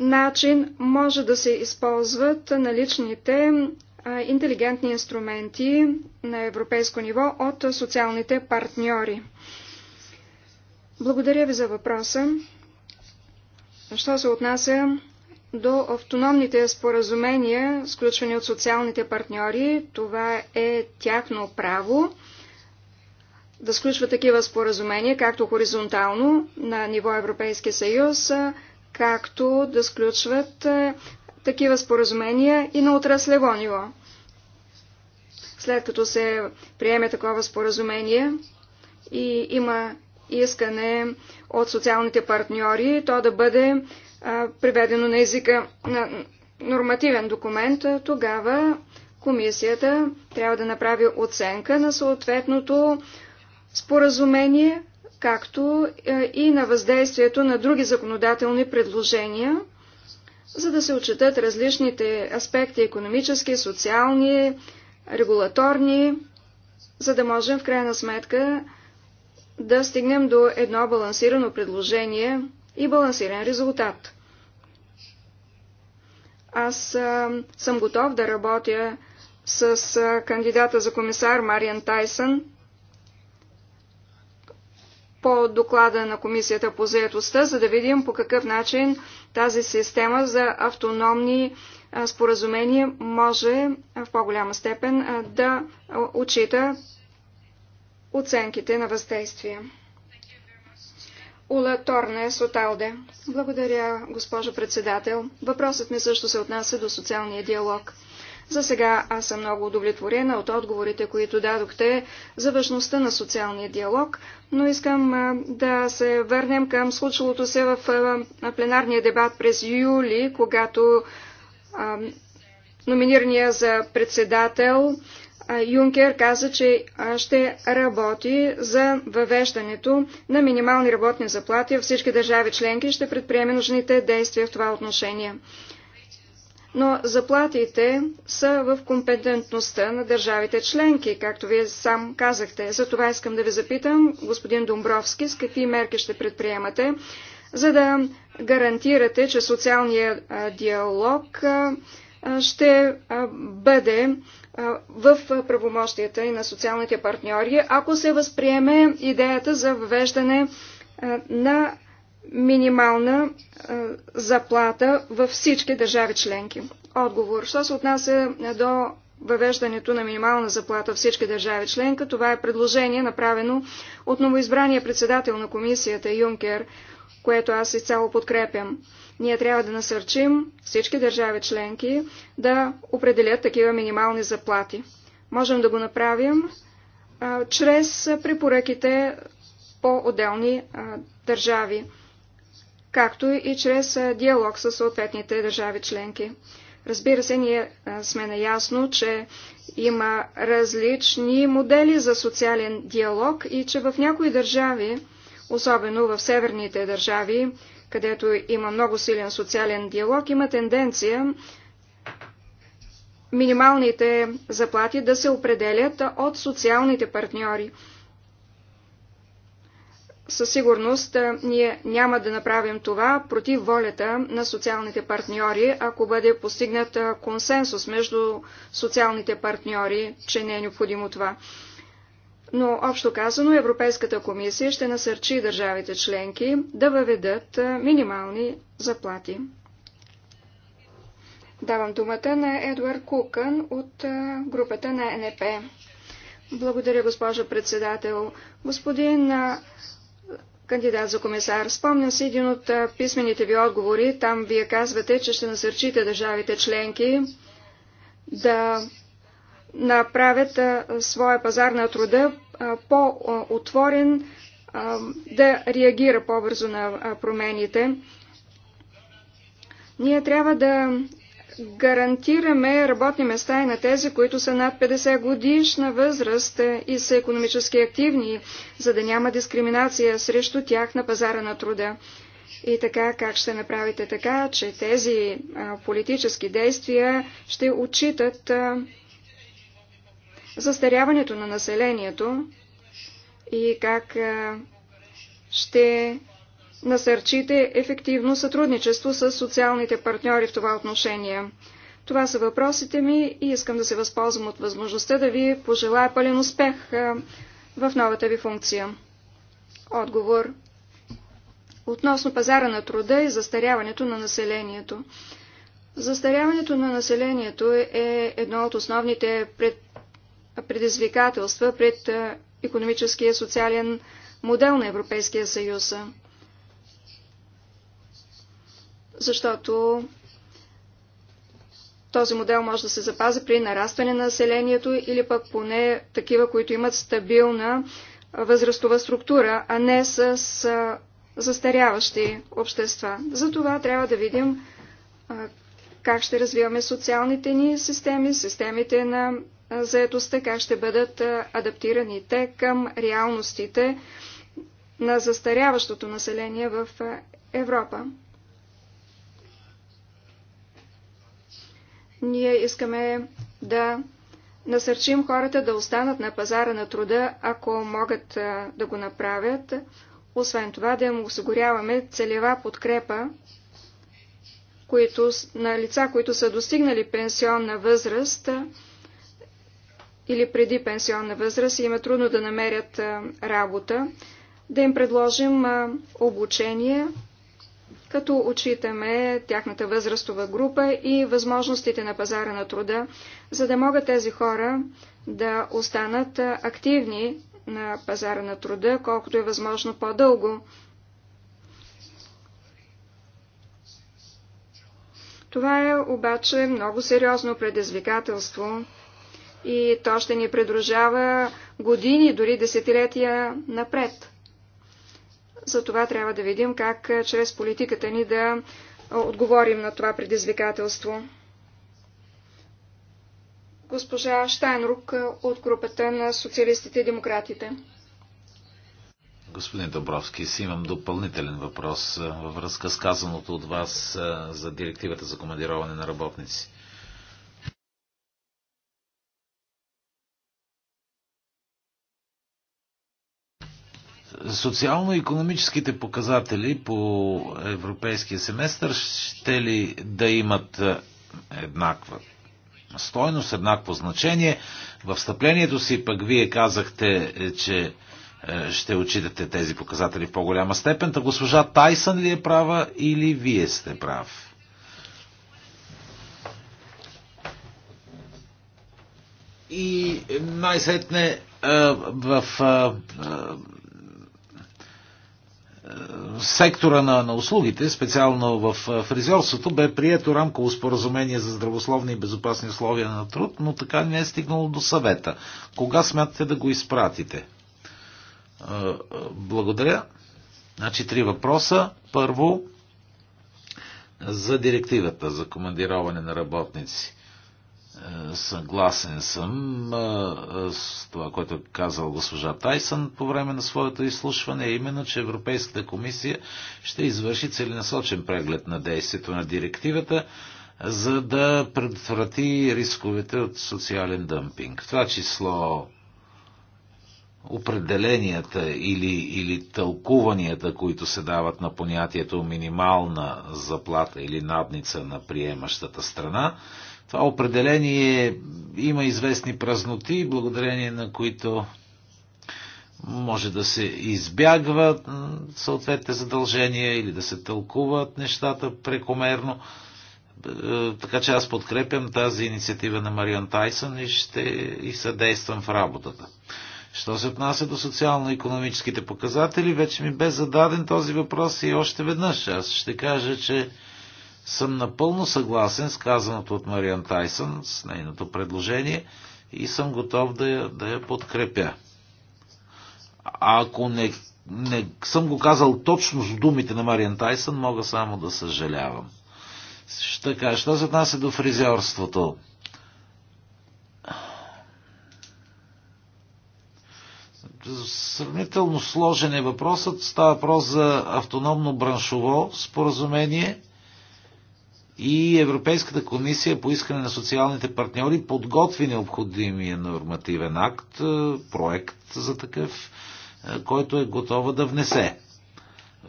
начин може да се използват наличните интелигентни инструменти на европейско ниво от социалните партньори? Благодаря ви за въпроса. Що се отнася до автономните споразумения, сключвани от социалните партньори, това е тяхно право да сключва такива споразумения, както хоризонтално на ниво Европейски съюз, както да сключват е, такива споразумения и на отраслево ниво. След като се приеме такова споразумение и има искане от социалните партньори, то да бъде приведено на езика на нормативен документ, тогава комисията трябва да направи оценка на съответното споразумение, както и на въздействието на други законодателни предложения, за да се отчитат различните аспекти економически, социални, регулаторни, за да можем в крайна сметка да стигнем до едно балансирано предложение и балансиран резултат. Аз а, съм готов да работя с а, кандидата за комисар Мариан Тайсън по доклада на Комисията по заедостта, за да видим по какъв начин тази система за автономни споразумения може в по-голяма степен да отчита оценките на въздействие. Ула Торнес от Алде. Благодаря, госпожо председател. Въпросът ми също се отнася до социалния диалог. За сега аз съм много удовлетворена от отговорите, които дадохте за важността на социалния диалог, но искам да се върнем към случилото се в пленарния дебат през юли, когато номинирания за председател Юнкер каза, че ще работи за въвеждането на минимални работни заплати във всички държави членки и ще предприеме нужните действия в това отношение. Но заплатите са в компетентността на държавите членки, както вие сам казахте. За това искам да ви запитам, господин Домбровски, с какви мерки ще предприемате, за да гарантирате, че социалният диалог ще бъде в правомощията и на социалните партньори, ако се възприеме идеята за въвеждане на минимална заплата във всички държави членки. Отговор. Що се отнася до въвеждането на минимална заплата във всички държави членка, това е предложение направено от новоизбрания председател на комисията Юнкер, което аз изцяло подкрепям. Ние трябва да насърчим всички държави членки да определят такива минимални заплати. Можем да го направим а, чрез препоръките по отделни а, държави, както и чрез а, диалог с съответните държави членки. Разбира се, ние сме наясно, че има различни модели за социален диалог и че в някои държави, особено в северните държави, където има много силен социален диалог, има тенденция минималните заплати да се определят от социалните партньори. Със сигурност ние няма да направим това против волята на социалните партньори, ако бъде постигнат консенсус между социалните партньори, че не е необходимо това. Но, общо казано, Европейската комисия ще насърчи държавите членки да въведат минимални заплати. Давам думата на Едуард Кукън от групата на НП. Благодаря, госпожа председател. Господин кандидат за комисар, спомня си един от писмените ви отговори. Там вие казвате, че ще насърчите държавите членки да направят своя пазар на труда по-отворен, да реагира по-бързо на промените. Ние трябва да гарантираме работни места и на тези, които са над 50 годишна възраст и са економически активни, за да няма дискриминация срещу тях на пазара на труда. И така, как ще направите така, че тези политически действия ще отчитат застаряването на населението и как ще насърчите ефективно сътрудничество с социалните партньори в това отношение. Това са въпросите ми и искам да се възползвам от възможността да ви пожелая пълен успех в новата ви функция. Отговор. Относно пазара на труда и застаряването на населението. Застаряването на населението е едно от основните пред предизвикателства пред економическия и социален модел на Европейския съюз. Защото този модел може да се запази при нарастване на населението или пък поне такива, които имат стабилна възрастова структура, а не с застаряващи общества. За това трябва да видим как ще развиваме социалните ни системи, системите на заедостта, как ще бъдат адаптирани те към реалностите на застаряващото население в Европа. Ние искаме да насърчим хората да останат на пазара на труда, ако могат да го направят. Освен това да им осигуряваме целева подкрепа които, на лица, които са достигнали пенсионна възраст, или преди пенсионна възраст и им е трудно да намерят работа, да им предложим обучение, като отчитаме тяхната възрастова група и възможностите на пазара на труда, за да могат тези хора да останат активни на пазара на труда, колкото е възможно по-дълго. Това е обаче много сериозно предизвикателство и то ще ни придружава години, дори десетилетия напред. Затова трябва да видим как чрез политиката ни да отговорим на това предизвикателство. Госпожа Штайнрук от групата на социалистите и демократите. Господин Добровски, си имам допълнителен въпрос във връзка с казаното от вас за директивата за командироване на работници. Социално-економическите показатели по европейския семестър ще ли да имат е, еднаква стойност, еднакво значение? В встъплението си пък вие казахте, е, че е, ще отчитате тези показатели в по-голяма степен. Та госпожа Тайсън ли е права или вие сте прав? И най-сетне в сектора на, на услугите, специално в фризьорството, бе прието рамково споразумение за здравословни и безопасни условия на труд, но така не е стигнало до съвета. Кога смятате да го изпратите? Благодаря. Значи три въпроса. Първо, за директивата за командироване на работници. Е, съгласен съм е, е, с това, което е казал госпожа Тайсън по време на своето изслушване, е именно, че Европейската комисия ще извърши целенасочен преглед на действието на директивата, за да предотврати рисковете от социален дъмпинг. В това число определенията или, или тълкуванията, които се дават на понятието минимална заплата или надница на приемащата страна, това определение има известни празноти, благодарение на които може да се избягват съответните задължения или да се тълкуват нещата прекомерно. Е, така че аз подкрепям тази инициатива на Мариан Тайсън и ще и съдействам в работата. Що се отнася до социално-економическите показатели, вече ми бе зададен този въпрос и още веднъж. Аз ще кажа, че съм напълно съгласен с казаното от Мариан Тайсън, с нейното предложение и съм готов да я, да я подкрепя. А ако не, не съм го казал точно с думите на Мариан Тайсън, мога само да съжалявам. Така, що се отнася до фризьорството? Сравнително сложен е въпросът. Става въпрос за автономно браншово споразумение и Европейската комисия по искане на социалните партньори подготви необходимия нормативен акт, е, проект за такъв, е, който е готова да внесе.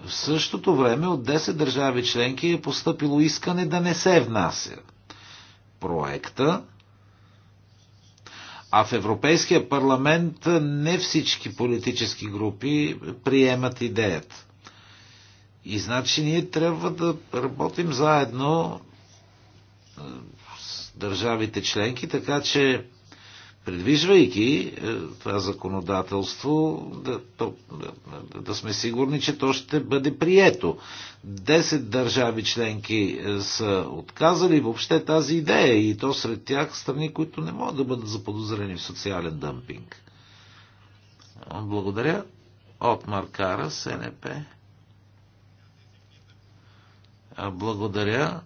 В същото време от 10 държави членки е поступило искане да не се внася проекта, а в Европейския парламент не всички политически групи приемат идеята. И значи ние трябва да работим заедно с държавите членки, така че предвижвайки това законодателство, да, то, да, да сме сигурни, че то ще бъде прието. Десет държави членки са отказали въобще тази идея и то сред тях страни, които не могат да бъдат заподозрени в социален дъмпинг. Благодаря. От Маркара, СНП. Благодаря,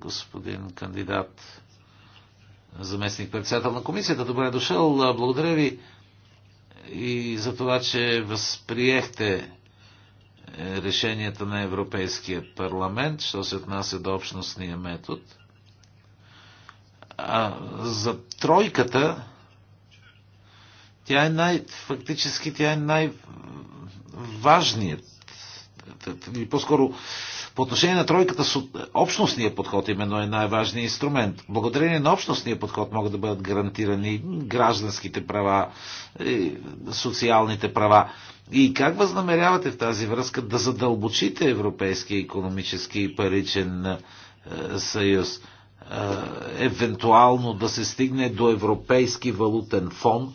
господин кандидат заместник председател на комисията. Добре дошъл. Благодаря ви и за това, че възприехте е, решенията на Европейския парламент, що се отнася до общностния метод. А за тройката, тя е най, фактически тя е най-важният или по-скоро по отношение на тройката, общностния подход именно е най-важният инструмент. Благодарение на общностния подход могат да бъдат гарантирани гражданските права, е, социалните права. И как възнамерявате в тази връзка да задълбочите Европейския економически и паричен е, съюз? Е, евентуално да се стигне до Европейски валутен фонд.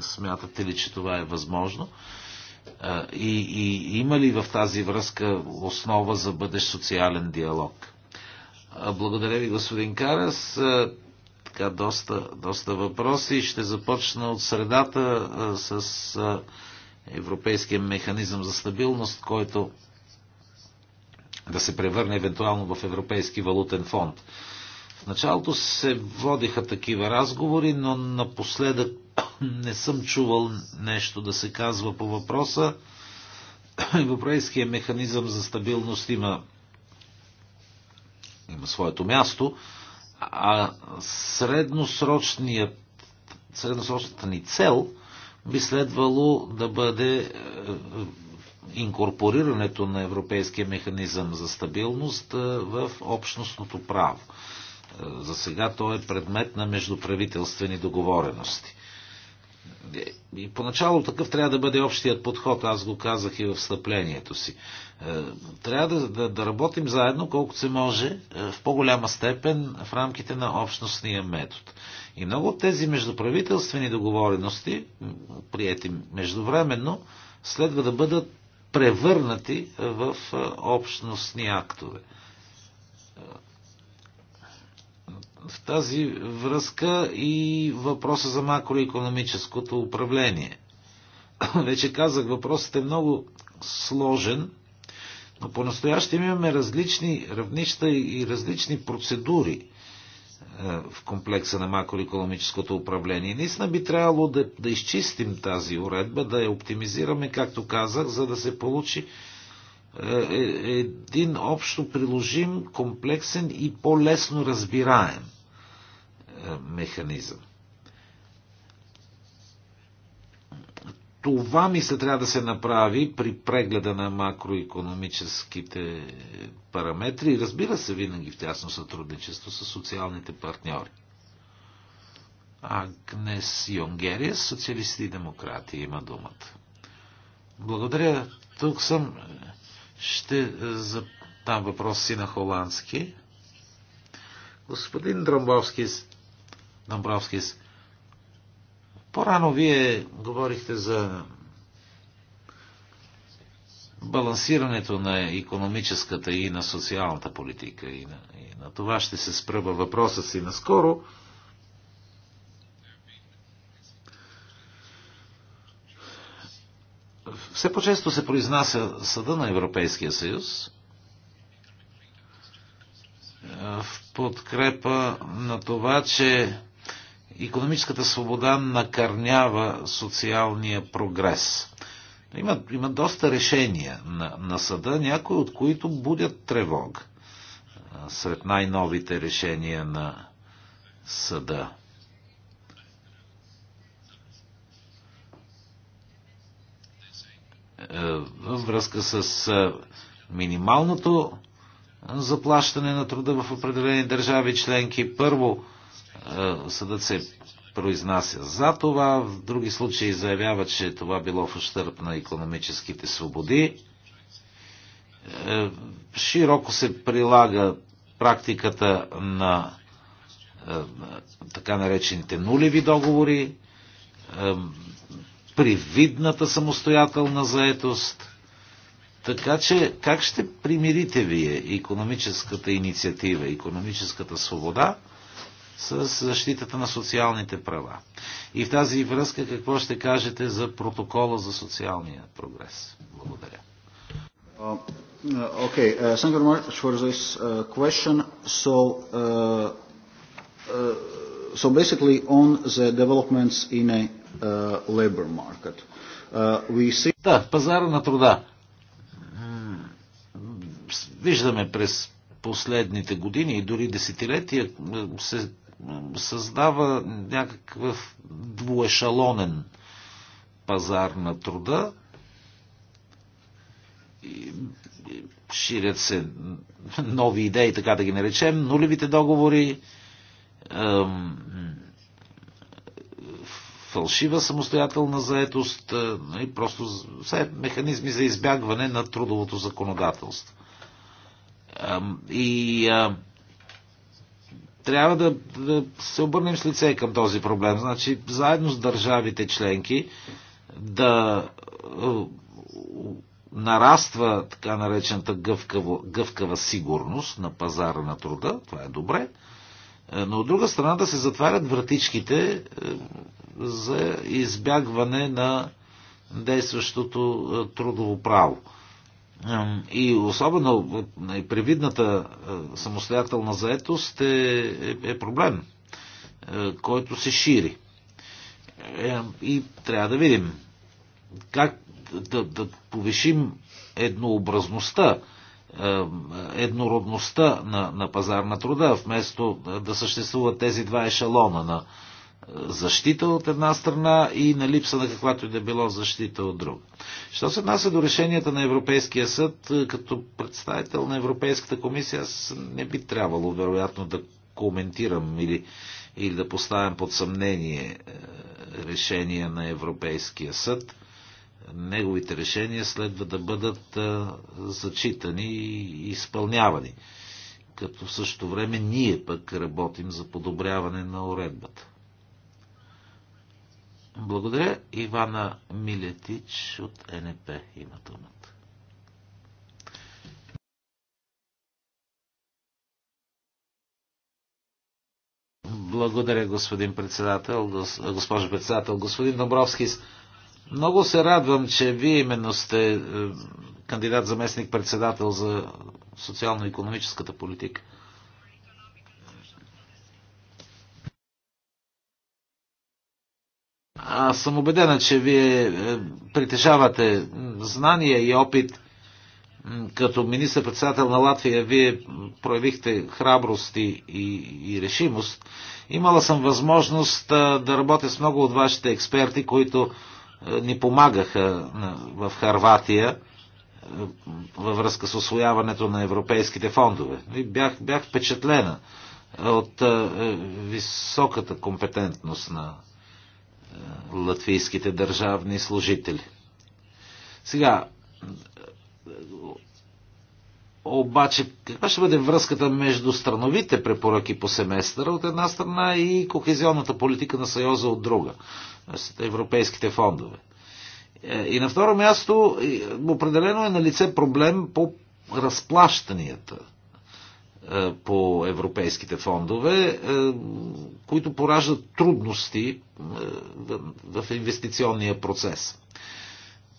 Смятате ли, че това е възможно? И, и има ли в тази връзка основа за бъдещ социален диалог? Благодаря ви, господин Карас. Така, доста, доста въпроси. Ще започна от средата с Европейския механизъм за стабилност, който да се превърне евентуално в Европейски валутен фонд началото се водиха такива разговори, но напоследък не съм чувал нещо да се казва по въпроса. Европейския механизъм за стабилност има, има своето място, а средносрочният, средносрочната ни цел би следвало да бъде е, инкорпорирането на Европейския механизъм за стабилност е, в общностното право. За сега той е предмет на междуправителствени договорености. И поначало такъв трябва да бъде общият подход, аз го казах и в встъплението си. Трябва да, да, да работим заедно колкото се може в по-голяма степен в рамките на общностния метод. И много от тези междуправителствени договорености, прияти междувременно, следва да бъдат превърнати в общностни актове. В тази връзка и въпроса за макроекономическото управление. Вече казах, въпросът е много сложен, но по-настоящем имаме различни равнища и различни процедури е, в комплекса на макроекономическото управление. Наистина би трябвало да, да изчистим тази уредба, да я оптимизираме, както казах, за да се получи е, е, един общо приложим, комплексен и по-лесно разбираем е, механизъм. Това ми се трябва да се направи при прегледа на макроекономическите параметри и разбира се винаги в тясно сътрудничество с социалните партньори. Агнес Йонгерия, социалисти и демократи, има думата. Благодаря. Тук съм. Ще е, задам въпроси на холандски. Господин Дромбовски, Дамбровскис. По-рано вие говорихте за балансирането на економическата и на социалната политика. И на, и на това ще се спра въпроса си наскоро. Все по-често се произнася Съда на Европейския съюз е, в подкрепа на това, че Економическата свобода накърнява социалния прогрес. Има, има доста решения на, на съда, някои от които будят тревога сред най-новите решения на съда. Е, във връзка с минималното заплащане на труда в определени държави членки, първо е, съдът се произнася за това, в други случаи заявява, че това било в ущърп на економическите свободи. Е, широко се прилага практиката на е, така наречените нулеви договори, привидната самостоятелна заетост. Така че как ще примирите вие економическата инициатива, економическата свобода с защитата на социалните права. И в тази връзка какво ще кажете за протокола за социалния прогрес? Благодаря. Uh, uh, okay, uh, thank you very much for this uh, question. So, uh, uh, so basically on the developments in a uh, labor market. Uh, we see... Да, пазара на труда. Виждаме през последните години и дори десетилетия е, се създава някакъв двуешалонен пазар на труда. Ширят се нови идеи, така да ги наречем, нулевите договори, фалшива самостоятелна заетост и нали, просто все механизми за избягване на трудовото законодателство. И трябва да, да се обърнем с лице към този проблем. Значи, заедно с държавите членки да е, нараства така наречената гъвкава, гъвкава сигурност на пазара на труда, това е добре, е, но от друга страна да се затварят вратичките е, за избягване на действащото трудово право. И особено привидната е, самостоятелна заетост е, е, е проблем, е, който се шири. И трябва да видим как да, да повишим еднообразността, еднородността на, на пазар на труда, вместо да съществуват тези два ешелона на защита от една страна и на липса на каквато и да било защита от друга. Що се отнася до решенията на Европейския съд, е, като представител на Европейската комисия, аз не би трябвало вероятно да коментирам или, или да поставям под съмнение е, решения на Европейския съд. Неговите решения следва да бъдат е, зачитани и изпълнявани като в същото време ние пък работим за подобряване на уредбата. Благодаря. Ивана Милетич от НП има думата. Благодаря, господин председател, госпожо председател. Господин Добровски, много се радвам, че вие именно сте е, кандидат за местник председател за социално-економическата политика. Аз съм убедена, че вие е, притежавате знания и опит. Като министър-председател на Латвия, вие проявихте храброст и, и решимост. Имала съм възможност да работя с много от вашите експерти, които е, ни помагаха е, в Харватия във връзка с освояването на европейските фондове. И бях, бях впечатлена от високата компетентност на латвийските държавни служители. Сега, обаче, каква ще бъде връзката между страновите препоръки по семестъра от една страна и кохезионната политика на Съюза от друга, т.е. европейските фондове? Е, и на второ място, определено е на лице проблем по разплащанията – е, по европейските фондове, е, които пораждат трудности е, в инвестиционния процес.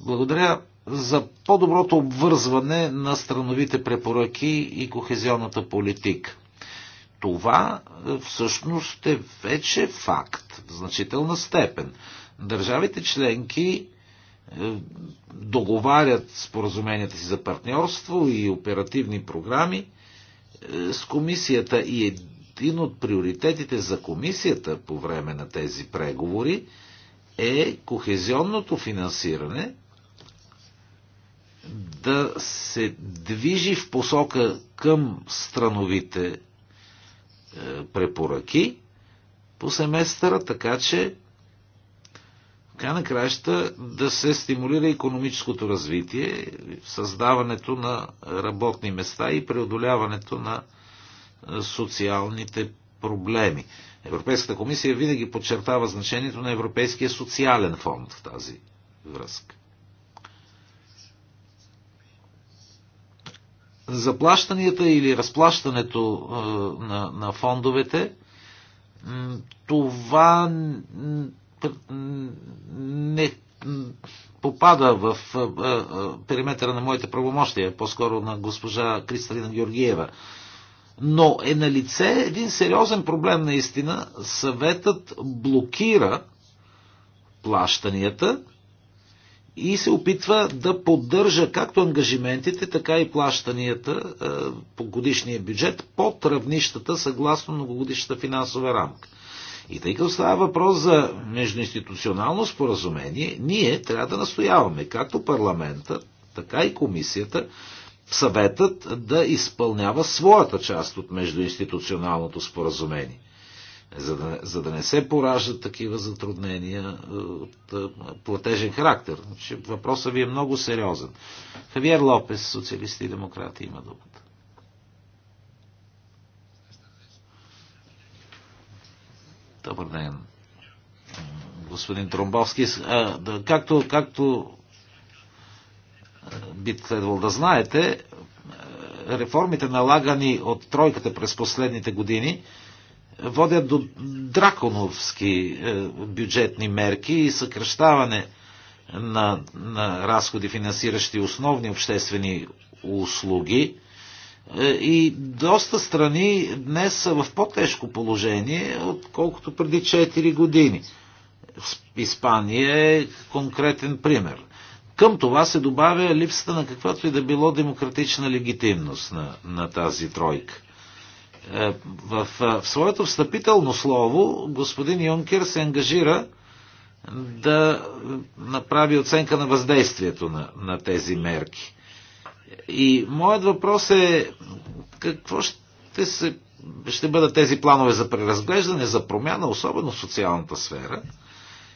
Благодаря за по-доброто обвързване на страновите препоръки и кохезионната политика. Това всъщност е вече факт в значителна степен. Държавите членки договарят споразуменията си за партньорство и оперативни програми е, с комисията и един от приоритетите за комисията по време на тези преговори е кохезионното финансиране да се движи в посока към страновите е, препоръки по семестъра, така че край на краища да се стимулира економическото развитие, създаването на работни места и преодоляването на социалните проблеми. Европейската комисия винаги подчертава значението на Европейския социален фонд в тази връзка. Заплащанията или разплащането на, на фондовете, това не попада в периметъра на моите правомощия, по-скоро на госпожа Кристалина Георгиева. Но е на лице един сериозен проблем наистина. Съветът блокира плащанията и се опитва да поддържа както ангажиментите, така и плащанията по годишния бюджет под равнищата съгласно многогодишната финансова рамка. И тъй като става въпрос за междуинституционално споразумение, ние трябва да настояваме, както парламента, така и комисията, съветът да изпълнява своята част от междуинституционалното споразумение. За да, за да не се пораждат такива затруднения е, от е, платежен характер. Значи, въпросът ви е много сериозен. Хавиер Лопес, социалисти и демократи, има думата. Добър ден, господин Тромбовски. Както, както би следвало да знаете, реформите налагани от тройката през последните години водят до драконовски е, бюджетни мерки и съкръщаване на, на разходи, финансиращи основни обществени услуги е, и доста страни днес са в по-тежко положение, отколкото преди 4 години. Испания е конкретен пример. Към това се добавя липсата на каквато и да било демократична легитимност на, на тази тройка. Е, в, е, в своето встъпително слово господин Юнкер се ангажира да направи оценка на въздействието на, на тези мерки. И моят въпрос е какво ще, се, ще бъдат тези планове за преразглеждане, за промяна, особено в социалната сфера?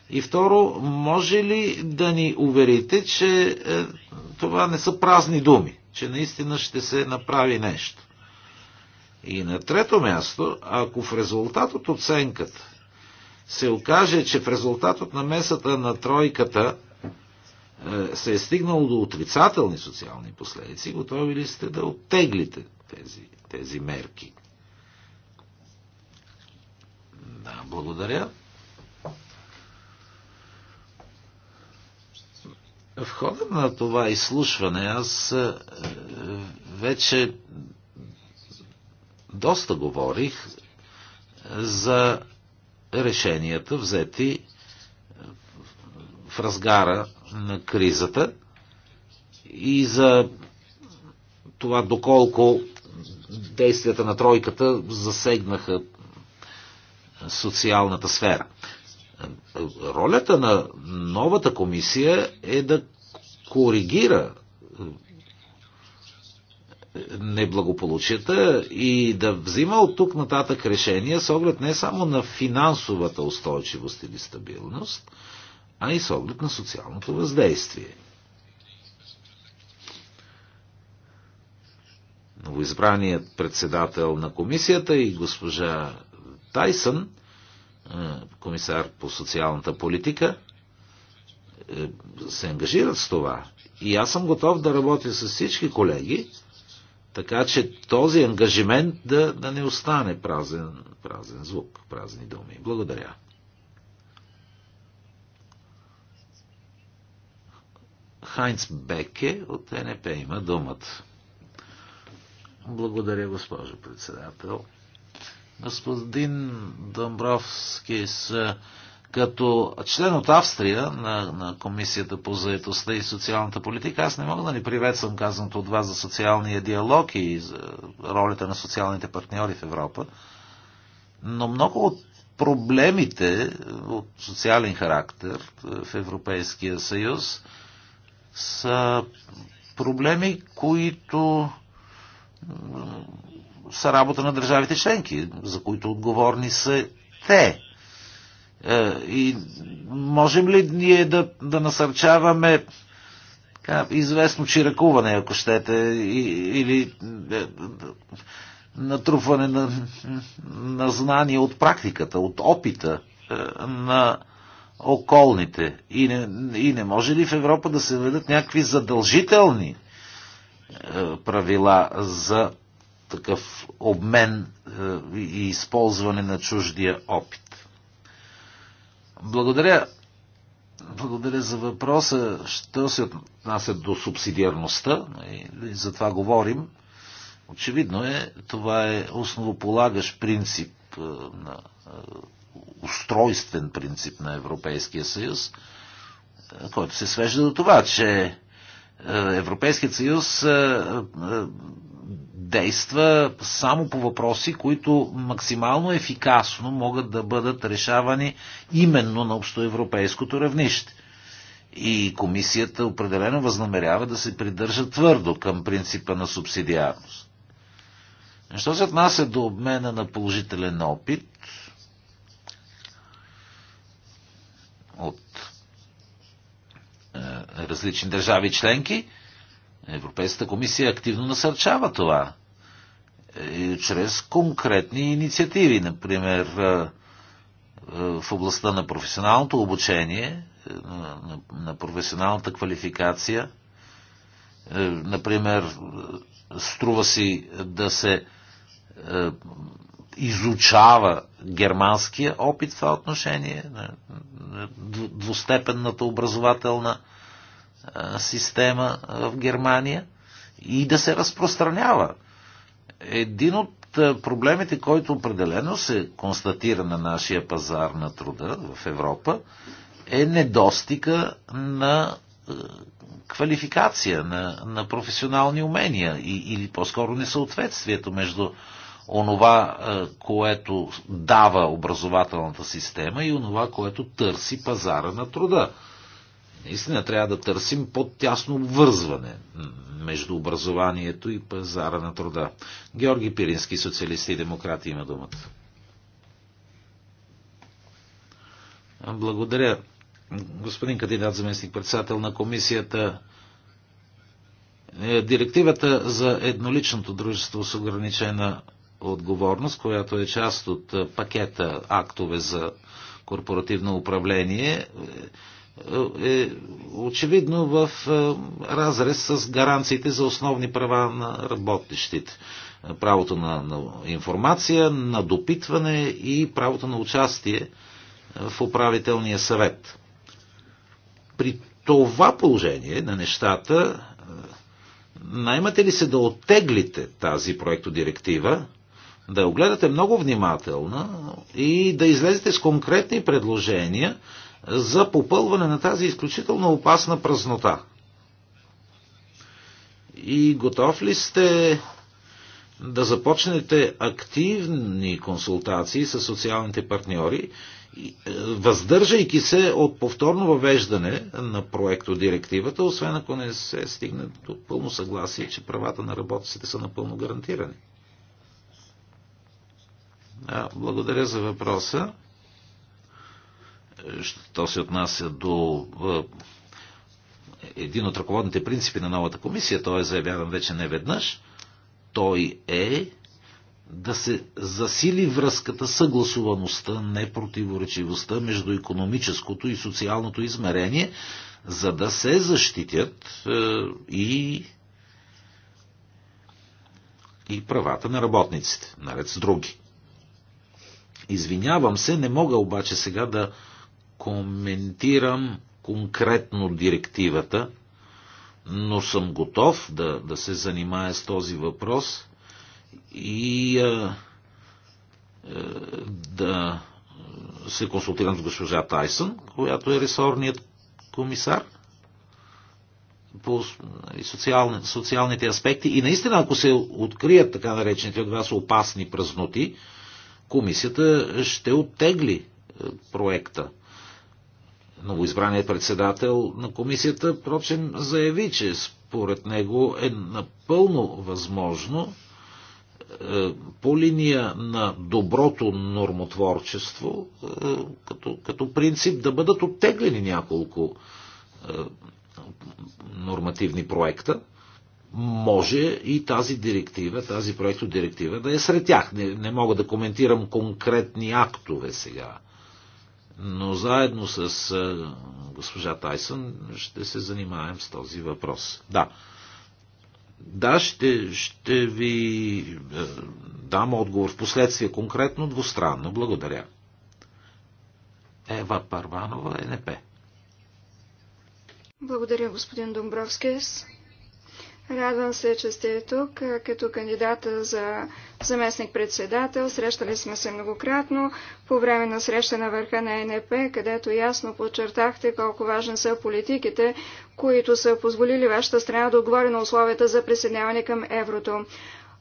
И второ, може ли да ни уверите, че е, това не са празни думи, че наистина ще се направи нещо? И на трето място, ако в резултат от оценката се окаже, че в резултат от намесата на тройката е, се е стигнало до отрицателни социални последици, готови ли сте да оттеглите тези, тези мерки? Да, благодаря. В хода на това изслушване аз е, вече доста говорих е, за решенията взети в разгара на кризата и за това доколко действията на тройката засегнаха социалната сфера. Ролята на новата комисия е да коригира неблагополучията и да взима от тук нататък решения с оглед не само на финансовата устойчивост или стабилност, а и с оглед на социалното въздействие. Новоизбраният председател на комисията и госпожа Тайсън, е, комисар по социалната политика, е, се ангажират с това. И аз съм готов да работя с всички колеги, така че този ангажимент да, да не остане празен, празен звук, празни думи. Благодаря. Хайнц Беке от НП има думата. Благодаря, госпожо председател. Господин Домбровски с като член от Австрия на, на Комисията по заедостта и социалната политика, аз не мога да ни приветствам казаното от вас за социалния диалог и за ролята на социалните партньори в Европа. Но много от проблемите от социален характер в Европейския съюз са проблеми, които е, са работа на държавите членки, за които отговорни са те. Е, и можем ли ние да, да насърчаваме така, известно чиракуване, ако щете, или е, натрупване на, на знания от практиката, от опита на околните. И не, и не може ли в Европа да се ведат някакви задължителни е, правила за такъв обмен е, и използване на чуждия опит? Благодаря. Благодаря за въпроса. Що се отнася до субсидиарността, и нали, за това говорим, очевидно е, това е основополагащ принцип е, на устройствен принцип на Европейския съюз, е, който се свежда до това, че е, Европейският съюз е, действа само по въпроси, които максимално ефикасно могат да бъдат решавани именно на общоевропейското равнище. И комисията определено възнамерява да се придържа твърдо към принципа на субсидиарност. Що се отнася до обмена на положителен опит, от е, различни държави членки, Европейската комисия активно насърчава това. Е, чрез конкретни инициативи, например е, в областта на професионалното обучение, на професионалната квалификация. Например, струва си да се изучава германския опит в това отношение, двустепенната образователна система в Германия и да се разпространява. Един от проблемите, който определено се констатира на нашия пазар на труда в Европа, е недостига на квалификация, на, на професионални умения и, или по-скоро несъответствието между онова, е, което дава образователната система и онова, което търси пазара на труда. Наистина трябва да търсим по-тясно обвързване между образованието и пазара на труда. Георги Пирински, социалисти и демократи, има думата. Благодаря, господин кандидат заместник председател на комисията. Е, директивата за едноличното дружество с ограничена отговорност, която е част от пакета актове за корпоративно управление, е, е, е очевидно в разрез с гаранциите за основни права на работещите. Правото на, на информация, на допитване и правото на участие в управителния съвет. При това положение на нещата, наймате ли се да оттеглите тази проектодиректива, да огледате много внимателно и да излезете с конкретни предложения за попълване на тази изключително опасна празнота. И готов ли сте да започнете активни консултации с социалните партньори, е, въздържайки се от повторно въвеждане на проекто директивата, освен ако не се стигне до пълно съгласие, че правата на работниците са напълно гарантирани. Благодаря за въпроса. Що се отнася до един от ръководните принципи на новата комисия, той е заявяван вече не веднъж, той е да се засили връзката, съгласуваността, непротиворечивостта между економическото и социалното измерение, за да се защитят и, и правата на работниците, наред с други. Извинявам се, не мога обаче сега да коментирам конкретно директивата, но съм готов да, да се занимая с този въпрос и а, а, да се консултирам с госпожа Тайсън, която е ресорният комисар по социални, социалните аспекти. И наистина, ако се открият така наречените от вас опасни празноти, комисията ще оттегли е, проекта. Новоизбраният председател на комисията, впрочем, заяви, че според него е напълно възможно е, по линия на доброто нормотворчество, е, като, като принцип да бъдат оттеглени няколко нормативни проекта, може и тази директива, тази проекто директива да е сред тях. Не, не мога да коментирам конкретни актове сега. Но заедно с а, госпожа Тайсън ще се занимаем с този въпрос. Да. Да, ще, ще ви дам отговор в последствие конкретно двустранно. Благодаря. Ева Парванова, НП. Благодаря, господин Домбровскис. Радвам се, че сте тук като кандидата за заместник-председател. Срещали сме се многократно по време на среща на върха на НП, където ясно подчертахте колко важни са политиките, които са позволили вашата страна да отговори на условията за присъединяване към еврото.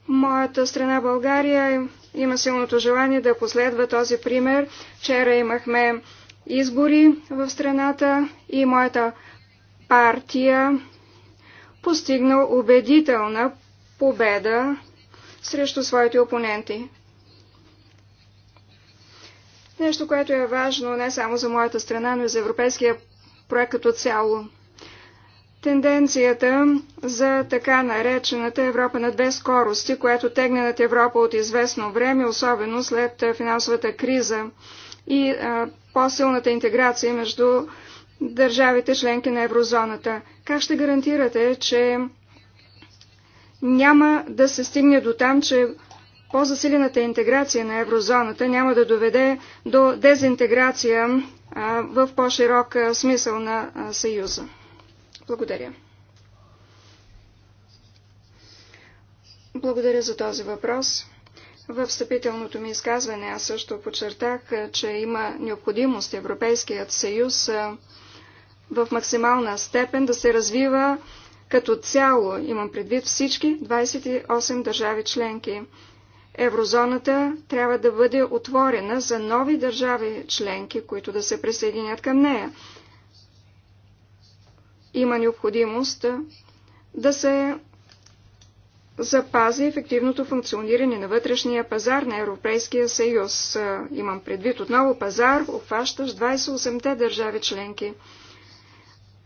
Моята страна България има силното желание да последва този пример. Вчера имахме избори в страната и моята партия постигнал убедителна победа срещу своите опоненти. Нещо, което е важно не само за моята страна, но и за европейския проект като цяло. Тенденцията за така наречената Европа на две скорости, която тегне над Европа от известно време, особено след финансовата криза и а, по-силната интеграция между държавите членки на еврозоната. Как ще гарантирате, че няма да се стигне до там, че по-засилената интеграция на еврозоната няма да доведе до дезинтеграция в по-широк смисъл на Съюза. Благодаря. Благодаря за този въпрос. В встъпителното ми изказване аз също подчертах, че има необходимост Европейският съюз в максимална степен да се развива като цяло, имам предвид всички 28 държави членки. Еврозоната трябва да бъде отворена за нови държави членки, които да се присъединят към нея. Има необходимост да се запази ефективното функциониране на вътрешния пазар на Европейския съюз. Имам предвид отново пазар, обхващащ 28-те държави членки.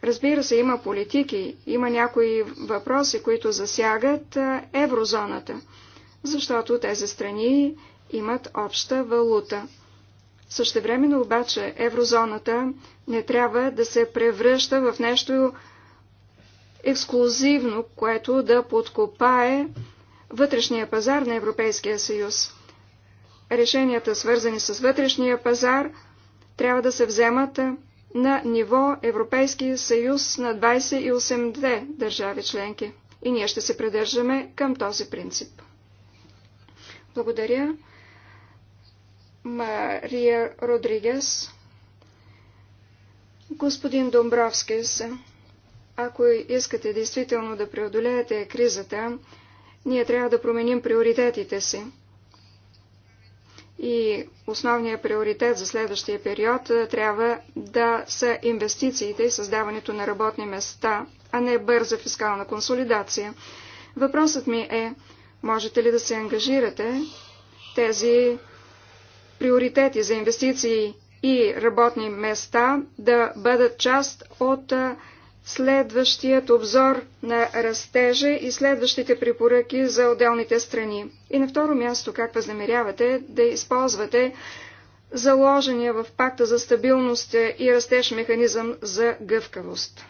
Разбира се, има политики, има някои въпроси, които засягат еврозоната, защото тези страни имат обща валута. Същевременно обаче еврозоната не трябва да се превръща в нещо ексклюзивно, което да подкопае вътрешния пазар на Европейския съюз. Решенията, свързани с вътрешния пазар, трябва да се вземат на ниво Европейски съюз на 28 държави членки. И ние ще се придържаме към този принцип. Благодаря. Мария Родригес. Господин Домбровски, ако искате действително да преодолеете кризата, ние трябва да променим приоритетите си и основният приоритет за следващия период е, трябва да са инвестициите и създаването на работни места, а не бърза фискална консолидация. Въпросът ми е, можете ли да се ангажирате тези приоритети за инвестиции и работни места да бъдат част от е, следващият обзор на растежа и следващите препоръки за отделните страни? И на второ място, как възнамерявате да използвате заложения в пакта за стабилност и растеж механизъм за гъвкавост?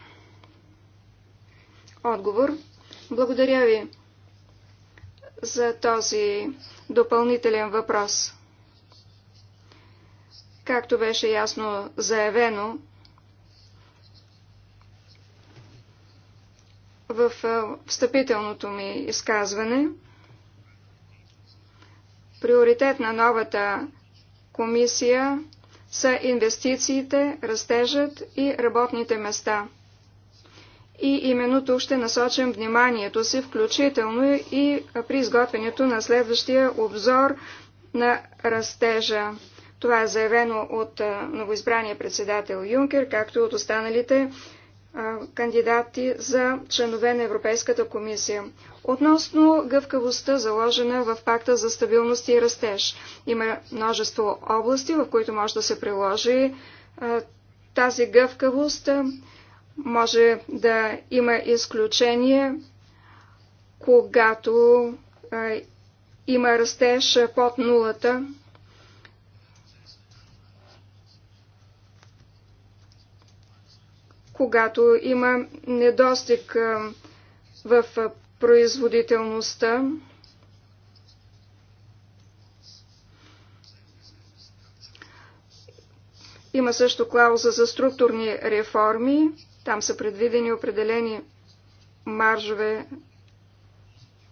Отговор. Благодаря ви за този допълнителен въпрос. Както беше ясно заявено, в встъпителното ми изказване. Приоритет на новата комисия са инвестициите, растежът и работните места. И именно тук ще насочим вниманието си, включително и при изготвянето на следващия обзор на растежа. Това е заявено от новоизбрания председател Юнкер, както и от останалите кандидати за членове на Европейската комисия. Относно гъвкавостта, заложена в пакта за стабилност и растеж, има множество области, в които може да се приложи тази гъвкавост. Може да има изключение, когато има растеж под нулата. когато има недостиг в производителността. Има също клауза за структурни реформи. Там са предвидени определени маржове,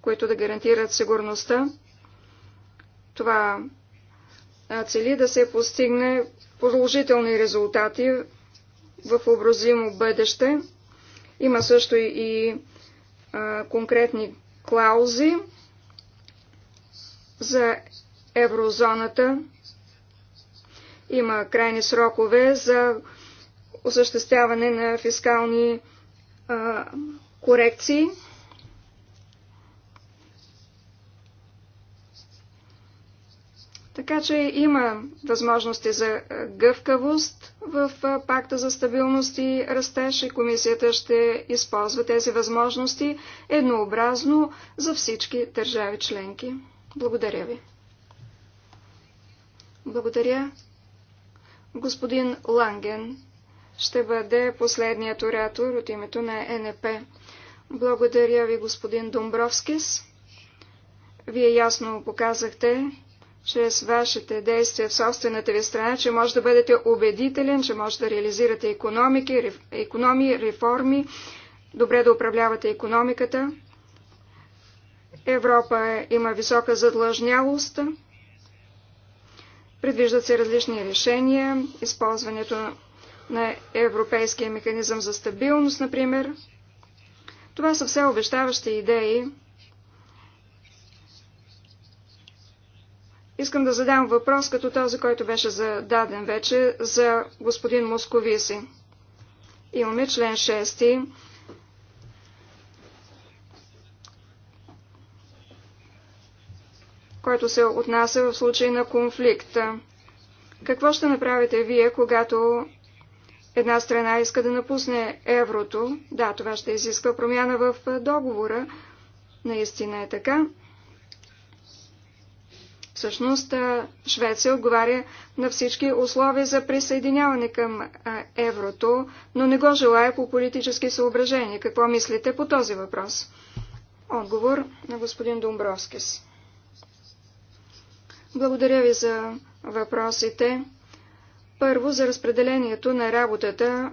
които да гарантират сигурността. Това цели да се постигне положителни резултати в образимо бъдеще. Има също и а, конкретни клаузи за еврозоната. Има крайни срокове за осъществяване на фискални а, корекции. Така че има възможности за е, гъвкавост в е, пакта за стабилност и растеж и комисията ще използва тези възможности еднообразно за всички държави членки. Благодаря ви. Благодаря. Господин Ланген ще бъде последният оратор от името на НП. Благодаря ви, господин Домбровскис. Вие ясно показахте, чрез вашите действия в собствената ви страна, че може да бъдете убедителен, че може да реализирате економики, економии, реформи, добре да управлявате економиката. Европа е, има висока задлъжнялост. Предвиждат се различни решения, използването на Европейския механизъм за стабилност, например. Това са все обещаващи идеи, Искам да задам въпрос, като този, който беше зададен вече за господин Московиси. Имаме член 6. който се отнася в случай на конфликт. Какво ще направите вие, когато една страна иска да напусне еврото? Да, това ще изисква промяна в договора. Наистина е така. Всъщност Швеция отговаря на всички условия за присъединяване към еврото, но не го желая по политически съображения. Какво мислите по този въпрос? Отговор на господин Домбровскис. Благодаря ви за въпросите. Първо за разпределението на работата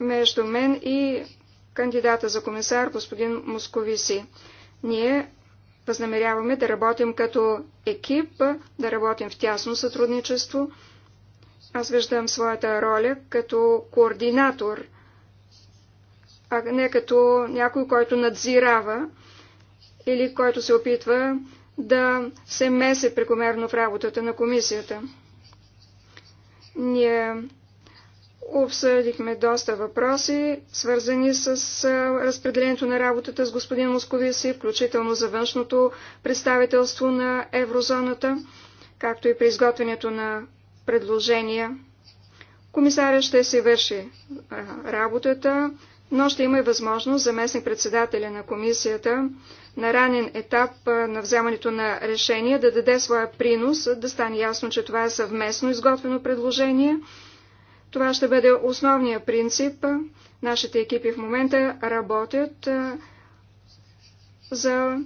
между мен и кандидата за комисар господин Московиси. Ние Възнамеряваме да работим като екип, да работим в тясно сътрудничество. Аз виждам своята роля като координатор, а не като някой, който надзирава или който се опитва да се месе прекомерно в работата на комисията. Ние Обсъдихме доста въпроси, свързани с разпределението на работата с господин Московиси, включително за външното представителство на еврозоната, както и при изготвянето на предложения. Комисаря ще си върши работата, но ще има и възможност заместник председателя на комисията на ранен етап на вземането на решение да даде своя принос, да стане ясно, че това е съвместно изготвено предложение – това ще бъде основния принцип. Нашите екипи в момента работят за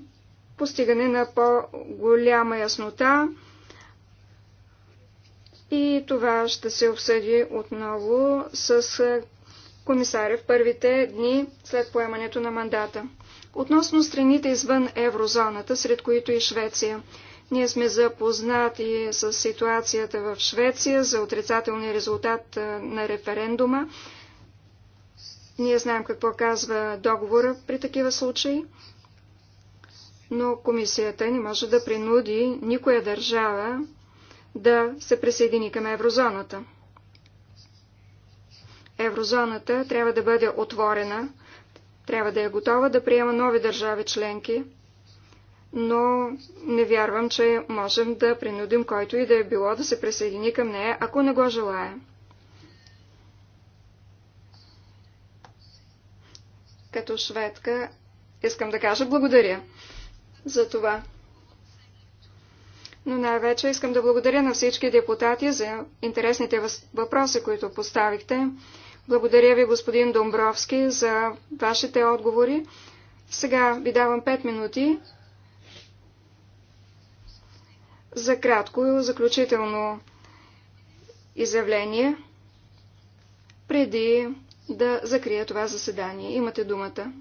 постигане на по-голяма яснота и това ще се обсъди отново с комисаря в първите дни след поемането на мандата. Относно страните извън еврозоната, сред които и Швеция – ние сме запознати с ситуацията в Швеция за отрицателния резултат на референдума. Ние знаем какво казва договора при такива случаи, но комисията не може да принуди никоя държава да се присъедини към еврозоната. Еврозоната трябва да бъде отворена, трябва да е готова да приема нови държави членки – но не вярвам, че можем да принудим който и да е било да се присъедини към нея, ако не го желая. Като шведка искам да кажа благодаря за това. Но най-вече искам да благодаря на всички депутати за интересните въпроси, които поставихте. Благодаря ви, господин Домбровски, за вашите отговори. Сега ви давам 5 минути за кратко и заключително изявление, преди да закрия това заседание. Имате думата.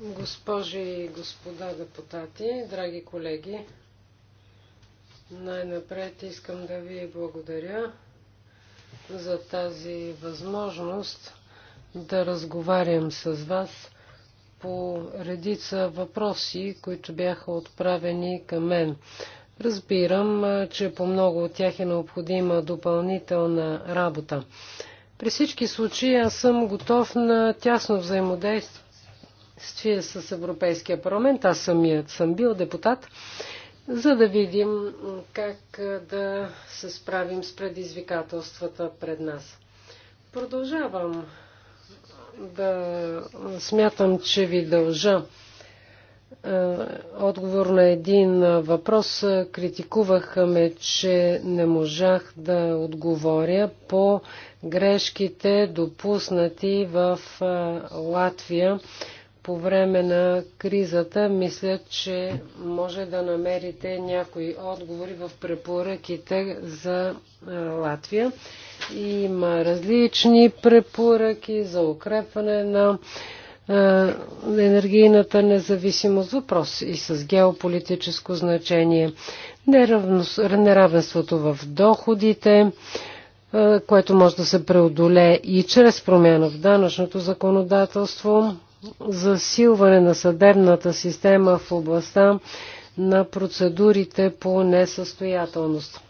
Госпожи и господа депутати, драги колеги, най-напред искам да ви благодаря за тази възможност да разговарям с вас по редица въпроси, които бяха отправени към мен. Разбирам, че по много от тях е необходима допълнителна работа. При всички случаи аз съм готов на тясно взаимодействие с Европейския парламент. Аз самият съм бил депутат, за да видим как да се справим с предизвикателствата пред нас. Продължавам да смятам, че ви дължа е, отговор на един въпрос. Критикуваха ме, че не можах да отговоря по грешките допуснати в е, Латвия по време на кризата, мисля, че може да намерите някои отговори в препоръките за Латвия. Има различни препоръки за укрепване на енергийната независимост, въпрос и с геополитическо значение, неравенството в доходите, което може да се преодолее и чрез промяна в данъчното законодателство, засилване на съдебната система в областта на процедурите по несъстоятелност.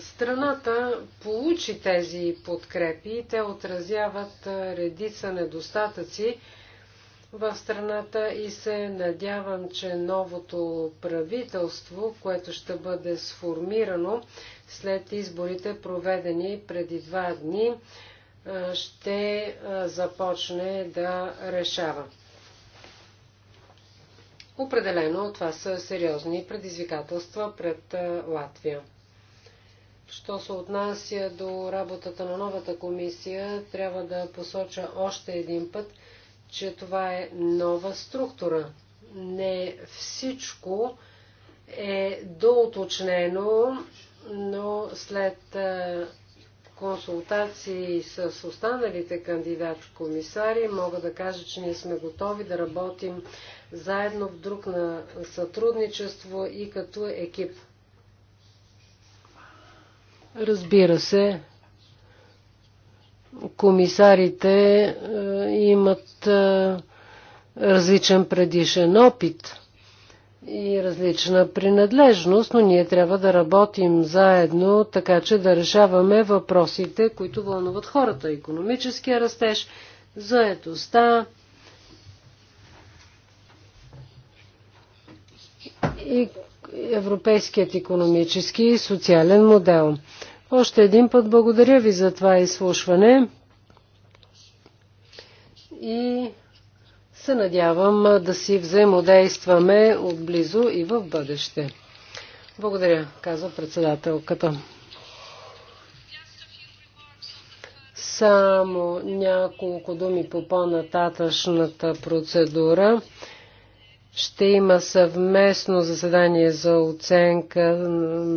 Страната получи тези подкрепи и те отразяват редица недостатъци в страната и се надявам, че новото правителство, което ще бъде сформирано след изборите, проведени преди два дни, ще започне да решава. Определено това са сериозни предизвикателства пред Латвия. Що се отнася до работата на новата комисия, трябва да посоча още един път, че това е нова структура. Не всичко е доуточнено, но след консултации с останалите кандидат-комисари, мога да кажа, че ние сме готови да работим заедно в друг на сътрудничество и като екип. Разбира се, комисарите е, имат е, различен предишен опит и различна принадлежност, но ние трябва да работим заедно, така че да решаваме въпросите, които вълнуват хората. Економическия растеж, заедостта, и европейският економически и социален модел. Още един път благодаря ви за това изслушване и се надявам да си взаимодействаме отблизо и в бъдеще. Благодаря, казва председателката. Само няколко думи по по-нататъчната процедура. Ще има съвместно заседание за оценка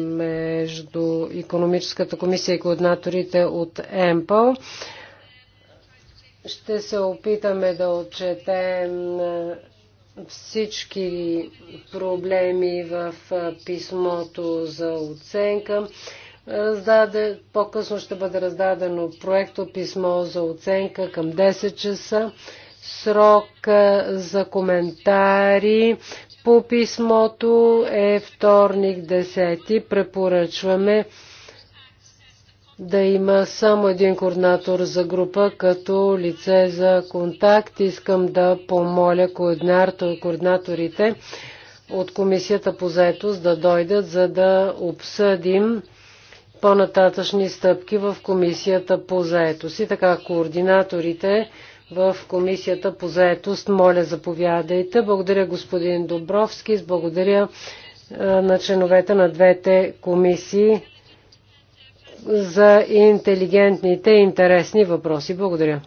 между економическата комисия и координаторите от ЕМПО. Ще се опитаме да отчетем всички проблеми в писмото за оценка. Раздаде, по-късно ще бъде раздадено проекто писмо за оценка към 10 часа. Срок за коментари по писмото е вторник 10. Препоръчваме да има само един координатор за група като лице за контакт. Искам да помоля координаторите от Комисията по заетост да дойдат, за да обсъдим по-нататъчни стъпки в Комисията по заетост. И така, координаторите в Комисията по заетост, моля заповядайте. Благодаря господин Добровски, благодаря на членовете на двете комисии за интелигентните и интересни въпроси. Благодаря.